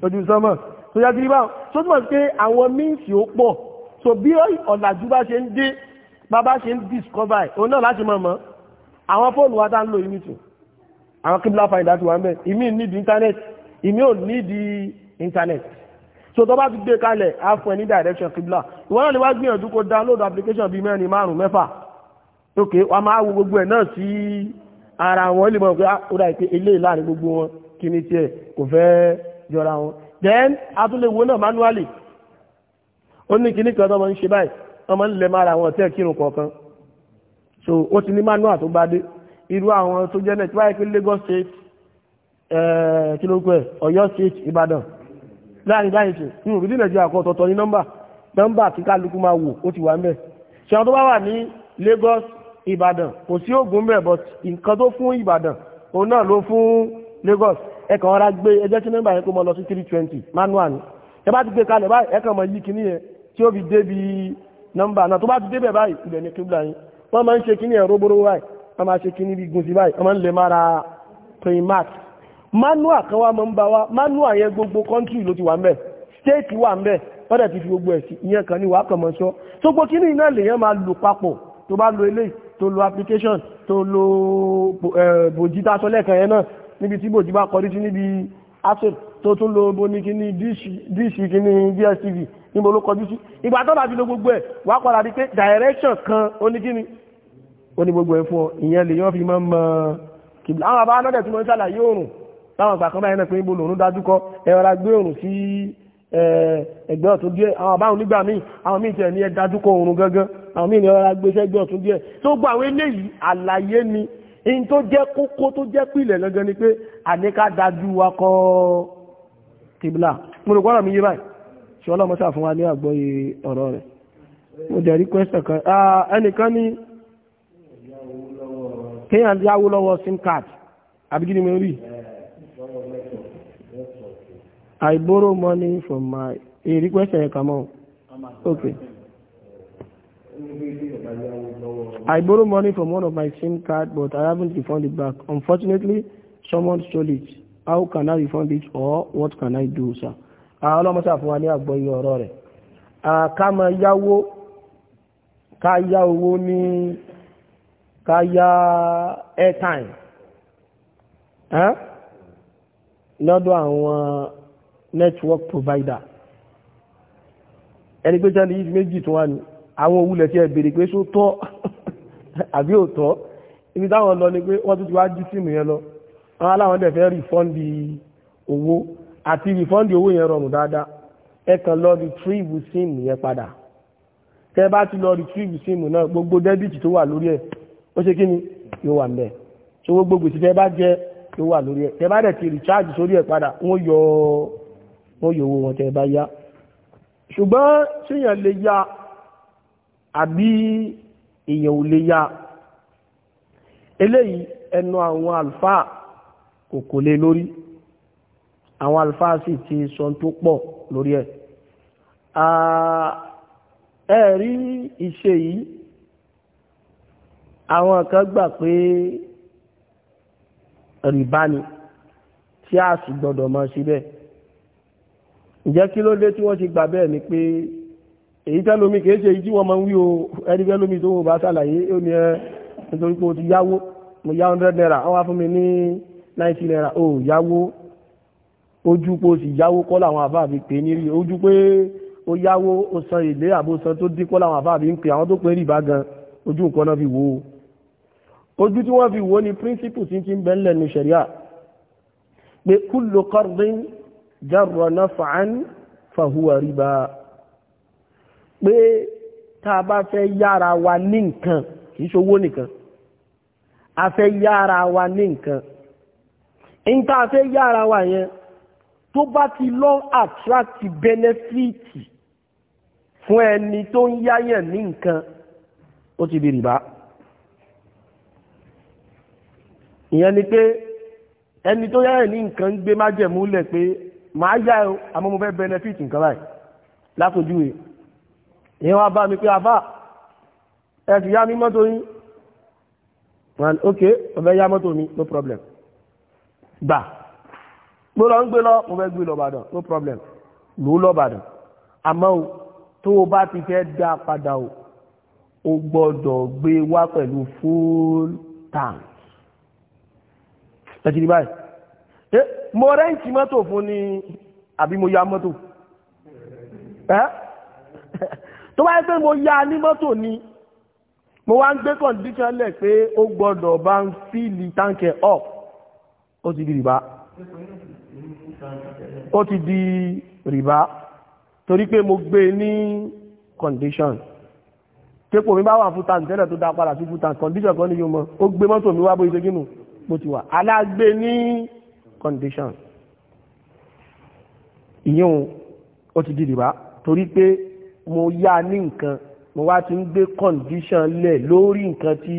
ojú sánmà tó yá kiri báwọn tó túmọ̀ pé àwọn míǹsì ó pọ̀ so bí ọ̀làjú bá ṣe ń dé bàbá ṣe ń discover òun náà láti mọ̀ mọ́ àwọn fóònù wa tá ń lò yìí àwọn kíblà finder ti wà ń bẹ̀ ìmí nídìí íńtánẹ́ẹ̀tì ìmí ò ní di internet so tó bá ti gbé kalẹ̀ á fún ẹ ní direction kibla ìwọ náà lè wá gbìyànjú kó download application bíi mẹ́rin márùn mẹ́fà ok wà máa wo gbogbo ẹ̀ náà sí ara wọn lè mọ̀ pé ah, ó dà pé eléyìí láàrin gbogbo wọn kí ni tiẹ̀ kò fẹ́ jọra wọn then a tún lè wo náà manually ó ní kíní kan tó máa ń ṣe báyìí wọ́n máa ń lẹ̀ mára àwọn ọ̀tẹ́ kírun kọ̀ọ̀kan so ó ti ní manual tó bá dé irú àwọn tó jẹ́ náà tí wáyé pé Lagos State Eh, kí ló ń pẹ́ ọ̀yọ́ state ìbàdàn láàrin láyé tó ní òbí nàìjíríà kan tọ̀tọ̀ ní nọ́mbà nọ́mbà tí kálukú máa wò ó ti wà ń bẹ̀ ṣẹ́wọ́n tó bá wà ní lagos ìbàdàn kò sí ògùn bẹ̀ but nǹkan tó fún ìbàdàn òun náà ló fún lagos ẹ kàn rà gbé ẹjẹ́ tí nọ́mbà yẹn kó mọ lọ sí three twenty manual ni ẹ bá ti gbé kalẹ̀ báyìí ẹ kàn mọ yí kíní yẹn tí ó fi dé bi nọ́mbà náà tó bá ti dé bẹ̀ báyìí ibẹ̀ ni kíbla yín wọ́n máa ń ṣe kíní yẹn róbóró báyìí wọ́n primat manua kan wá mọ́ ń bá wa manua yẹn gbogbo country ló ti wà ń bẹ̀ state wà ń bẹ̀ ọ̀dẹ̀ ti fi gbogbo ẹ̀sìn ìyẹn kan ní wàá kàn mọ́ sọ sọgbó kí ní iná lèyàn máa lò papọ̀ tó bá lo eléyìí tó lo application tó lo eh, bòjì tá a sọ lẹ́ẹ̀kan yẹn náà níbi tí bòjì bá kọrí sí níbi asset tó tún lo boni kíní díìsì kíní DSTV níbo ló kọjú sí ìgbà tó bá fi lo gbogbo ẹ̀ wàá padà rí pé direction kan oníkíní onígbogbo ẹ̀ fún ọ ìyẹn lèyàn fi máa ń mọ kìbìlà àwọn àbá náà dẹ̀ tún mọ́ ń ṣàlàyé òrùn táwọn àgbà kan báyìí náà pé níbo lòun dájú kọ ẹ̀rọ gbé òrùn sí ẹgbẹ́ ọ̀tún díẹ̀ àwọn àbáhùn nígbà míì àwọn míì tẹ̀ ní ẹ dájú kọ òrùn gangan àwọn míì ní ẹ̀rọ gbé sẹ́gbẹ́ ọ̀tún díẹ̀ tó gbọ́ àwọn eléyìí àlàyé ni in tó jẹ́ kókó tó jẹ́ pìlẹ̀ gangan ni pé àníká dájú wa kọ́ kìbìlà mo rò gbọ́dọ̀ mi yé báyìí ṣe ọlọ́mọṣà fún wa ní àgbọ́yé ọ̀rọ̀ rẹ̀ mo jẹ́ rí kwẹ́sẹ̀ kan ah, ẹnìkan ní kéèyàn yáwó lọ́wọ́ sim card àbí kí ni mo rí I borrow money from my a request Come on. okay I borrow money from one of my SIM card but I haven't refunded it back unfortunately someone stole it how can I refund it or what can I do sir ọlọ́mọsá fún wa ní àgbọ̀ iye ọ̀rọ̀ rẹ̀ ká má yáwó ká yá owó ní ká yá airtime lọ́dọ̀ àwọn network provider ẹni pé sẹ́ni yìí méjì tó wà ní àwọn òwúlẹ̀ tí ẹ bèrè pé só tọ́ <laughs> àbí ò tọ́ ibi táwọn lọ ni pé wọ́n tún ti wá jí síìmù yẹn lọ àwọn aláwọn dẹ̀ fẹ́ rìfọ́ndì owó àti rìfọ́ndì owó yẹn rọrùn dáadáa ẹ kàn lọ retrieve síìmù yẹn padà tẹ bá ti lọ retrieve síìmù náà gbogbo dẹ́bìtì tó wà lórí ẹ̀ ó ṣe kí ni yóò wà ńbẹ̀ ṣòwò gbogbo ìṣẹ́ bá jẹ́ yóò wà lórí ẹ̀ tẹ bá dẹ̀ ti recharge sórí ẹ̀ padà wọ́n yọ ọ́ wọ́n yòówó wọn tẹ́ bá yá ṣùgbọ́n ṣíyàn lè yá àbí èèyàn ò lè yá eléyìí ẹnu àwọn àlùfáà kò kò lé lórí àwọn àlùfáà sì ti sọ tó pọ̀ lórí ẹ̀ ẹ̀rí iṣẹ́ yìí àwọn kan gbà pé rìbá ni tí a sì gbọ́dọ̀ máa ṣe bẹ́ẹ̀ ǹjẹ́ kí ló dé tí wọ́n ti gbà bẹ́ẹ̀ ni pé èyí tẹ́lómi kìí ṣe èyí tí wọ́n máa ń wí o ẹni bẹ́ẹ̀ lómi tó wọ́n bá ṣàlàyé ó ní ẹ nítorí pé o ti yáwó mo yá hundred naira wọ́n wá fún mi ní ninety naira o yáwó ojú pé o sì yáwó kọ́ làwọn àbá fi pè ní rí ojú pé o yáwó o san èlé àbò san tó dín kọ́ làwọn àbá fi ń pè àwọn tó pè rí ìbá gan ojú nǹkan náà fi wò ó ojú tí wọ́n fi wò ó ni principle ti ń bẹ́ńlẹ̀ nu ṣẹ̀ríà pé kúlò kọ́rin jarra naf'an fahuwa riba pé tá a bá fẹ́ yára wa ní nǹkan kìí ṣowó nìkan a fẹ́ yára wa ní nǹkan in tá a fẹ́ yára wa yẹn tó bá ti lọ attract benefit fún ẹni tó ń yáyàn ní nǹkan ó ti di rìbá ìyẹn ni pé ẹni tó yáyàn ní nǹkan ń gbé májẹ̀mú lẹ̀ pé màá yá ẹ àmọ́ mo fẹ́ benefit nǹkan báyìí látòjúwe èyí wá bá mi pé àfà ẹ ti yá mi mọ́tò yín well ok mo fẹ́ yá mọ́tò mi no problem gbà mo lọ ń gbé lọ mo fẹ́ gbé lọ Ìbàdàn no problem lò ó lọ Ìbàdàn àmọ́ o tó o bá ti fẹ́ dá padà o o gbọ́dọ̀ gbé wá pẹ̀lú full tank ẹ ti di báyìí ẹ mo rẹ́ǹtì mọ́tò fún ni àbí mo ya mọ́tò ẹ́ <laughs> tó bá yẹ pé mo ya ní mọ́tò ni mo wá ń gbé kọ̀ǹdíṣàn lẹ̀ pé ó gbọ́dọ̀ bá ń fíìlì táǹkẹ̀ up ó ti di rìbá ó ti di rìbá torí pé mo gbé ní condition tépò mi bá wà fún tàǹtì tẹ́lẹ̀ tó dá padà sí fún tàǹtì condition kan ní yóò mọ́ ó gbé mọ́tò mi wá bó ṣe gínú mo ti wà alágbé ní condition ìyẹn o ti di rìbá torí pé mo yá ní nǹkan mo wá ti ń gbé condition lẹ̀ lórí nǹkan tí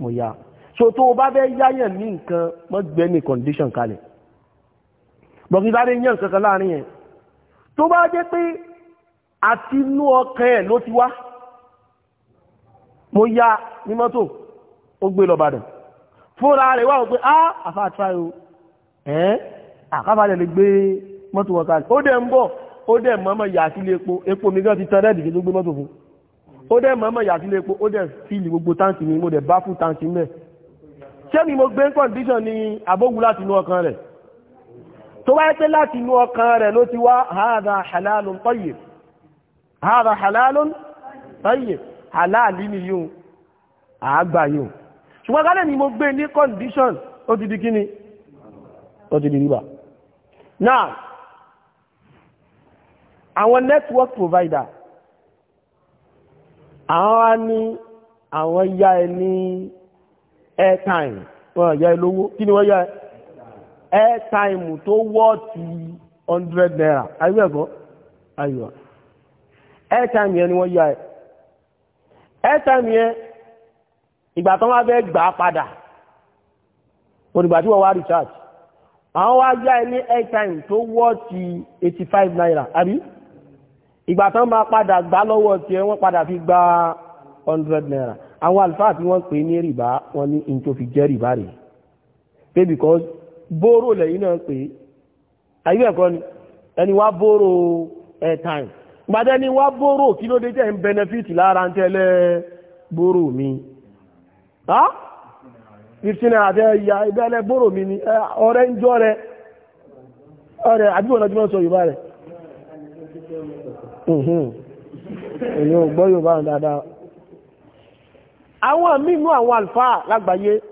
mo yá so tó o bá fẹ́ yáyàn ní nǹkan mọ́ gbé ní condition kalẹ̀ bọ̀gídáré yàn kankan láàrin yẹn tó bá jẹ́ pé àti inú ọkàn ẹ̀ ló ti wá mo yá ní mọ́tò ó gbé lọ fúnra rẹ̀ wá wọ́n pé ah àfa try o ẹ́ àkábàlẹ̀ lè gbé mọ́tò wọn kalẹ̀ ó dẹ̀ ń bọ̀ ó dẹ̀ mọ́mọ́ yà sílé epo epo mi gan ti tan rẹ́ẹ̀dì tó gbé mọ́tò fún ó dẹ̀ mọ́mọ́ yà sílé epo ó dẹ̀ fíìlì gbogbo táǹkì mi mo dẹ̀ bá fún táǹkì mẹ́ ṣé ni mo gbé kọ́ndíṣàn ni abógun láti inú ọkàn rẹ̀ tó wáyé pé láti inú ọkàn rẹ̀ ló ti wá hàdà halalun tayyib hàdà halalun tayyib halali ni yóò àgbà yóò ṣùgbọ́n kálẹ̀ ni mo gbé ní kọ́ndíṣàn ó ti di kíni tó ti di rìbá náà àwọn network provider àwọn á ní àwọn yá ẹ ní airtime wọ́n yá ẹ lówó kí ni wọ́n yá ẹ airtime tó wọ́ọ̀tì 100 naira ayúbẹ̀kọ́ ayúwa airtime yẹn ni wọ́n yá ẹ airtime yẹn ìgbà tó wọ́n fẹ́ gbà padà òdìgbà tí wọ́n wá recharge àwọn wá yá ẹ ní airtime tó wọ́ ti eighty five naira àbí ìgbà tán máa padà gbá lọ́wọ́ tiẹ̀ wọ́n padà fi gba hundred naira àwọn àlùfáà tí wọ́n pè ní rìbá wọ́n ní in tó fi jẹ́ rìbá rè pé because bóró lẹ́yìn náà pé àyíká ẹ̀kọ́ ni ẹni wá bóró airtime gbadẹ́ ni wá bóró kí ló dé jẹ́ ń benefit lára ń tẹ́lẹ̀ bóró mi. Huh? irtina ade ya ibele boro mi ni ore njore ore abi wona jumo so yubare mhm eyo gbo yo ba dada awon mi mu awon alfa lagbaye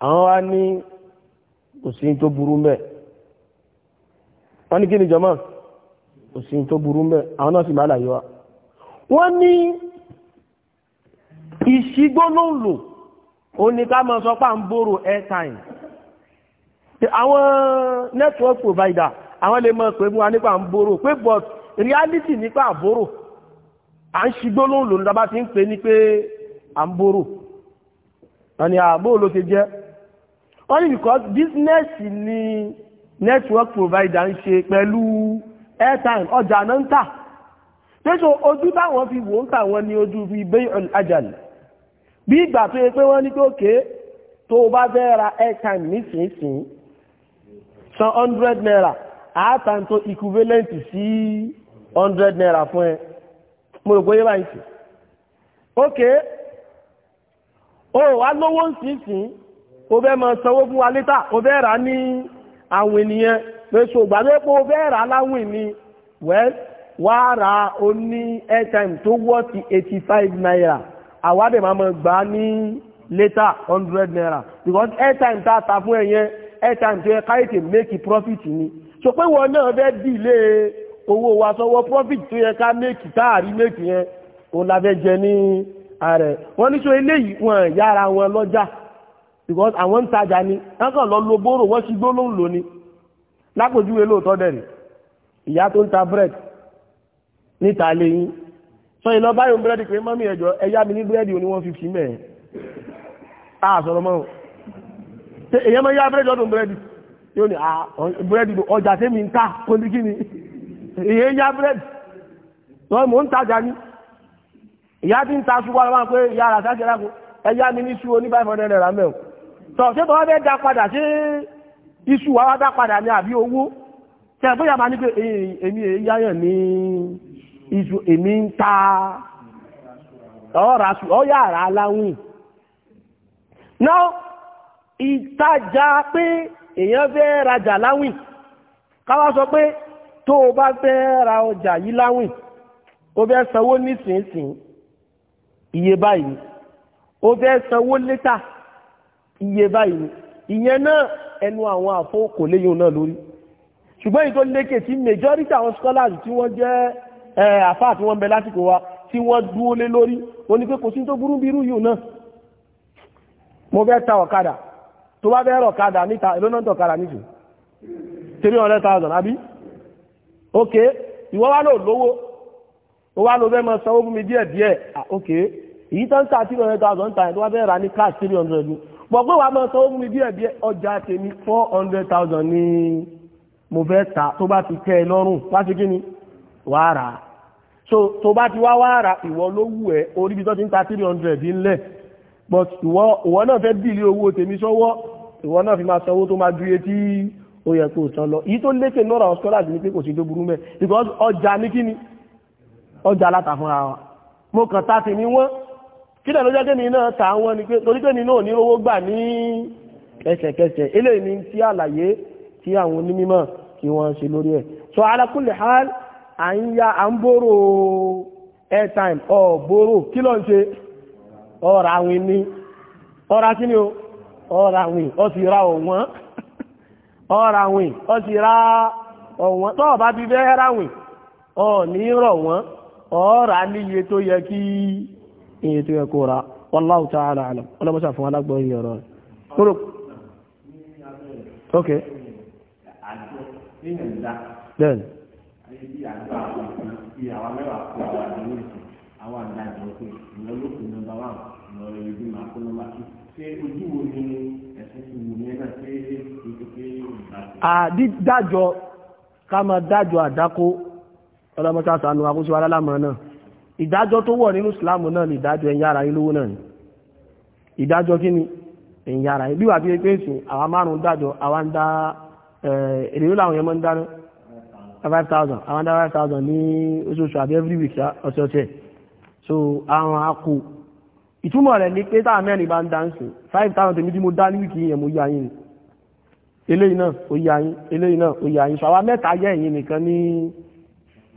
awon wa ni ko si to buru nbe oni kini jama ko si to buru nbe awon na si ma la wa won ni isigbo lo ó ní ká mọ́ sọ pà ń bóró airtime àwọn network provider àwọn lè mọ́ pé mú wa nípa ń bóró pé but reality nípa àbóró à ń ṣigbó lóhùn lòun dábá ti ń pè ní pé à ń bóró ọ̀nì àbó ló ti jẹ́ wọ́n because business ni network provider ń ṣe pẹ̀lú airtime ọjà náà ń tà tẹ́sọ̀ ojú táwọn fi wò ń tà wọn ni ojú bíi bay'ul ajal bí ìgbà tó yẹ pé wọ́n ní tó ké tó bá fẹ́ ra airtime nísinsìnyí san hundred naira àátàntó equivalent sí hundred naira fún ẹ mo rò bóyá báyìí sí ok o wá lówó nísinsìnyí o fẹ́ máa sanwó fún wa létà o fẹ́ rà ní àwọn ènìyàn lóṣù gbàgbé pé o fẹ́ rà láwìn ni wẹ́ẹ́ wàá ra o ní airtime tó wọ́ ti eighty five naira àwádẹ̀ máa mọ̀ gbà ní later hundred naira because airtime tá a ta fún ẹ yẹn airtime tó yẹ káyé tè make profit ni so pé wọn náà fẹ́ dìlé owó wa sọwọ́ profit tó yẹ ká make táàrí make yẹn òun la fẹ́ jẹ ní ààrẹ wọn ní sọ eléyìí wọn yára wọn lọ́jà because àwọn ń tajà ni wọn kàn lọ lo bóró wọn ṣigbó ló ń lò ní lápòjúwe lóòótọ́ dẹ̀ rẹ̀ ìyá tó ń ta bread níta lẹ́yìn sọ ìlọ báyìí búrẹ́dì pé mọ́mí ẹjọ́ ẹyá mi ní búrẹ́dì oní 150 mẹ́ẹ̀ àṣọ̀rọ̀ mọ́ èyẹ mọ́ yá búrẹ́dì ọdún búrẹ́dì yóò ní búrẹ́dì ọjà tẹ́mi ń ta kó ní kíni èyẹ yá búrẹ́dì lọ mò ń tajà ní ìyá tí ń ta ṣubú ara máa pé ìyá ara sáṣẹ rákò ẹyá mi ní ṣu oní 500 naira mẹ́ọ̀ tọ̀ ṣé bọ́ fẹ́ dá padà ṣé iṣu wa wá dá padà ní àbí owó tẹ̀ fún yàrá ní pé èmi èyí yáyàn ní iṣu èmi ń ta ọ̀rà ọ̀yàrá aláwìn náà ìtajà pé èèyàn fẹ́ rajà láwìn káwá sọ pé tó o bá fẹ́ ra ọjà yìí láwìn o fẹ́ sanwó nísinsìn iye báyìí o fẹ́ sanwó létà iye báyìí ìyẹn náà ẹnu àwọn àfọwọ́kò léyìn náà lórí ṣùgbọ́n èyí lékè tí majority àwọn scholars tí wọ́n jẹ́ àfáà tí wọ́n bẹ wa tí wọ́n dúó lé lórí o ni pé kò sí tó burú yìí náà mo fẹ́ ta ọ̀kadà tó bá fẹ́ ọ̀kadà níta ìlú thousand àbí ok ìwọ wá lò lówó wá lò sanwó fún ok èyí ta three hundred ta tó bá rà ní cash ni pọ̀ pé wàá mọ sanwó fún mi díẹ̀ four ni mo ta tó ti ẹ lọ́rùn wá sí kí so tó bá ti wá wá ra ìwọ ló wù ẹ́ orí bí tó ti ń ta three hundred ńlẹ̀ but ìwọ ìwọ náà fẹ́ bìlì owó tèmi sọ́wọ́ ìwọ náà fi máa sanwó tó máa ju etí ó yẹ kó san lọ èyí tó lékè nọ́ra àwọn ní pé kò sí tó burú mẹ́ because ọjà ní kíni ọjà aláta fúnra wa mo kàn ta tèmi wọ́n kí lẹ́nu jẹ́ kémi náà ta wọ́n ni pé torí kémi náà ní owó gbà ní kẹsẹ̀kẹsẹ̀ eléyìí ni ti àlàyé tí àwọn onímọ̀ kí wọ́n ṣe lórí ẹ̀ so ala kulli à ń ya à ń bóró airtime ọ bóró kí ló ń ṣe ọ̀rọ̀ àwìn ni ọ̀rọ̀ kí ni o ọ̀rọ̀ àwìn sì ra ọ̀wọ́n ọ̀rọ̀ àwìn ọ sì ra ọ̀wọ́n tó bá ti fẹ́ ráwìn ọ ní rọ̀ wọ́n ọ̀rọ̀ níye tó yẹ kí iye tó yẹ kó ra wallahu ta'ala alam ọlọ́mọṣà fún alágbọ́ iye ọ̀rọ̀ rẹ̀ ok níbi àgbà òkú bíi àwa mẹ́wàá kó àwọn àdéhùn ìtàn àwọn àdájọ pé ìyẹn ló kù nọ́mbà wà lọ rẹ ibi máa kó nọ́mbà tù ṣé ojú wo ni ẹ̀sìn ti wù ní ẹgbẹ́ pé ètò pé ìgbà. àdídájọ ká máa dájọ àdákó ọlọmọta sànù àkóso alálàmọ náà ìdájọ́ tó wọ̀ nínú ìsìláàmù náà ni ìdájọ́ ẹ̀yà ara ilówó náà ni ìdájọ́ kí ni ẹ̀yà ara ilé wà bí pé ìsìn àwa márùn-ún àwa ń dá èrè ló làwọn yẹn máa ń dáná five thousand àwọn dá five thousand ní oṣooṣù àbí every week ọ̀sẹ̀ọ̀sẹ̀ so àwọn akọ ìtumọ̀ rẹ̀ ni pé táà mẹ́rin bá ń dáǹsì five thousand tèmi tí mo dá ní wíìkì yẹn mo yá yín eléyìí náà ó yá yín so àwa mẹ́ta yẹ ẹ̀yin nìkan ní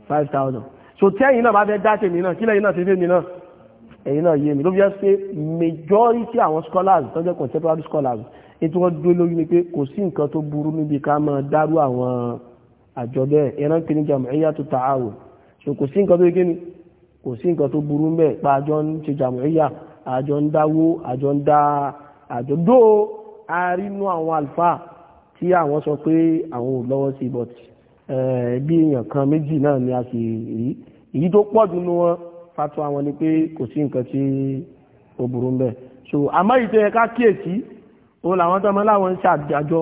five thousand so tí ẹ̀yin náà bá fẹ́ dá tèmi náà kí lẹ́yìn náà ṣe fẹ́ mi náà ẹ̀yin náà yé mi ló fi jẹ́ pé majority àwọn scholars tó jẹ́ contemporary scholars ètò wọn dúró lórí ni pé kò sí nǹkan tó burú níbi ká máa dárú àwọn àjọ bẹ́ẹ̀ ẹran kìíní jam'iyyatu ta'awun so kò sí nǹkan tó kí ni kò sí nǹkan tó burú mẹ́ pa àjọ ń ṣe jam'iyya àjọ ń dáwó àjọ ń dá àjọ dó arínú àwọn àlùfáà tí àwọn sọ pé àwọn ò lọ́wọ́ sí but eh, bí èèyàn kan méjì náà ni a sì rí èyí tó pọ̀ jù nínú wọn fatwa àwọn ni pé kò sí nǹkan tí ó burú mẹ́ so àmọ́ ìtẹ́ ẹ̀ka kíyèsí òun làwọn tọ́mọ láwọn ń ṣàjọ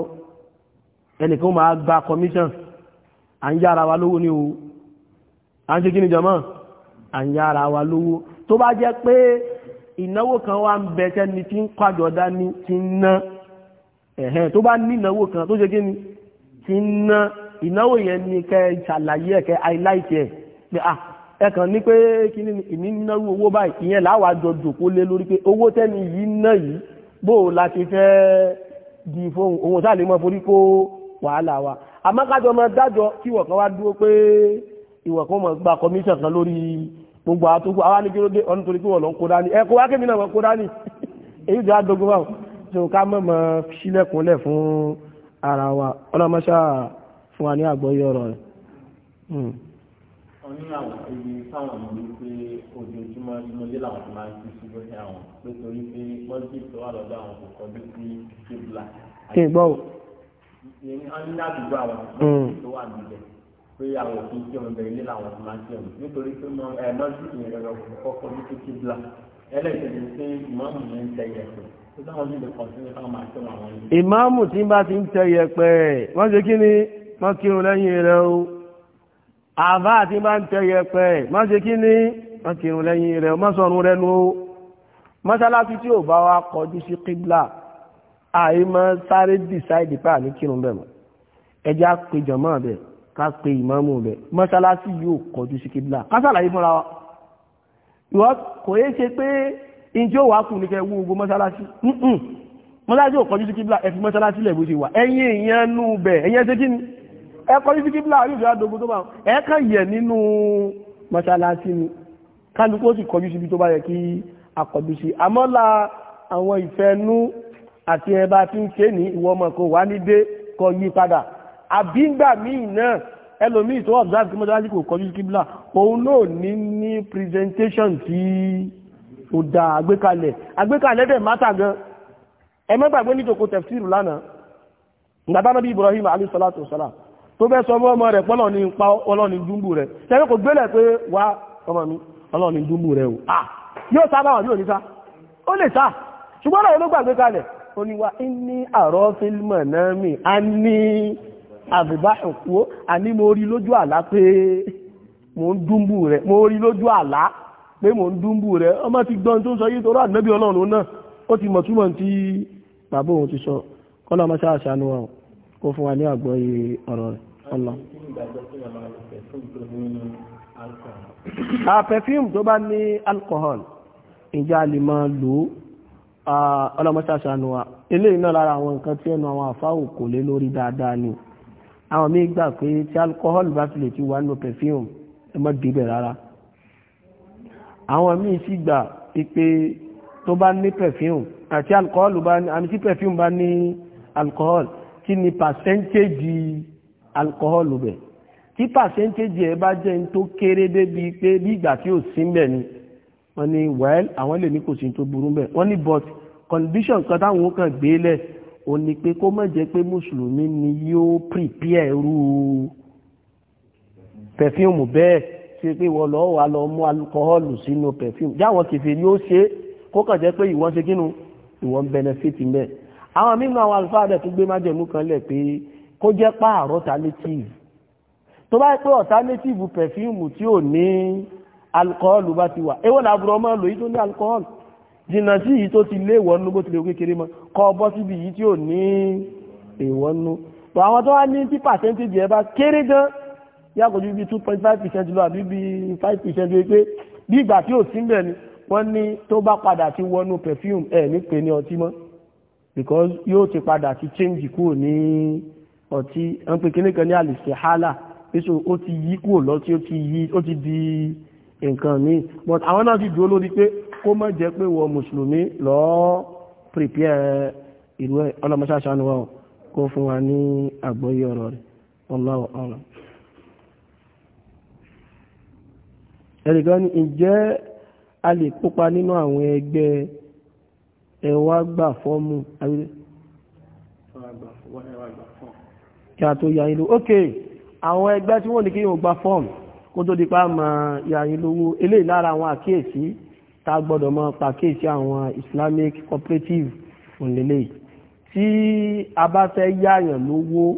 ẹnìkan máa gba commission à ń yára wa lówó ní o à ń ṣe kí ni jọmọ́ à ń yára wa lówó tó bá jẹ́ pé ìnáwó kan wá ń bẹ tẹ́ni tí ń pàjọ dání ti ń ná ẹ̀hẹ́n tó bá ní ìnáwó kan tó ṣe kí ni ti ń ná ìnáwó yẹn ni kẹ́ ṣàlàyé ẹ̀ kẹ́ highlight ẹ̀ pé à ah, ẹ kàn ní pé kí ni ìní owó báyìí ìyẹn làwọn àjọ jòkó lé lórí pé owó tẹ́ni yìí ná yìí bó o la fẹ́ di fóun òun sáà lè mọ forí kó wàhálà wa àmọ́ kájọ máa dájọ́ kí ìwọ̀ kan wá dúró pé ìwọ̀ kan máa gba commission kan lórí gbogbo àwọn tó kú àwọn anìkí ló dé ọdún torí pé wọ́n lọ ń kó dání ẹ kó wá kémi náà wọ́n kó dání <laughs> èyí jọ àdógún wa tó ká mọ̀ mọ́ sílẹ̀kùnlẹ̀ fún ara wa ọlọ́mọṣá fún wa ní àgbọ́yé ọ̀rọ̀ rẹ̀. Hmm. ọ̀ní àwọn ibi táwọn ìlú pé ojoojúmọ́ inú ilé làwọn ti máa ń fi ṣubú sí àwọn nítorí pé mọ́tì wà lọ́dọ̀ àwọn kò kọjú sí ọ̀nàdùgbò àwọn tó hmm. wà níbẹ̀ pé àwọn òfin tí ọmọ bẹ̀rẹ̀ nílò àwọn tó máa ń jẹun nítorí pé mọ ẹ mọ́sídìí yẹn lọ kọ́kọ́ ní títí bla ẹlẹ́sìn pé ìmọ̀ọ́mù yẹn ń tẹ yẹpẹ̀ tó dáwọn nílò kan sí káwọn máa tẹ̀wọ̀n àwọn yìí. ìmáàmù tí bá ti ń tẹ yẹpẹ̀ wọ́n ṣe kí ni wọ́n kírun lẹ́yìn rẹ̀ o àbá àti bá ń tẹ yẹpẹ̀ wọ́n ṣe kí ni wọ́n kírun lẹ́yìn rẹ̀ o mọ́sọ̀rún rẹ̀ nu o mọ́sálásí tí ò bá wa kọjú sí kíblà àìmọ́ sáré dìsáìdì pé àní kírun bẹ̀ mọ́ ẹjá pe jọmọ́ bẹ̀ ká pe ìmáàmù bẹ̀ mọ́sálásí yóò kọjú sí kíbílà ká fúnra wa ìwọ kò yé ṣe pé njẹ́ òwà kù ní kẹ́ wú ogun mọ́sálásí mọ́sálásí yóò kọjú sí kíbílà ẹ̀fí mọ́sálásí lẹ̀ bó ṣe wà ẹ̀yìn èèyàn nú bẹ̀ ẹ̀yìn ṣe kí ni ẹ kọjú sí kíbílà yóò fi adogun tó bá ẹ kàn yẹ nínú mọ́sálásí ni kálukú ó sì kọjú síbi tó bá yẹ kí akọjú sí àmọ́ la àwọn ìfẹ́ nú àti ẹba tí ń ké ní ìwọ ọmọ kò wá ní dé kọ yí padà àbí ńgbà míì náà ẹlòmíì tó observe kí mọ́tàlásì kò kọjú kíbílà òun náà ní ní presentation tí ó da àgbékalẹ̀ àgbékalẹ̀ dẹ̀ mátà gan ẹ ní tòkó tẹ̀fsíìrù lánàá ìgbàdá nàbí Ibrahim alayhi salatu wasalam tó bẹ́ sọ mọ́ ọmọ rẹ̀ pọ́lọ̀ ní pa ọlọ́ni dúnbù rẹ̀ tẹ́lẹ̀ kò gbélẹ̀ pé wá ọmọ mi ọlọ́ni dúnbù rẹ̀ o ah yóò sá báwọn yóò ní sá ó lè sá ṣùgbọ́n náà ló gbàgbé kalẹ̀ ó ní wa ní àrọ́ fílmọ̀ náà mi a ní àbùbá ẹ̀kú àní mo rí lójú àlá pé mo ń dúnbù rẹ̀ mo rí lójú àlá pé mo ń dúnbù rẹ̀ ọmọ ti gbọ́n tó ń sọ yí tó rà nẹ́bí ọlọ́run náà ó ti mọ̀ túmọ̀ tí bàbá òun ti sọ kọ́lá ọmọṣẹ́ àṣàánú wa kó fún wa ní àgbọ́yé ọ̀rọ̀ rẹ̀ ọ̀nà. àpẹfíìmù tó bá ní alcohol ìjà lè máa lò ó ọlọ́mọṣáṣánu wa eléyìí náà lára àwọn nǹkan tí ẹnu àwọn àfáwò kò lé lórí dáadáa ni àwọn míì gbà pé tí alcohol bá fi lè ti wà nínú perfume ẹ má débẹ̀ rárá àwọn míì sì gbà pé tó bá ní perfume àti alcohol bá ní àmì tí perfume bá ní alcohol kí ni percentage alcohol bẹ̀ tí percentage ẹ bá jẹ́ ní tó kéré débi pé bí ìgbà tí ò sí mbẹ̀ ni wọ́n ní well àwọn lè ní kò sí tó burú bẹ́ẹ̀ wọ́n ní but condition kan táwọn kan gbé lẹ̀ ò ní pé kó má jẹ́ pé mùsùlùmí ni yóò prepare irú perfume bẹ́ẹ̀ ṣe pé wọ́n lọ́ wà lọ mú alcohol sínú perfume jáwọn kìfì yóò ṣe kó kàn jẹ́ pé ìwọ́n ṣe kínú ìwọ́n benefit mẹ́ àwọn mímọ àwọn àlùfáà rẹ̀ tó gbé májẹ̀mú kan lẹ̀ pé kó jẹ́ pààrọ̀ alternative tó bá pé alternative perfume tí ò ní alkọ́ọ̀lù bá ti wà ewé làbúrò ọmọ lò yí tó ní alkọ́ọ̀lù jìnnà sí yìí tó ti léèwọ̀ nú bó ti lè kékeré mọ́ kọ́ bọ́ síbi yìí tí ò ní èèwọ̀ nú tó àwọn tó wá ní tí pàṣẹ́ntéèjì ẹ bá kéré gan yàgòjú bíi two point five percent lọ àbí bíi five percent lóye pé bí ìgbà tí ò sí mbẹ̀ ni wọ́n ní tó bá padà ti wọnú perfume ẹ̀ ní pè ní ọtí mọ́ because yóò ti padà ti change kúrò ní ọtí ẹ̀ ń pè kíní kan ní àlìsè hálà pé so ó ti yí kúrò lọ́tí ó ti yí ó ti di nǹkan míì but àwọn náà sì dúró lórí pé kó má jẹ́ pé wọ mùsùlùmí lọ́ọ́ prepare ìlú ẹ̀ ọlọ́mọṣáṣá ni wọ́n kó fún wa ní àgbọ́yé ọ̀rọ̀ rẹ̀ ọlọ́wọ́ ọ̀rọ̀ ẹnìkan ní ǹjẹ́ a lè kópa nínú àwọn ẹgbẹ́ ẹwà gbà fọ́ọ̀mù abílẹ̀ kí a tó yà ìlú ok àwọn ẹgbẹ́ tí wọ́n ní kí yóò gba fọ́ọ̀mù kó tó di pa mọ ìyàyìn lówó eléyìí lára àwọn àkíyèsí tá a gbọ́dọ̀ pàkíyèsí àwọn Islamic cooperative òǹlélẹ̀ tí a bá fẹ́ yáyàn lówó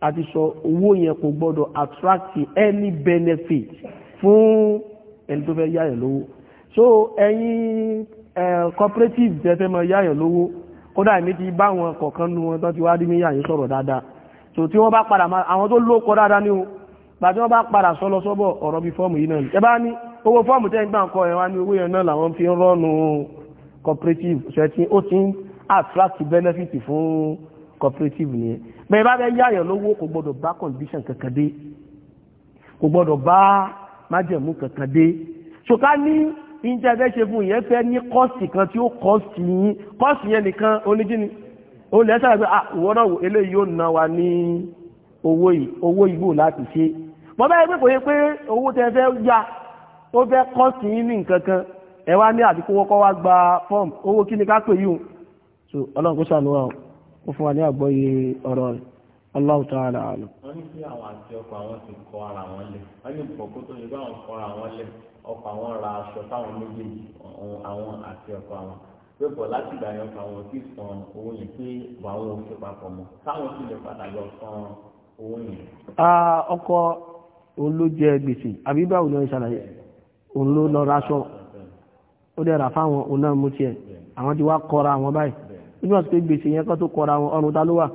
àti sọ owó yẹn kò gbọ́dọ̀ attract any benefit fún ẹni tó fẹ́ yáyàn lówó so ẹ̀yin cooperative tẹ́ fẹ́ mọ yáyàn lówó kódà èmi ti bá wọn kọ̀ọ̀kan nu wọn tó ti wá rí mi sọ̀rọ̀ dáadáa so tí wọ́n bá padà máa àwọn tó lóko dáadáa ni gbàtí wọ́n bá padà sọ́lọ sọ́bọ̀ ọ̀rọ̀ bí fọ́ọ̀mù yìí náà ni ẹbá ní owó fọ́ọ̀mù tẹ́ ń gbà ń kọ ẹ̀wá ní owó yẹn náà làwọn fi ń rọ́nu cooperative ṣẹ̀tí ó ti ń attract benefit fún cooperative nìyẹn bẹ́ẹ̀ bá bẹ́ yáyàn lówó kò gbọ́dọ̀ bá condition kankan dé kò gbọ́dọ̀ bá májẹ̀mú kankan dé ṣùkà ní ìjẹ́ bẹ́ ṣe fún ìyẹn fẹ́ ní kọ́ọ̀sì kan tí ó kọ́ọ̀sì yín kọ́ọ̀sì yẹn nìkan oníjìní ó lẹ́sàrà pé ah, ìwọ náà eléyìí yóò ná wa ní owó ìgbò láti ṣe bọ́bá ẹgbẹ́ kò yẹ pé owó tẹ fẹ́ ya ó fẹ́ kọ́ sí ní nǹkan kan ẹ wá ní àti kówó kọ́ wá gba fọ́ọ̀mù owó kí ni ká pè yìí so ọlọ́run kó sànú wa ó fún wa ní àgbọ́yé ọ̀rọ̀ rẹ̀ Allahu ta'ala alam. wọ́n ní sí àwọn àti ọkọ̀ àwọn ti kọ ara wọn lẹ̀ wọ́n ní ìbùkún tó yẹ báwọn kọ ara wọn lẹ̀ ọkọ̀ àwọn ra aṣọ táwọn méjèèjì àwọn àti ọkọ̀ àwọn pé bọ̀ láti ìgbà yẹn ọkọ̀ àwọn ti san owó yẹn pé bọ̀ àwọn ò fi papọ̀ mọ́ táwọn sì lè padà lọ san owó yẹn. ọkọ̀ òun ló jẹ gbèsè àbí báwo lọ ìṣàlàyé òun ló lọ raṣọ ó dẹ̀ rà fáwọn òun náà mú tiẹ̀ àwọn ti wá kọra àwọn báyìí nígbà tó gbèsè yẹn kan tó kọra àwọn ọrùn ta ló wà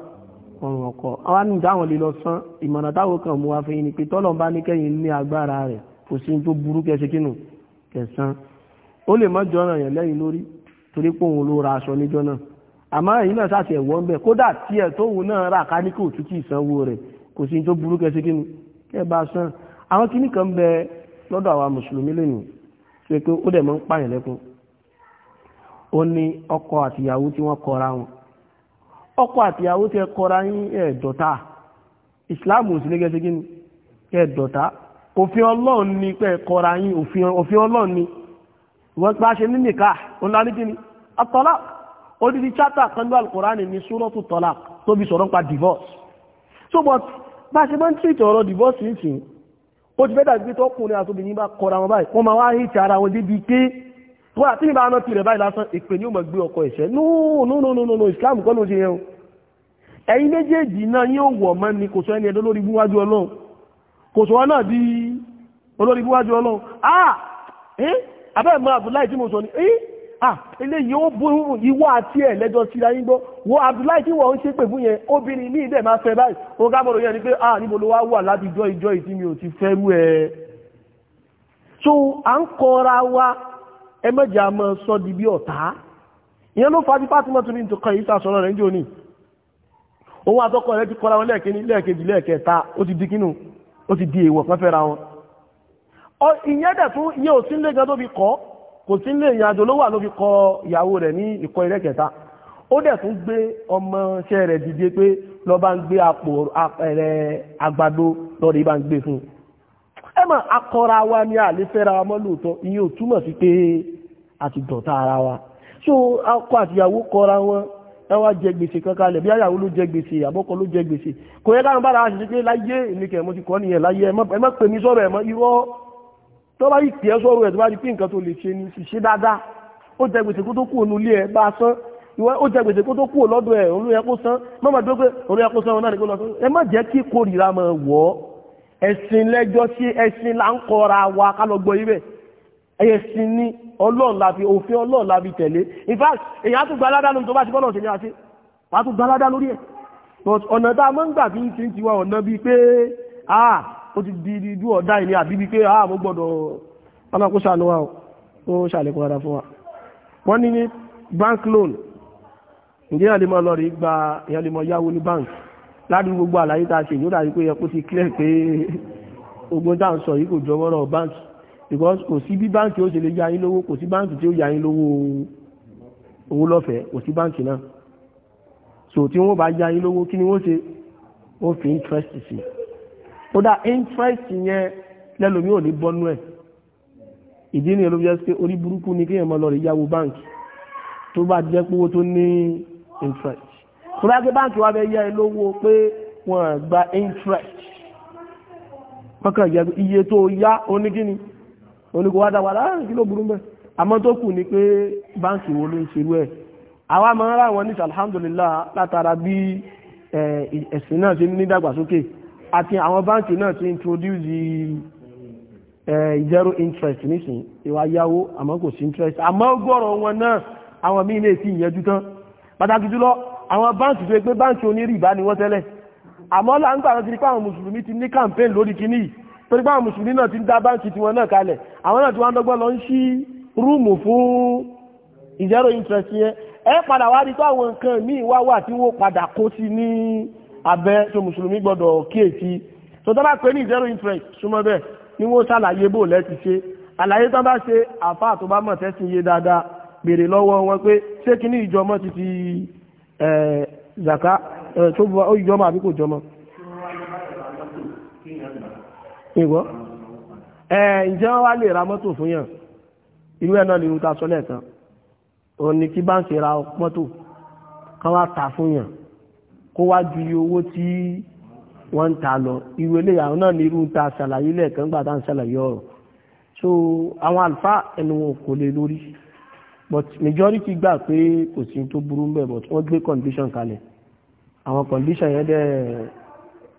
ọrùn ọkọ àwọn ní ìdáhùn lè lọ san ìmọ̀nà táwọn kan mú wa fi yín ni pé tọ́lọ̀ bá ní kẹ́yìn ní agbára rẹ̀ kò sí tó burú kẹsí kínú kẹsàn ó lè má jọràn yẹn lẹ́yìn lórí torí pé òun ló ra aṣọ níjọ náà àmọ́ èyí náà sàṣẹ̀ wọ́n bẹ̀ kódà tiẹ̀ tóun náà rà ká ní kò tútù ìsanwó rẹ̀ kò sí tó burú kẹsí kínú kẹba san àwọn kìíní kan bẹ lọ́dọ̀ àwa mùsùlùmí lónìí ṣe pé ó dẹ̀ mọ́ ń pààyàn lẹ́kún ó ní ọkọ àtìyàwó tí wọ́n kọra wọn ọkọ àtìyàwó tí ẹ kọra yín ẹ̀ẹ́dọ̀ta ìsìláàmù sí lẹ́gẹ́ sí kí ni ẹ̀ẹ́dọ̀ta òfin ọlọ́run ni pé kọra yín òfin ọlọ́run ni wọ́n pa ṣe ní nìka ọ̀làníkí ni atọ́lá odidi chata kanú alukurani ní súrọ́tù tọ́lá tóbi sọ̀rọ̀ nípa divorce so but bá ṣe máa ń tìrìtì ọ̀rọ̀ divorce ní tìí ó ti bẹ́dà gbé tọ́kùnrin àtòbìnrin bá kọra wọn báyìí wọ́n máa wá hìtì ara wọn débi pé wọ́n àti ìbá aná tirẹ̀ báyìí lásán ìpè ní òmò gbé ọkọ ẹ̀ṣẹ̀ no no no no no Islam kọ́ ló ṣe yẹn o ẹ̀yin méjèèjì di olórí búwájú Ọlọ́run ah eh abẹ́ẹ̀ mọ́ Abdullahi tí mo ah eléyìí ó bú ìwọ àti ẹ̀ lẹ́jọ́ sí ayé gbọ́ wo Abdullahi tí wọ́n ń ṣe niile fún yẹn obìnrin ní ilẹ̀ máa fẹ́ báyìí ó gábọ̀rọ̀ yẹn ni pé ah níbo ló wá wà láti jọ ìjọ mi ò ti fẹ́ rú so à ń kọra wa ẹ mẹ́jẹ̀ a máa sọ di bí ọ̀tá ìyẹn ló fa ti ní nǹkan yìí rẹ̀ òun àtọkọ ti kọra wọn lẹ́ẹ̀kejì ti di ti kò sí ilé ìyìn àjò ló wà ló fi kọ ìyàwó rẹ̀ ní ìkọ́ ilé kẹta ó dẹ̀ tún gbé ọmọọṣẹ́ rẹ̀ dìde pé lọ bá ń gbé àpò ẹ̀rẹ̀ àgbàdo lọ́rẹ̀ bá ń gbé fún un ẹ mọ̀ akọra wa ni àlefẹ́ra wa mọ́ lóòótọ́ ìyẹn ò túmọ̀ sí pé a ti ara wa so akọ àtìyàwó kọra wọn ẹ wá jẹ gbèsè kankan lẹ bí àyàwó ló jẹ gbèsè àbọkọ ló jẹ gbèsè kò yẹ káwọn bára wa ṣe pé láyé ìníkẹ mo ti kọ nìyẹn láyé ẹ má pè mí sọ̀rọ̀ ẹ mọ irọ́ tó bá yìí tiẹ̀ sọ̀rọ̀ ẹ̀ tó bá di pé nǹkan tó lè ṣe ni sì ṣe dáadáa ó jẹ gbèsè kó tó kú ònú ilé ẹ̀ bá a san ìwọ ó jẹ gbèsè kó tó kú lọ́dọ̀ ẹ̀ olú yẹ kó san mọ́mọ́ tó pé olú yẹ kó san òun náà ní kó lọ san ẹ má jẹ́ kí kórìíra máa wọ̀ ọ́ ẹ̀sìn lẹ́jọ́ sí ẹ̀sìn là ń kọra wa ká lọ gbọ́ ibẹ̀ ẹ̀sìn ni ọlọ́run la fi òfin ọlọ́run la fi tẹ̀lé in fact èyàn á tún gba aládàá a máa ń gbà fi ń ti ń ó ti di ìdú ọ̀dá ilé àbíbí pé àà ah, mú gbọ́dọ̀ alákóṣàlúwà ó ṣàlékún ara fún wa wọ́n ní ní bank loan ǹjẹ́ ìyàn lè gba ìyàn yáwó ní bank ládùn gbogbo àlàyé tá a ṣe pé ẹkú ti clear pé ogun tá ń sọ yìí kò jọ mọ́rọ̀ bank because kò sí bí báǹkì ó ṣe lè yá yín lówó kò sí báǹkì tí ó yá yín lówó owó lọ́fẹ̀ẹ́ kò sí báǹkì náà so tí wọ́n bá yá yín lówó kí ni wọ́n ṣe wọ́n fi interest sí i kódà interest yẹn lẹ́lòmí ò ní bọ́nú ẹ̀ ìdí ni olóbi jẹ́ pé orí burúkú ni kéèyàn máa lọ rí yáwó báǹkì tó bá jẹ́ pé owó tó ní interest kódà pé báǹkì wá fẹ́ yá ẹ lówó pé wọ́n gba interest kọ́kàn jẹ́ iye tó yá oníkíni oníkó wá dáwà láàrín kí ló burú mẹ́ àmọ́ tó kù ni pé báǹkì wo ló ń ṣerú ẹ̀ àwa máa ń rà wọn ní alhamdulillah látara bí ẹ̀sìn náà ṣe ní dàgbàsókè àti àwọn báńkì náà ti introduce the zero interest nísìn ìwà yáwó àmọ́ kò sí interest àmọ́ gọ́rọ̀ wọn náà àwọn míì lè ti ìyẹjú tán pàtàkì jùlọ àwọn báńkì tó pé báńkì onírìbá ni wọ́n tẹ́lẹ̀ àmọ́ láńgbà lọ sí pé àwọn mùsùlùmí ti ní campaign lórí kínní yìí torí pé àwọn mùsùlùmí náà ti ń dá báńkì tiwọn náà kalẹ̀ àwọn náà ti wọ́n dọ́gbọ́n lọ ń ṣí rúùmù fún zero interest yẹn ẹ padà wá rí pé àwọn nǹkan míì wá wà tí wọ́n padà kó sí ní abẹ́ tó musulmi gbọdọ kíyèsí tó pé ní zero interest súnmọ́ ni wọ́n ṣàlàyé bò lẹ́ti ṣe àlàyé tó bá ṣe àfáà tó bá mọ̀ tẹ́sìn dáadáa béèrè lọ́wọ́ wọn pé ṣé kí ní ìjọmọ́ ti ti zaka tó ó ìjọmọ́ àbí kò jọmọ́. ǹjẹ́ wọ́n wá lè ra mọ́tò fún yàn irú ẹ̀ náà lè ta sọ́lẹ̀ tán òun ni kí ra mọ́tò kó wá ju iye owó tí wọ́n ń ta lọ irú eléyà àwọn náà ní irú ta ṣàlàyé lẹ́ẹ̀kan gbà tá ń ṣàlàyé ọ̀rọ̀ so àwọn àlùfáà ẹnu wọn kò lè lórí but majority gbà pé kò sí tó burú ń bẹ̀ but wọ́n gbé condition kalẹ̀ àwọn condition yẹn dẹ̀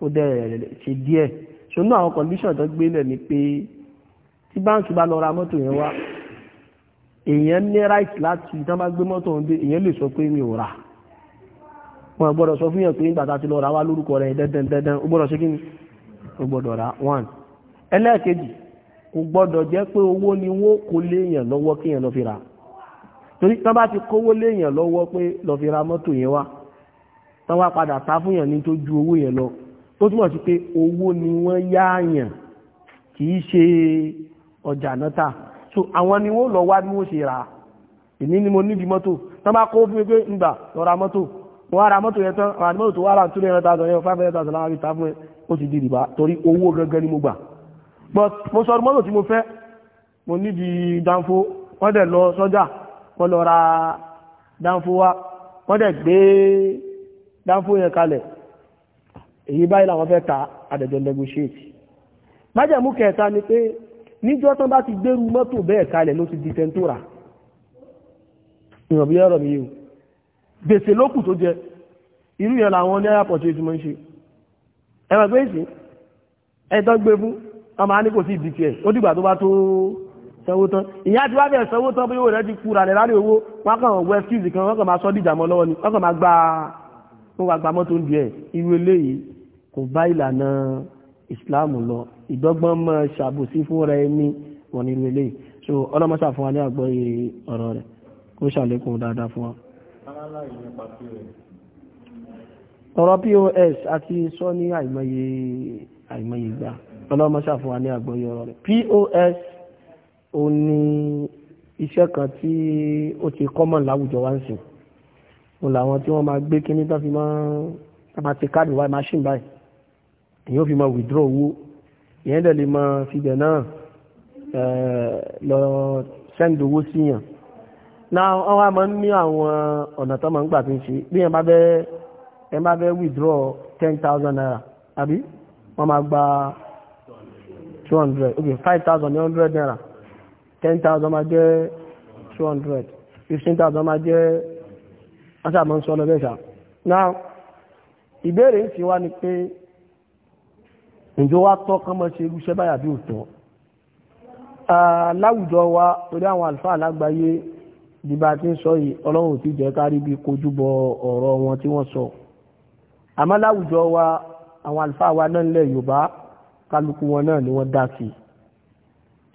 ó dẹ̀ ṣe díẹ̀ so nínú àwọn condition tó gbé lẹ̀ ni pé tí báńkì bá lọ ra mọ́tò yẹn wá èèyàn ní right láti tán bá gbé mọ́tò ọ̀hún dé èèyàn lè sọ pé mi ò rà wọn gbọ́dọ̀ sọ fún yàn pé nígbà ti lọ ra wá lórúkọ rẹ̀ dandan dandan ó gbọ́dọ̀ ṣe kí ni ó gbọ́dọ̀ ra one ẹlẹ́ẹ̀kejì kò gbọ́dọ̀ jẹ́ pé owó ni wọ́n kò léèyàn lọ́wọ́ lọ fi ra torí tán bá ti kówó léèyàn lọ́wọ́ pé lọ fi ra mọ́tò padà ta fún ni tó ju owó yẹn lọ tó túmọ̀ sí pé owó ni wọ́n yáàyàn kì í ṣe ọjà so àwọn ni wọ́n lọ wá bí wọ́n ni mo níbi mọ́tò tán bá kó fún mi pé ra mọ́tò wọ́n ara mọ́tò yẹn tán àwọn mọ́tò tó wà láti tún ẹ̀rọ tààtàn yẹn five hundred thousand láwọn àbíta fún ẹ ó ti di torí owó gangan ni mo gbà but mo sọ mọ́tò tí mo fẹ́ mo ní di dánfó wọ́n dẹ̀ lọ sọ́jà wọ́n lọ ra dánfó wá wọ́n dẹ̀ gbé dánfó yẹn kalẹ̀ èyí báyìí làwọn fẹ́ ta àdẹ̀jọ negotiate májẹ̀mú kẹta ni pé níjọ́ tán bá ti gbérú mọ́tò bẹ́ẹ̀ kalẹ̀ ló ti di tẹ́ntòrà ìrọ̀bí ọ̀rọ̀ mi yìí gbèsè lókù tó jẹ irú yẹn làwọn ní airport tí mo ń ṣe ẹ̀rọ pé èsì ẹ̀dọ́ gbé fún ọmọ aníkò sí ìdí tiẹ̀ ó dìgbà tó bá tó sanwó tán ìyá ti wá bẹ̀rẹ̀ sanwó tán bí owó rẹ̀ ti kúra rẹ̀ lárí owó wọn kàn wọ excuse kan wọn kàn máa sọ dìjà mọ́ lọ́wọ́ ni wọn kàn máa gba wọn wà gba mọ́tò ń di ẹ̀ irú eléyìí kò bá ìlànà ìsìláàmù lọ ìdọ́gbọ́n mọ́ ṣàbòsí fún rẹ ní wọn irú eléyìí so ọlọ́mọṣà fún wa ní àgbọ́yé ọ̀rọ̀ rẹ̀ kó ṣàlékún dáadáa fún wa ọ̀rọ̀ pos àti sọ ní àìmọye àìmọye ìgbà ọlọ́mọṣà fún wa ní àgbọ́yé ọ̀rọ̀ rẹ̀ pos ó ní iṣẹ́ kan tí ó ti kọ́mọ̀ láwùjọ wá ń sìn ó làwọn tí wọ́n máa gbé kíní tó fi máa tàbá ti káàdì wáyé machine báyìí èyí ó fi máa withdraw owó ìyẹn dẹ̀ lè máa fi bẹ̀ náà lọ send owó síyàn Now wọ́n wá máa ń ní àwọn ọ̀nà tó máa ń gbà fi ń ṣe bí ẹ bá fẹ́ ẹ bá fẹ́ withdraw ten thousand naira àbí wọ́n máa gba two hundred okay five thousand ní hundred naira ten thousand máa jẹ́ two hundred fifteen thousand máa jẹ́ wọ́n sábà máa ń sọ ọ lọ bẹ́ẹ̀ ṣá. now ìbéèrè ń ti wá ni pé ǹjọ́ wá tọ́ kán mọ́ ṣe irúṣẹ́ báyà bí òtọ́ ah, láwùjọ wa torí àwọn àlùfáà lágbàáyé bí bá ti ń sọ yìí ọlọ́run ti jẹ́ kárí bí kojú bọ ọ̀rọ̀ wọn tí wọ́n sọ àmọ́ láwùjọ wa àwọn àlùfáà wa náà nílẹ̀ yorùbá kálukú wọn náà ni wọ́n dá sí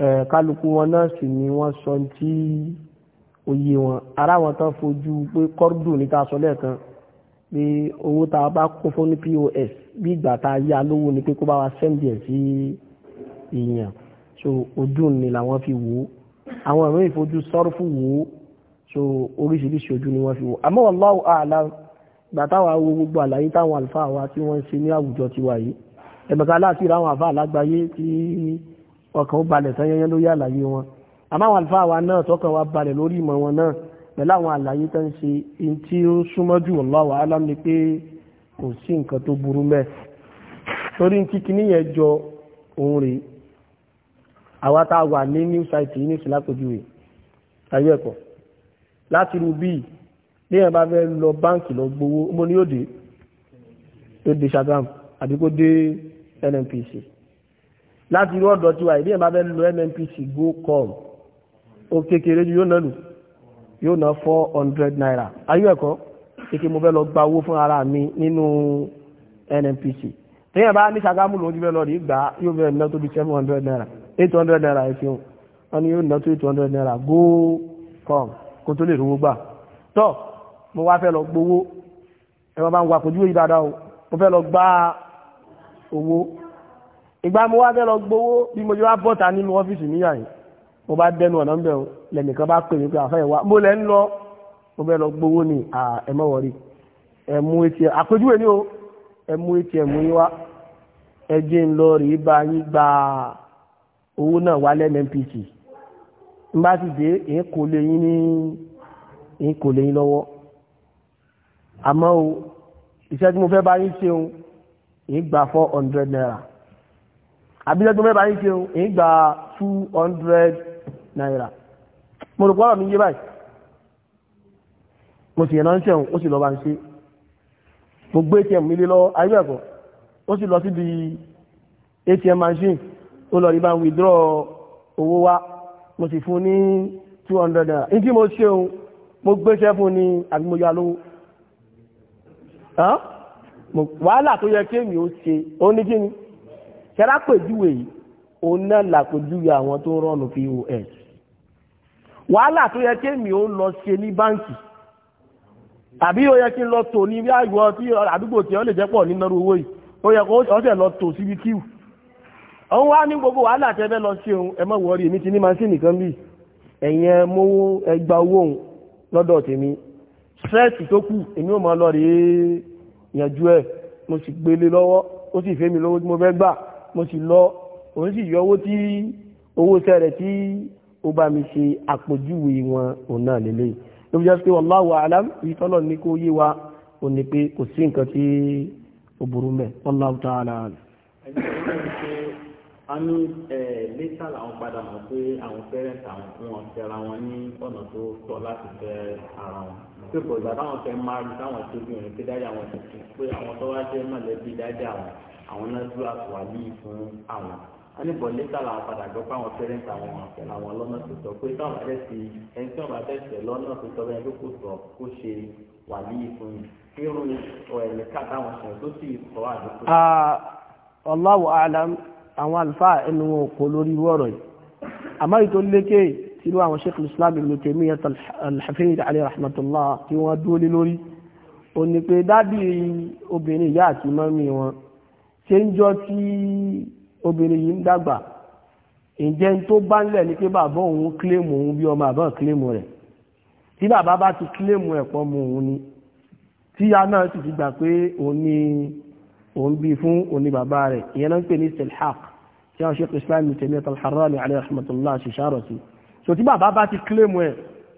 ẹ̀ kálukú wọn náà sì ni wọ́n sọ tí oyè wọn ara wọn tán fojú pé kọ́rùdù ní ká sọ lẹ́ẹ̀kan pé owó tá a bá kún fún ní pos bí ìgbà tá a yá lówó ni pé kó bá wa sẹ́ǹdì ẹ̀ sí èèyàn so ojú ni làwọn fi wò ó àwọn ìwé ìfojú sọ́rùfù wò ó so oríṣiríṣi ojú ni wọ́n fi wò àmọ́ wallahu a'lam gbà táwa wo gbogbo àlàyé táwọn àlùfáà wa tí wọ́n ń ṣe ní àwùjọ tiwa yìí ẹ̀mẹ̀ka láti ra àwọn àfáà lágbàáyé tí ọkàn ó balẹ̀ tán yẹn lórí àlàyé wọn àmọ́ àwọn àlùfáà wa náà tọkàn wa balẹ̀ lórí ìmọ̀ wọn náà pẹ̀lú àwọn àlàyé tó ń ṣe in tí ó súnmọ́ jù wallahu a'lam ni pé kò sí nǹkan tó burú mẹ́ torí tí kìíní jọ òun rèé àwa tá a wà ní new site yìí ní ìsìlápẹ̀jù ayé ẹ̀kọ́ láti rú bíi ní ẹ̀ bá fẹ́ lọ báǹkì lọ gbowó mo ní òde tó dé Shagam àbí kó dé NNPC láti rú ọ̀dọ̀ tiwa ìdí ẹ̀ bá fẹ́ lọ NNPC go com ó kékeré ju yóò náà lù yóò ná four hundred naira ayé ẹ̀kọ́ kékeré mo fẹ́ lọ gba owó fún ara mi nínú NNPC tí ẹ̀ bá ní Shagam lòún ti fẹ́ lọ rí gbà yóò fẹ́ ná tó bí seven hundred naira eight hundred naira ẹ̀ fi hàn wọ́n ní yóò ná tó eight hundred naira go com kó tó lè rówó gbà tọ́ mo wá fẹ́ lọ gbowó ẹ̀rọ bá ń wà kojú yìí dáadáa o mo fẹ́ lọ gbá owó ìgbà mo wá fẹ́ lọ gbowó bí mo jẹ́ wá bọ́ta nínú ọ́fíìsì níyà yìí mo bá dẹnu ọ̀nà ń bẹ̀ o lẹ́nìkan bá pè mí pé àfẹ́ ìwà mo lẹ́ ń lọ mo fẹ́ lọ gbowó ní ẹ̀mọ́wọ̀rí ẹ̀mú atm àpèjúwe ni o ẹ̀mú atm yín wá ẹjẹ́ ń lọ rí bá yín gba owó náà wá lẹ́nu NPC ń bá sì dé èyí kò lè yín ní èyí kò lè yín lọ́wọ́ àmọ́ o iṣẹ́ tí mo fẹ́ bá yín ṣe o èyí gba four naira àbílẹ̀ tí mo fẹ́ bá yín ṣe o èyí gba two naira mo rò pọ́nrọ̀ mi yé báyìí mo sì yẹn ránṣẹ́ òun ó sì lọ bá ń ṣe mo gbé atm mi lé lọ́wọ́ ayé ẹ̀kọ́ ó sì lọ síbi atm machine ó lọ rí bá ń withdraw owó wá mo sì fún ní two hundred naira ní tí mo ṣe òun mo gbéṣẹ́ fún ni àbí mo yá lówó wàhálà tó yẹ kéèmì ó ṣe ó ní kí ni ṣẹlá pèjúwe yìí òun náà làpèjúwe àwọn tó rọ́ọ̀nù pos wàhálà tó yẹ kéèmì ó lọ ṣe ní báǹkì àbí ó yẹ kí n lọ tò ní bí àyọ̀ tí àdúgbò tí ó lè jẹ́ pọ̀ nínú owó yìí ó yẹ kó ọ̀sẹ̀ lọ tò síbi kíwù òun wá ní gbogbo wàhálà tẹ́fẹ́ lọ sí òun ẹ má wọ́rí èmi ti ní masíìnì kan bí ẹ̀yìn mówó ẹgbà owó òun lọ́dọ̀ tèmi stress tó kù èmi ò máa lọ rí yanjú ẹ̀ mo sì gbélé lọ́wọ́ ó sì fẹ́ mi lọ́wọ́ tí mo fẹ́ gbà mo sì lọ òun sì yọ owó tí owó sẹ́rẹ̀ tí ó bá mi ṣe àpòjúwe wọn òun náà lélẹ̀ ló fi jẹ́ pé wallahu alam ìtọ́lọ̀ ní kó yé wa ò ní pé kò sí nǹkan tí ó burú mẹ́ wallahu ta'ala. ẹ̀jẹ̀ ló a ní létà làwọn padà mọ̀ pé àwọn parents àwọn wọn fẹ́ra wọn ní ọ̀nà tó tọ́ láti fẹ́ ara wọn pé kò ìgbà táwọn fẹ́ máa rí táwọn tó bí òní pé dájú àwọn tuntun pé àwọn tó wá jẹ́ mọ̀lẹ́bí dájú àwọn àwọn náà dúró àtùwà yìí fún àwọn a ní bọ̀ létà làwọn padà gbọ́ pé àwọn parents àwọn wọn fẹ́ra wọn lọ́nà tó tọ́ pé táwọn fẹ́ ti ẹni tí wọ́n bá fẹ́ tẹ̀ lọ́nà tó tọ́ bẹ́ẹ̀ ló kò sọ kó ṣe wà ní ìfún irú àwọn àlùfáà ẹnu wọn kò lórí irú ọ̀rọ̀ yìí àmọ́ ètò lékè tìlú àwọn sheikh islam ibn Taymiyyah al-Hafid alayhi rahmatullah tí wọ́n dúró lé lórí ò ní pé dádì obìnrin ìyá àti mọ́mí wọn ṣe ń jọ tí obìnrin yìí ń dàgbà ǹjẹ́ tó bá ń lẹ̀ ní pé bàbá òun kílèmù òun bí ọmọ àbọ̀ kílèmù rẹ̀ tí bàbá bá ti kílèmù ẹ̀pọ̀ mọ òun ni tíya náà sì ti gbà pé òun ni òun bí fún òní bàbá rẹ̀ ìyẹn náà ń pè ní stilhaq tí a ṣe pé islam tẹ̀lé alharrani alayhi rahmatullah ṣe ṣàrọ̀ sí so tí bàbá bá ti kílèmù ẹ̀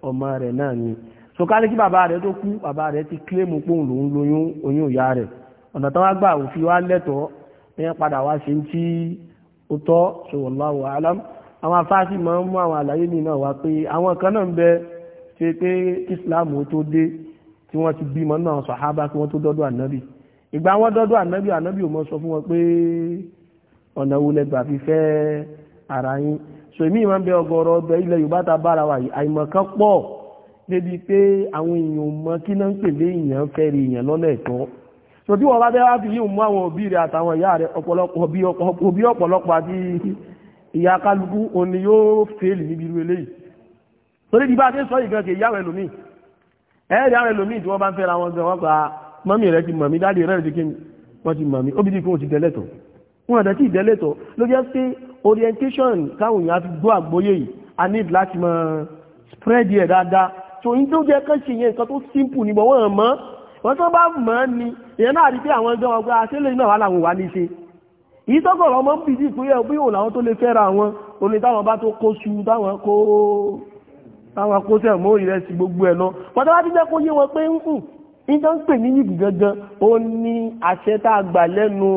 ọmọ rẹ̀ náà ni so ká ní kí bàbá rẹ̀ tó kú bàbá rẹ̀ ti kílèmù pòun lòun lóyún oyún ìyá rẹ̀ ọ̀nà tó wá gbà òfin wá lẹ́tọ̀ọ́ ẹ̀yẹn padà wá ṣe ń tí ó tọ́ so wallahu alam àwọn afáàsì máa ń mú àwọn àlàyé mi náà wá pé àwọn kan náà ń bẹ ṣe pé islam tó dé tí wọ́n ti bímọ náà sàhábà kí wọ́n tó dọ́dọ̀ ànábì ìgbà wọn dọ́dọ̀ ànábì ànábì ò mọ sọ fún wọn pé ọ̀nà wo lẹgbà fi fẹ́ ara yín so èmi ìmọ̀ ń bẹ ọgọ́rọ̀ ọbẹ̀ ilẹ̀ Yorùbá ta bára wa yìí àìmọ̀ kan pọ̀ débi pé àwọn èèyàn mọ kí náà ń pèlè èèyàn fẹ́ rí èèyàn lọ́nà ẹ̀tọ́ so tí wọn bá fẹ́ wá fi yíò mú àwọn òbí rẹ̀ àtàwọn ìyá rẹ̀ ọ̀pọ̀lọpọ̀ òbí ọ̀pọ̀lọpọ̀ àti ìyá kálukú òní yóò fèèlì níbi irú eléyìí torí bí bá ṣe sọ ìgbọ̀n kì í yáwẹ̀ lómi ẹ̀ẹ́dì àwọn ẹlòmíì tí wọ́n bá ń fẹ́ra wọn gan wọ́n gba Mami rẹ̀ ti mọ̀mí dáadé rẹ̀ ti kíni wọ́n ti mọ̀mí ó bí i kí ti dẹ́lẹ́tọ̀ wọ́n àdá tí ìdẹ́lẹ́tọ̀ ló jẹ́ pé orientation káwọn èèyàn fi gbọ́ àgbóyè yìí a need láti mọ spread yẹ dáadáa so ní tó jẹ́ kán ṣe yẹn nǹkan tó simple ni wọ́n mọ̀ wọ́n tó bá mọ̀ ni èèyàn náà rí pé àwọn ẹgbẹ́ wọn pé aṣẹ́lẹ̀ ah, náà wà láwọn wà ní ṣe èyí tó kọ̀rọ̀ ọmọ ń bìí fún yẹ bí òun làwọn tó lè fẹ́ra àwọn oní táwọn bá tó kó su táwọn kó táwọn kó sẹ̀ mọ́ ìrẹsì gbogbo ẹ̀ lọ pọ̀tọ́ bá ti jẹ́ kó yé wọn pé ń hmm, kù nítorí pè ní yìí gangan ó ní àṣẹ tá a gbà lẹ́nu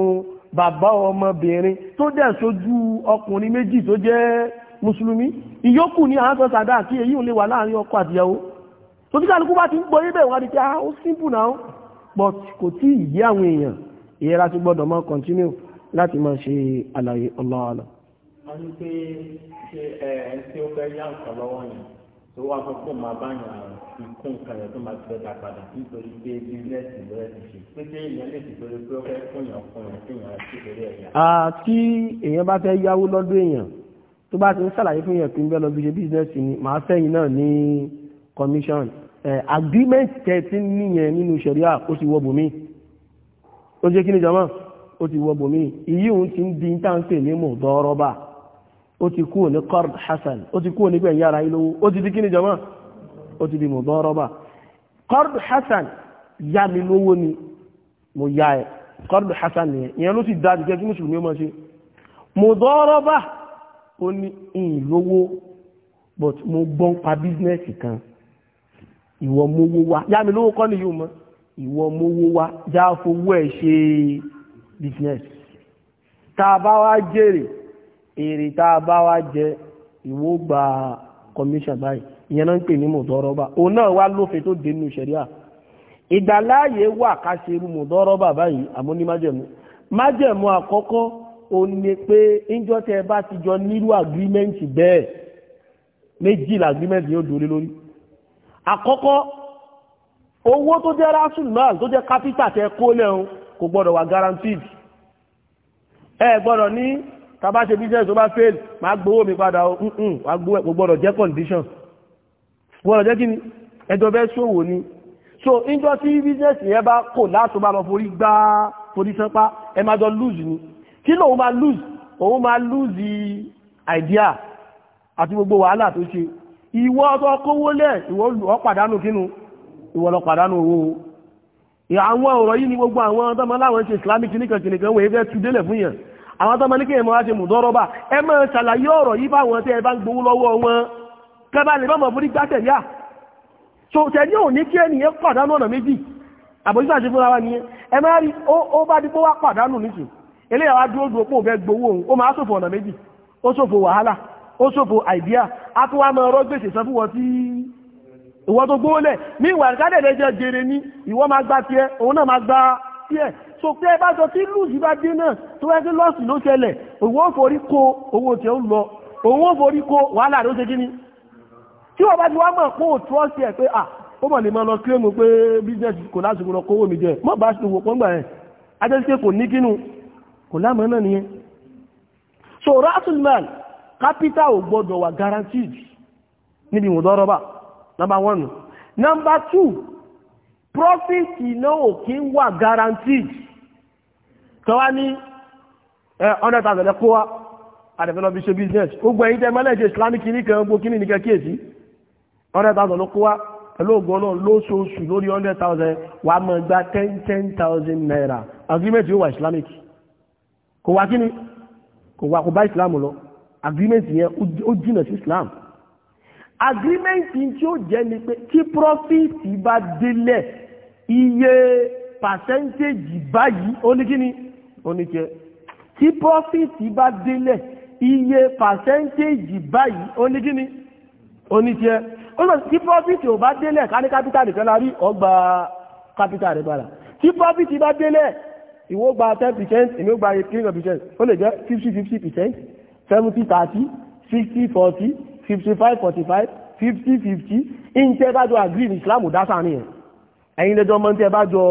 bàbá ọmọbìnrin tó dẹ̀ sójú ọkùnrin méjì tó jẹ́ mùsùlùmí ìyókù ní àwọn sọ sàdá àti èyí ò lè wà láàrin ọkọ àtìyàwó tó tí kálukú bá ti ń gbọ́ ibẹ̀ wá di pé ah ó simple now but kò tí ì yé àwọn èèyàn ìyẹra ti gbọ́dọ̀ máa continue láti máa ṣe àlàyé ọlọ́ọ̀lọ́. a ní pé ṣe ẹ̀ ẹ́ tí ó fẹ́ yá nǹkan lọ́wọ́ yẹn tó wá sọ pé màá bá yàn án ikú nǹkan yẹn tó máa ti bẹ́ẹ̀ dá padà nítorí pé bísíǹnẹ́sì lọ́yẹ̀ ti ṣe pé kí èèyàn lè ti péré pé ó fẹ́ fúnyàn fúnyàn fúnyàn sí ìrírí ẹ̀yà. àti èèyàn bá fẹ́ yáwó lọ́dún èèyàn tó bá ti ń ṣàlàyé fún èèyàn pé ń bẹ́ẹ̀ lọ bí ṣe bísíǹnẹ́sì ni màá fẹ́yìn náà ní commission agreement tẹ ti ń níyẹn nínú ṣẹ̀ríà ó ti wọ bòmí ó jẹ́ kí ni jọmọ́ ó ti wọ bòmí ìyí òun ti ń di ní ó ti kúrò ní qard hasan ó ti kúrò nígbẹ̀ yára ilówó ó ti di kí ni jọmọ́ ó ti di mudaraba qard hasan yá mi lówó ni mo yá ẹ qard hasan nìyẹn ìyẹn ló sì dájú kẹ́kí mùsùlùmí ọmọ ṣe mudaraba ó ní ìyìn lówó but mo gbọ́n pa bísínẹ́sì kan ìwọ mowó wá yá mi lówó kọ́ nìyí mọ́ ìwọ mowó wá já fowó ẹ̀ ṣe business tá a bá wá jèrè èrè tá a bá wá jẹ ìwó gba commission báyìí ìyẹn náà ń pè ní mùdọ́rọ́bà òun náà wá lófin tó dé nínú ṣẹ̀ríà ìgbàláàyè wà ká ṣe irú mùdọ́rọ́bà báyìí àmọ́ ní májẹ̀mú májẹ̀mú àkọ́kọ́ òun ni pé ńjọ́ tẹ bá ti jọ nírú àgírímẹ́ǹtì bẹ́ẹ̀ méjì làgírímẹ́ǹtì yóò dúró lórí àkọ́kọ́ owó tó jẹ́ rasul náà tó jẹ́ kápítà tẹ kó lẹ́hun kò gbọ́dọ̀ wà guaranteed ẹ gbọ́dọ̀ ní tàbá ṣe business tó bá fail máa gbowó mi padà ó wà gbowó gbọ́dọ̀ jẹ́ condition gbọ́dọ̀ jẹ́ kí ni ẹjọ́ bẹ́ ṣòwò ni so níjọ́ tí business yẹn bá kò láti bá lọ forí gbá forí sánpá ẹ máa jọ lose ni kí lòun máa lose òun máa lose idea àti gbogbo wàhálà tó ṣe ìwọ ọtọ kówó lẹ̀ ìwọ ọ pàdánù kínú ìwọ lọ pàdánù owó àwọn ọ̀rọ̀ yìí ni gbogbo àwọn ọ̀dọ́mọ láwọn ṣe islamic nìkan kìnìkan wọ́n yẹ fẹ́ tú délẹ̀ fún yẹn àwọn tó ma ní kí ẹmọ wá ṣe mùdọ́rọ́bà ẹ máa ṣàlàyé ọ̀rọ̀ yí fáwọn tẹ́ ẹ bá ń gbowó lọ́wọ́ wọn kẹba lè bọ́mọ̀ fúrí gbátẹ̀ yá so tẹ̀lé ò ní kí ẹnìyẹn pàdánù ọ̀nà méjì àbójútó àṣẹ fúnra wa nìyẹn ẹ máa rí ó bá dípò wá pàdánù níṣù eléyàwó adúró dúró pò fẹ́ gbowó òun ó máa ṣòfò ọ̀nà méjì ó ṣòfò wàhálà ó ṣòfò àìdíà á tún wá máa rọ́ gbèsè san fún wọn tí ìwọ tó gbówó lẹ̀ ní ìwà ìkádẹ̀ lẹ́jọ́ jèrè ní ìwọ máa gbá tiẹ̀ òun náà máa gbá tiẹ̀ so pé ẹ bá sọ tí lùsì bá dé náà tó wẹ́ sí lọ́ọ̀sì ló ṣẹlẹ̀ òun ó forí kó owó tí ó ń lọ òun ó forí kó wàhálà ló ṣe kíní tí wọ́n bá ti wá mọ̀ kó o trọ́ọ̀sì ẹ̀ pé ah ó mọ̀ lè máa lọ kílẹ̀mù pé bísíǹsì kò lásìkò lọ kówó mi jẹ mọ́ bá ṣe wò pọ́ngbà ẹ̀ adẹ́síkẹ́ kò ní kínú kò lámọ̀ náà nìyẹn so rasulman capital ò gbọ́dọ̀ wà guaranteed níbi ìwòdọ́rọ́bà number one number two profit náà ò kí ń wà guaranteed kan wá ní hundred thousand ẹ̀kọ́ wa àdẹ̀fẹ́ lọ fi ṣe business gbogbo ẹ̀yin tẹ́ mọ́lẹ̀ ṣe islamic kìíní kan gbogbo kìíní nìkan kíyèsí hundred thousand ló kó wa pẹ̀lú ògùn ọlọ́run lóṣooṣù lórí hundred thousand wàá máa gba ten ten thousand naira agreement yóò wà islamic kò wá kí ni kò wá kò bá islam lọ agreement yẹn ó jìnà sí islam agreement tí ó jẹ́ ni pé tí profit bá délẹ̀ iye percentage báyìí ó ní kí ni oníjẹ tí pọ́fìtì bá délẹ̀ iye pàṣẹ́ntéèjì báyìí oníkíní oníjẹ ó lọ sí pọ́fìtì ò bá délẹ̀ ká ní kápítà nìkan la rí ọgbà kápítà rẹ̀ padà tí pọ́fìtì bá délẹ̀ ìwọ gba ten percent èmi ó gba eighteen percent ó lè jẹ́ fifty fifty percent seventy thirty sixty forty fifty five forty five fifty fifty ìǹtẹ́ bá jọ agree ní Islam dá sáà nìyẹn ẹ̀yin lẹ́jọ́ mọ́ ní tẹ́ bá jọ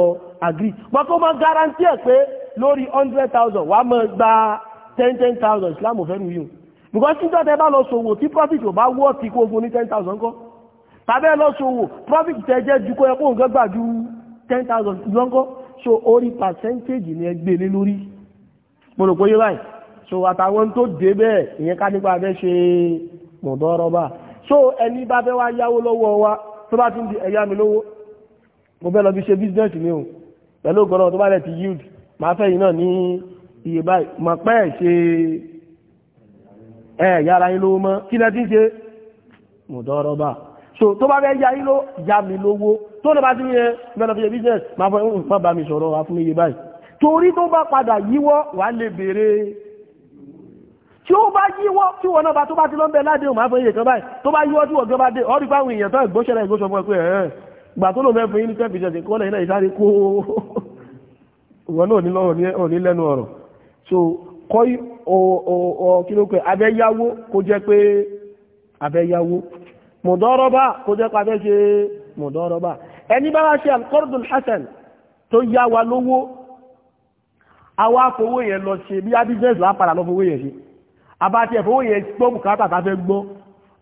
agree pọ́kọ́ máa guarantee ẹ̀ pé lórí hundred thousand wàá máa gba ten ten thousand islam ò fẹ́ nu yìí o because níjọ́ tẹ bá lọ ṣòwò tí profit ò bá wọ́ ti kó fún ní ten thousand kọ́ tàbí ẹ lọ ṣòwò profit tẹ jẹ́ ju kó yẹ kó gbà ju ten thousand lọ so orí percentage ni ẹ gbé lé lórí mo yóò báyìí so àtàwọn tó dé bẹ́ẹ̀ ìyẹn ká nípa abẹ́ ṣe mọ̀dọ́rọ́bà so ẹni bá fẹ́ wá yáwó lọ́wọ́ wa tó bá ti ń di ẹ̀yá mi lówó mo fẹ́ lọ fi ṣe business mi o pẹ̀lú ògbọ́nà tó bá lẹ̀ ti yield máa fẹ́ yìí náà ní iye báyìí mọ̀ pẹ́ ẹ̀ ṣe ẹ̀ yára yín lówó mọ́ kí lẹ́ ti ń ṣe mùdọ́rọ́bà so tó bá fẹ́ yá yín ló já mi lówó tó ní bá ti yẹ mẹ́lọ fi ṣe business máa fọ́ ẹ̀hún fún bá mi sọ̀rọ̀ wá fún iye báyìí torí tó bá padà yíwọ́ wà lè béèrè tí ó bá yíwọ́ tí wọ́n náà bá tó bá ti lọ ń bẹ ládé òun máa fún iye kan báyìí tó bá yíwọ́ tí wọ́n gan bá dé ọ́ rí fáwọn èèyàn tó ẹ̀gbọ́n ìwọ náà ò ní lẹ́nu ọ̀rọ̀ so kọ́ kí ló pé abẹ́yáwó kó jẹ́ pé abẹ́yáwó mọ̀dọ́rọ́bà kó jẹ́ pé abẹ́ ṣe mọ̀dọ́rọ́bà ẹni bá wá ṣe alqardul hasan tó yá wa lówó àwa fowó yẹn lọ ṣe bí abíjẹ́sì lápàdà lọ fowó yẹn ṣe àbáti ẹ̀fowó yẹn gbọ́ bùkátà tá fẹ́ gbọ́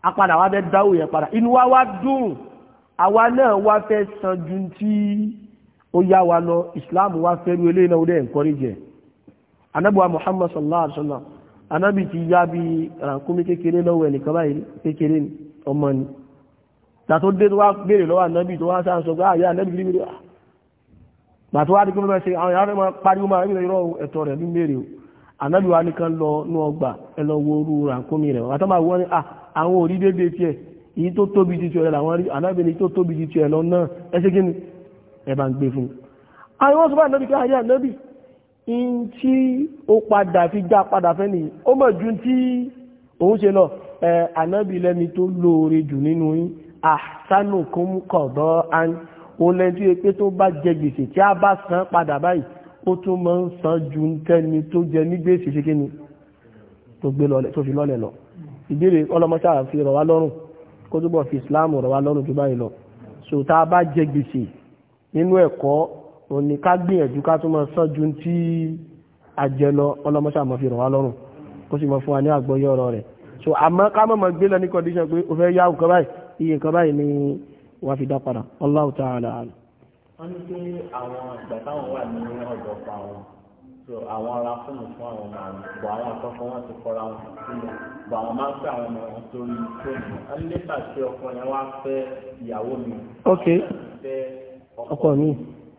apadà wa fẹ́ dáwó yẹn padà inú wa wá dùn àwa náà wá fẹ́ san ju ti ó yá wa lọ islam wá fẹ́rú ilé náà ó dẹ̀ encourage muhammad sallallahu alaihi wa sallam anábì ti yá bí ràkúnmí kékeré lọ́wọ́ ẹnìkan báyìí kékeré ni ọmọ ni tàtó dé tó wá béèrè lọ́wọ́ anábì tó wá sáà sọ pé ah, àyà anábì rí mi rí ah. gbàtọ́ wá ní kí wọ́n fẹ́ ṣe àwọn ìyá rẹ̀ máa pariwo máa rí ìrọ̀ ẹ̀tọ́ rẹ̀ ní mèrè o ànábì wa ní kan lọ ní ọgbà wo orú rànkómi rẹ̀ wọ́n àtàwọn àwọn ní àwọn òrí déédéé tiẹ̀ èyí tó tóbi ju tiẹ̀ làwọn rí ànábì ní tó tóbi ju tiẹ̀ lọ náà ẹ ṣe kí ẹ bá ń gbé fún àwọn wọ́n sọ bá ànábì kí ayé ànábì in tí ó padà fi já padà fẹ́ nìyí ó mọ̀ ju tí òun ṣe lọ ẹ ànábì lẹ́ni tó lóore jù nínú yín ahsanukum qada'an òun lẹ́ni tó yẹ pé tó bá jẹ gbèsè tí a bá san padà báyìí ó tún máa ń san ju tẹ́ni tó jẹ ní gbèsè ṣe kí ni tó gbé lọlẹ̀ tó fi lọlẹ̀ lọ ìbéèrè ọlọmọṣà fi rọ̀ wá lọ́rùn kó túbọ̀ fi islam rọ̀ wá lọ́rùn tó báyìí lọ so tá a bá jẹ gbèsè nínú ẹ̀kọ́ òní ká gbìyànjú ká tún máa sọ́jú tí àjẹ lọ ọlọ́mọṣà máa fi ràn wá lọ́rùn kó sì máa fún wa ní àgbọ́yé ọ̀rọ̀ rẹ̀ so àmọ́ ká mọ̀ máa gbé lọ ní condition pé o fẹ́ yá nǹkan báyìí iye nǹkan báyìí ni wàá fi dá padà Allahu ta'ala. ok ọkọ mi.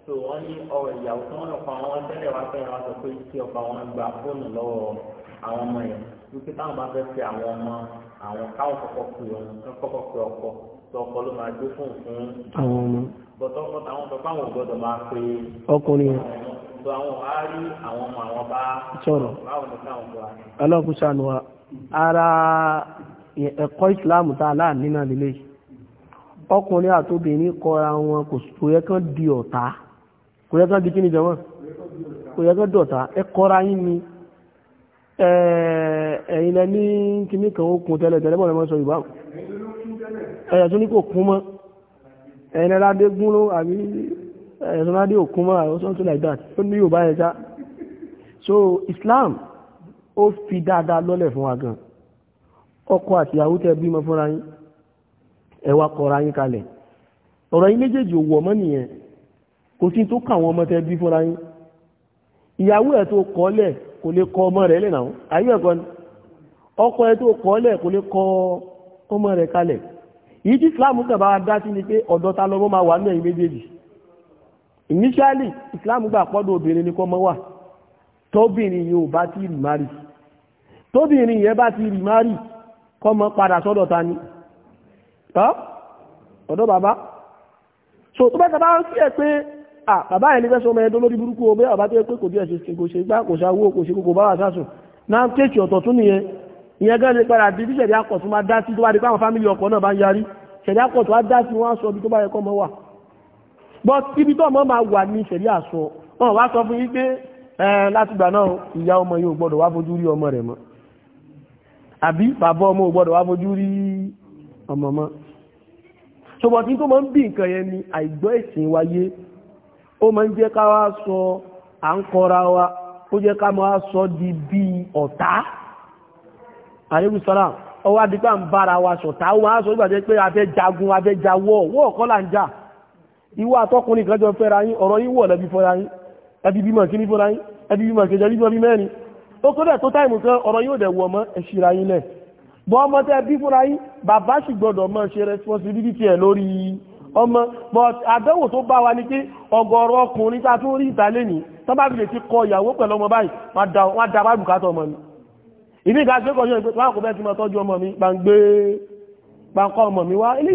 tó wọ́n ní ọ̀rọ̀ ìyàwó tí wọ́n lọ pa àwọn tẹ́lẹ̀ wá fẹ́ wá sọ pé kí ọkọ àwọn gba fóònù lọ́wọ́ àwọn ọmọ yẹn wípé táwọn bá fẹ́ fi àwọn ọmọ àwọn káwọn kọ́kọ́ pè wọn kọ́kọ́ pè ọkọ tó ọkọ ló máa gbé fóònù fún àwọn ọmọ. bọ́tọ́ ọkọ táwọn sọ pé àwọn ògbọ́dọ̀ máa pe ọkùnrin yẹn gbogbo àwọn wàá rí àwọn ọmọ àwọn bá sọ̀rọ̀ ọlọ́kùnṣàánú wa ara ẹ̀kọ́ ìsìláàmù tá a láàánú náà lélẹ́yìí ọkùnrin àtòbìnrin kọra wọn kò yẹ kán di ọ̀tá kò yẹ kán di ẹ kọ́ra yín ni ní kíní kan tẹ́lẹ̀ tẹ́lẹ̀ sọ ẹ̀yà tó ní kò kún mọ́ gún ló àbí ẹ̀yà ládé òkun mọ́ like that ó ní Yorùbá so Islam ó fi dáadáa lọ́lẹ̀ fún wa gan tẹ bímọ fúnra yín ẹ wá kọra yín kalẹ̀ ọ̀rọ̀ yín méjèèjì ò wọ̀ nìyẹn kò sí tó kà ọmọ bí fúnra yín ìyàwó ẹ̀ tó kò lè kọ ọmọ rẹ̀ lẹ́nà ẹ̀ tó kọ ọmọ rẹ̀ kalẹ̀ yìí tí Islam kàbá dá sí ni pé ọ̀dọ́ ta máa wà nínú ẹ̀yìn méjèèjì initially Islam gbà pọ́dọ̀ obìnrin ni kọ́ mọ́ wà tóbìnrin yóò bá ti rì márì tóbìnrin yẹn bá ti rì márì ta ni tọ́ ọ̀dọ́ bàbá so tó bẹ́ẹ̀ bá sí ẹ̀ pé à bàbá yẹn ní fẹ́ sọmọ ẹ̀dọ́ lórí burúkú o bẹ́ẹ̀ bàbá tó yẹ pé kò bí ẹ̀ṣẹ̀ kò ṣe gbá kò ṣe awó kò ṣe kò bá wà sásùn náà kéèkì ọ̀tọ̀ tún nìyẹn ìyẹn gan ni padà di bíṣẹ̀dí akọ̀ tó máa dá sí tó bá di pé àwọn fámìlì ọkọ̀ náà bá ń yarí ṣẹ̀dí akọ̀ tó wá dá sí wọ́n á sọ ibi tó bá yẹ kọ́ mọ́ wà bọ́ ibi tó ọmọ máa wà ní ṣẹ̀dí àsọ wọn wá sọ fún yín pé láti gbà náà ìyá ọmọ yìí ò gbọ́dọ̀ wá fojú rí ọmọ rẹ̀ mọ́ àbí bàbá ọmọ ò gbọ́dọ̀ wá fojú rí ọmọmọ́ ṣùgbọ́n tí tó máa ń bí nǹkan yẹn ni àìgbọ́ ẹ̀sìn wáyé ó máa ń jẹ́ ká wá sọ à ń kọra wa ó jẹ́ ká máa sọ di bí ọ̀tá àríwísọ́lá ọwọ́ adìgbà ń bára wa sọ̀tá ó máa sọ nígbàjẹ́ pé afẹ́ jagun afẹ́ jawọ́ wọ́ kọ́ là ń jà ìwọ àtọkùnrin kan jọ fẹ́ra yín ọ̀rọ̀ yín wọ̀ lẹ́bí fọ́ra yín ẹbí bímọ kí ní fọ́ra yín ẹbí bímọ kejì ẹbí bímọ bí mẹ́rin ó bọ́ ọmọ tẹ́ bí fúnra yí bàbá sì gbọ́dọ̀ máa ṣe responsibility ẹ̀ lórí ọmọ but àdánwò tó bá wa ní pé ọ̀gọ̀rọ̀ ọkùnrin tá tún rí ìtàlẹ́ ní tán bá fi lè ti kọ ìyàwó pẹ̀lú ọmọ báyìí wọ́n da bá bùkátà ọmọ mi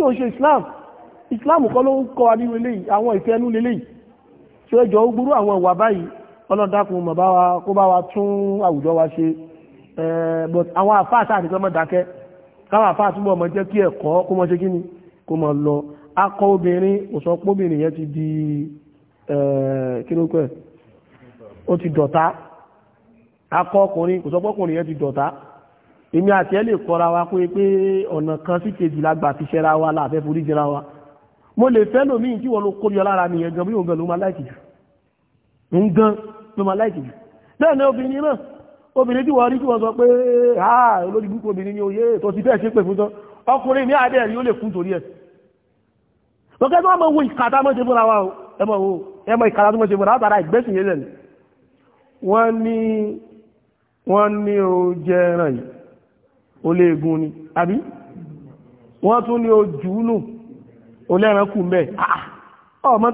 Islam Islam kọ́ ló ń kọ́ wa nínú eléyìí àwọn ìfẹ́ nú lélẹ́yìí tí ó jọ ó wa kó bá wa tún Eh, but àwọn àfáà sáà ti kọ́mọ́ dákẹ́ káwọn àfáà túbọ̀ mọ́ jẹ́ kí ẹ̀kọ́ kó mọ́ ṣe kí ni kó mọ́ lọ akọ obìnrin kò sọ pé obìnrin yẹn ti di eh, kí ló pẹ́ ó ti dọ̀tá akọ ọkùnrin kò sọ yẹn ti dọ̀tá èmi àti ẹ lè kọ́ra wa pé pé ọ̀nà kan sí kejì lágbà fi ṣẹ́ra wa láàfẹ́ forí jẹra wa mo lè fẹ́ lómi tí wọ́n ló kó lára mi yẹn gan bí òun gan ló máa láìkì jù òun gan ló máa láìkì jù bẹ́ẹ̀ ni obìnrin náà obìnrin tí wọ́n rí tí wọ́n sọ pé ha olórí búkú obìnrin ni oyé tó ti fẹ́ ṣe pè fún tán ọkùnrin ní àdẹ́ rí ó lè kún torí ẹ̀ lọ́kẹ́ tó mọ́ wo ìkàtà mọ́ ṣe fúnra wa ẹmọ̀ wo lẹ́nu ni àbí wọ́n tún ní o jù ú nù mi ah, ah, ó ma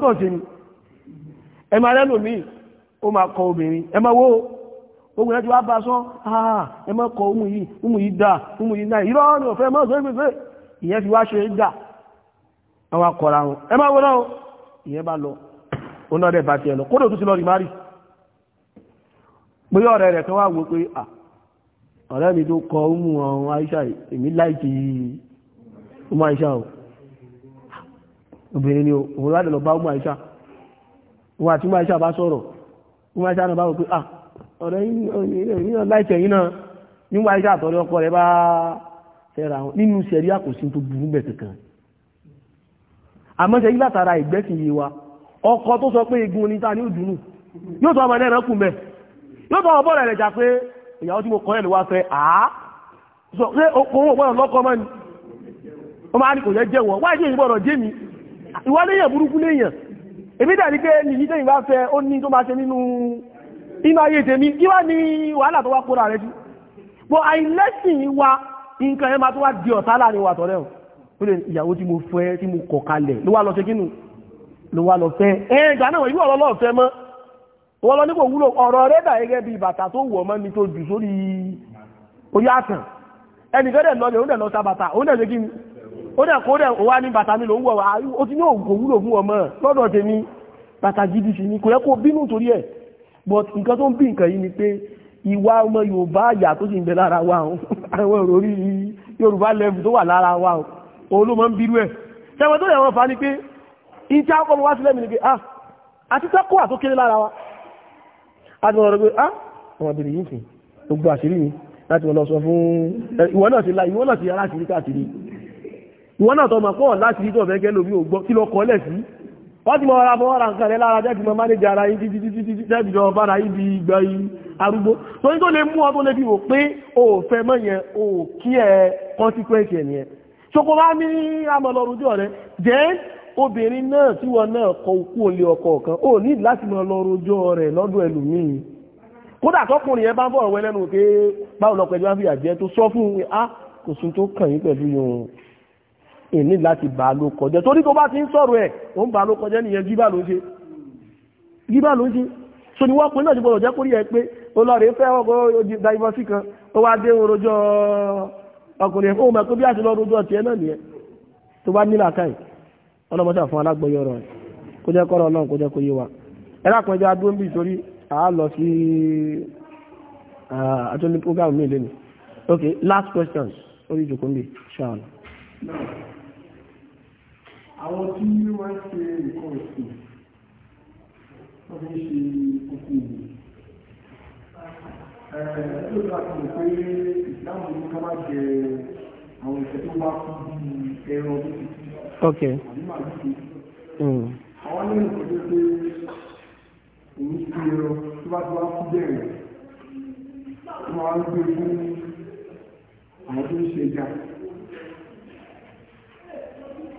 kọ obìnrin ẹ wo ogun ẹjọ́ bá sọ àà ah, ẹmọ́ kọ umu yìí umu yìí dáa umu yìí náà ìrọ́ ọ̀nà òfẹ́ mọ́ sọ ìgbẹ̀fẹ́ ìyẹn fi wá ṣe dà àwọn akọ̀ra wọn ẹ máa wọ́n náà ìyẹn bá lọ oná rẹ̀ bá tiẹ̀ lọ kódò tó ti lọ rí márì pé ọ̀rẹ́ rẹ̀ kan wá wo pé à ọ̀rẹ́ mi tó kọ umu ọ̀hún Aisha èmi láìkì umu o obìnrin ni òun láti lọ bá umu Aisha òun àti umu Aisha bá náà bá wọ pé ah ọ̀rọ̀ yìí náà láìpẹ́ yìí náà nígbà iṣẹ́ àtọ̀rẹ́ ọkọ rẹ̀ bá fẹ́ra wọn nínú sẹ̀rí àkòsí tó burú bẹ̀ kankan àmọ́ sẹ́yìn látara ìgbẹ́sìn yìí wa ọkọ tó sọ pé igun ni ta ni ó dùnú yóò tọ ọmọ ẹ̀rọ kù mẹ́ yóò tọ ọmọ rẹ̀ jà pé ìyàwó tí mo kọ́ ẹ̀ ló wá fẹ́ àá sọ pé òun ò gbọ́dọ̀ lọ́kọ́ mọ́ ni ọmọ àríkò yẹ jẹ́ wọ́n wáyé ìyìn gbọ́dọ̀ jẹ́ mi ìwọ́n léyàn burúkú léyàn èmi dàbí pé nìyí tẹ́yìn bá fẹ́ ó ní tó máa ṣe nínú inú ayé tèmi kí wá ní wàhálà tó wá kóra rẹ̀ jù bọ́ àìlẹ́sìn wa nǹkan ẹ máa tó wá di ọ̀tá láàrin wa tọ̀rẹ́ o ó lè ìyàwó tí mo fẹ́ tí mo kọ̀ kalẹ̀ ló wá lọ ṣe kínú ló wá lọ fẹ́ ẹ ìgbà náà ìlú ọ̀rọ̀ lọ́ọ̀fẹ́ mọ́ wọ́n lọ nípò wúlò ọ̀rọ̀ rẹ̀ dà gẹ́gẹ́ bí bàtà tó wọ̀ mọ́ mi tó jù sórí oyè àtàn ẹnìkan dẹ̀ lọ òun dẹ̀ lọ sa bàtà òun ṣe kí ó dẹ̀ kó dẹ̀ wá ní bàtà mi ló ń wọ̀ ó ti ní òògùn fún ọmọ lọ́dọ̀ tèmi bàtà gidi sí ni kò yẹ kó bínú torí ẹ̀ but nǹkan tó ń bí nǹkan yìí ni pé ìwà ọmọ yorùbá àyà tó sì ń bẹ lára wa o <laughs> àwọn èrò orí yorùbá lẹ́bù tó wà lára wa o òun ló máa ń bírú ẹ̀ ṣẹ́wọ́n tó yẹ wọ́n fa ni pé ìjà ọmọ wa sílẹ̀ mi ni pé ah àti tákó àtó kéré lára wa àti wọn rẹ̀ pé ah ọmọbìnrin yìí fi gbogbo àṣírí mi láti wọn lọ sọ fún ìwọ náà ti la ìwọ náà ti aláṣírí káàkiri ìwọ náà tọmọ pọ̀ láti rí tọ̀ fẹ́ gẹ́ ò gbọ́ kí lọ kọ́ lẹ̀ sí wọ́n ti mọ ọ̀rọ̀ àbọ̀ nǹkan rẹ̀ lára jẹ́ ti mọ mánéjì ara yìí títí títí títí tẹ́bì jọ bára yìí ìgbà arúgbó tó ní tó lè mú ọ lè fi wò pé o fẹ́ mọ́ yẹn o kí ẹ consequence ẹ̀ nìyẹn ṣoko bá ní amọ̀lọ́rùjọ́ rẹ̀ jẹ́ obìnrin náà tí wọn náà kọ okú olè ọkọ kan ó ní láti mọ lọ́rùjọ́ rẹ̀ lọ́dún ẹlòmíì kódà tọkùnrin yẹn bá bọ̀ wẹ́lẹ́nu pé báwo lọ ìní láti bà ló kọjẹ́ torí tó bá ti ń sọ̀rọ̀ ẹ̀ òun bà ló kọjẹ́ nìyẹn gíbà ló ṣe gíbà ló ṣe so ni wọ́n pin náà ti gbọ́dọ̀ jẹ́ kórí ẹ pé olóòrè fẹ́ ọkọ̀ dàìmọ́sí kan ó wá dé òun rojọ́ ọkùnrin ẹ̀kọ́ òun mẹ́kọ́ bí àti lọ rojọ́ tiẹ̀ náà nìyẹn tó bá nílà káì ọlọ́mọṣà fún alágbọ̀yọ̀ ọ̀rọ̀ ẹ̀ kó jẹ́ kọ́rọ̀ náà kó jẹ́ kó yé wa ẹ lápọn ẹjọ́ adó last question orí ìjòkó ń àwọn tí wọ́n ń ṣe nǹkan ọ̀sìn wọ́n fi ń ṣe kókó ìlú tó bá ti mọ̀ pé ìdáhùn ní ká má jẹ àwọn ìṣẹ́ tó bá kú bí ẹran tó ti kú tó hmm. pé òun ti ẹran tó bá ti wá kú bẹ̀rẹ̀ tó máa ń gbé fún àwọn tó ń ṣe ẹja.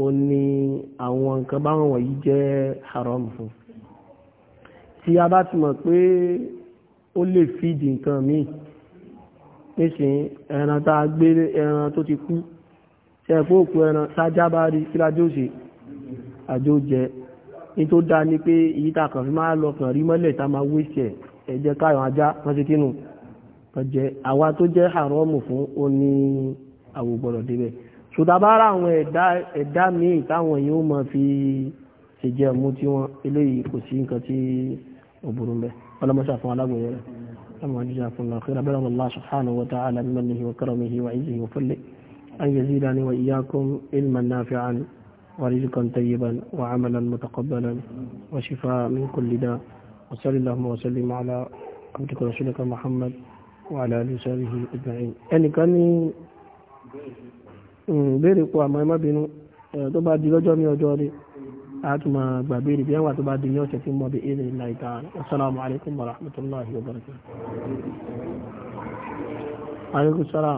ó ní àwọn nǹkan báwọn wọ̀nyí jẹ́ haram fún tí a bá ti mọ̀ pé ó lè fìdí nǹkan míì nísìn ẹran tá a gbé ẹran tó ti kú ṣẹ̀fọ́ òkú ẹran sájá bá rí sílájú òṣè àjò jẹ ní tó dá ní pé èyí tá a kàn fi máa lọ kàn rí mọ́lẹ̀ tá a máa wéṣẹ̀ ẹ̀jẹ̀ káyọ̀ ajá wọ́n ti kínú ọ̀jẹ̀ àwa tó jẹ́ haramu fún ó ní àwògbọ̀dọ̀ débẹ̀ ṣùdábára àwọn ẹ̀dá míì táwọn yóò mọ̀ fi ṣèjẹ́ mú tí wọ́n eléyìí kò sí nǹkan tí ó burú mẹ́ ọlọ́mọṣà fún alágbèrè rẹ̀ أما جزاكم الله خيرا بلغ الله سبحانه وتعالى بمنه وكرمه وعزه وفضله أن يزيدني وإياكم علما نافعا ورزقا طيبا وعملا متقبلا وشفاء من كل داء وصلى اللهم وسلم على عبدك ورسولك محمد وعلى آله وصحبه أجمعين. أني كان Hmm, béèrè pọ̀ àmọ́ ẹ má bínú tó bá di lọ́jọ́ ní ọjọ́ rí àtúmọ̀ gbàgbére bí nye tó bá di ní ọ̀sẹ̀ tí mo bẹ̀ ẹ́rẹ̀ láì ta assalamu wa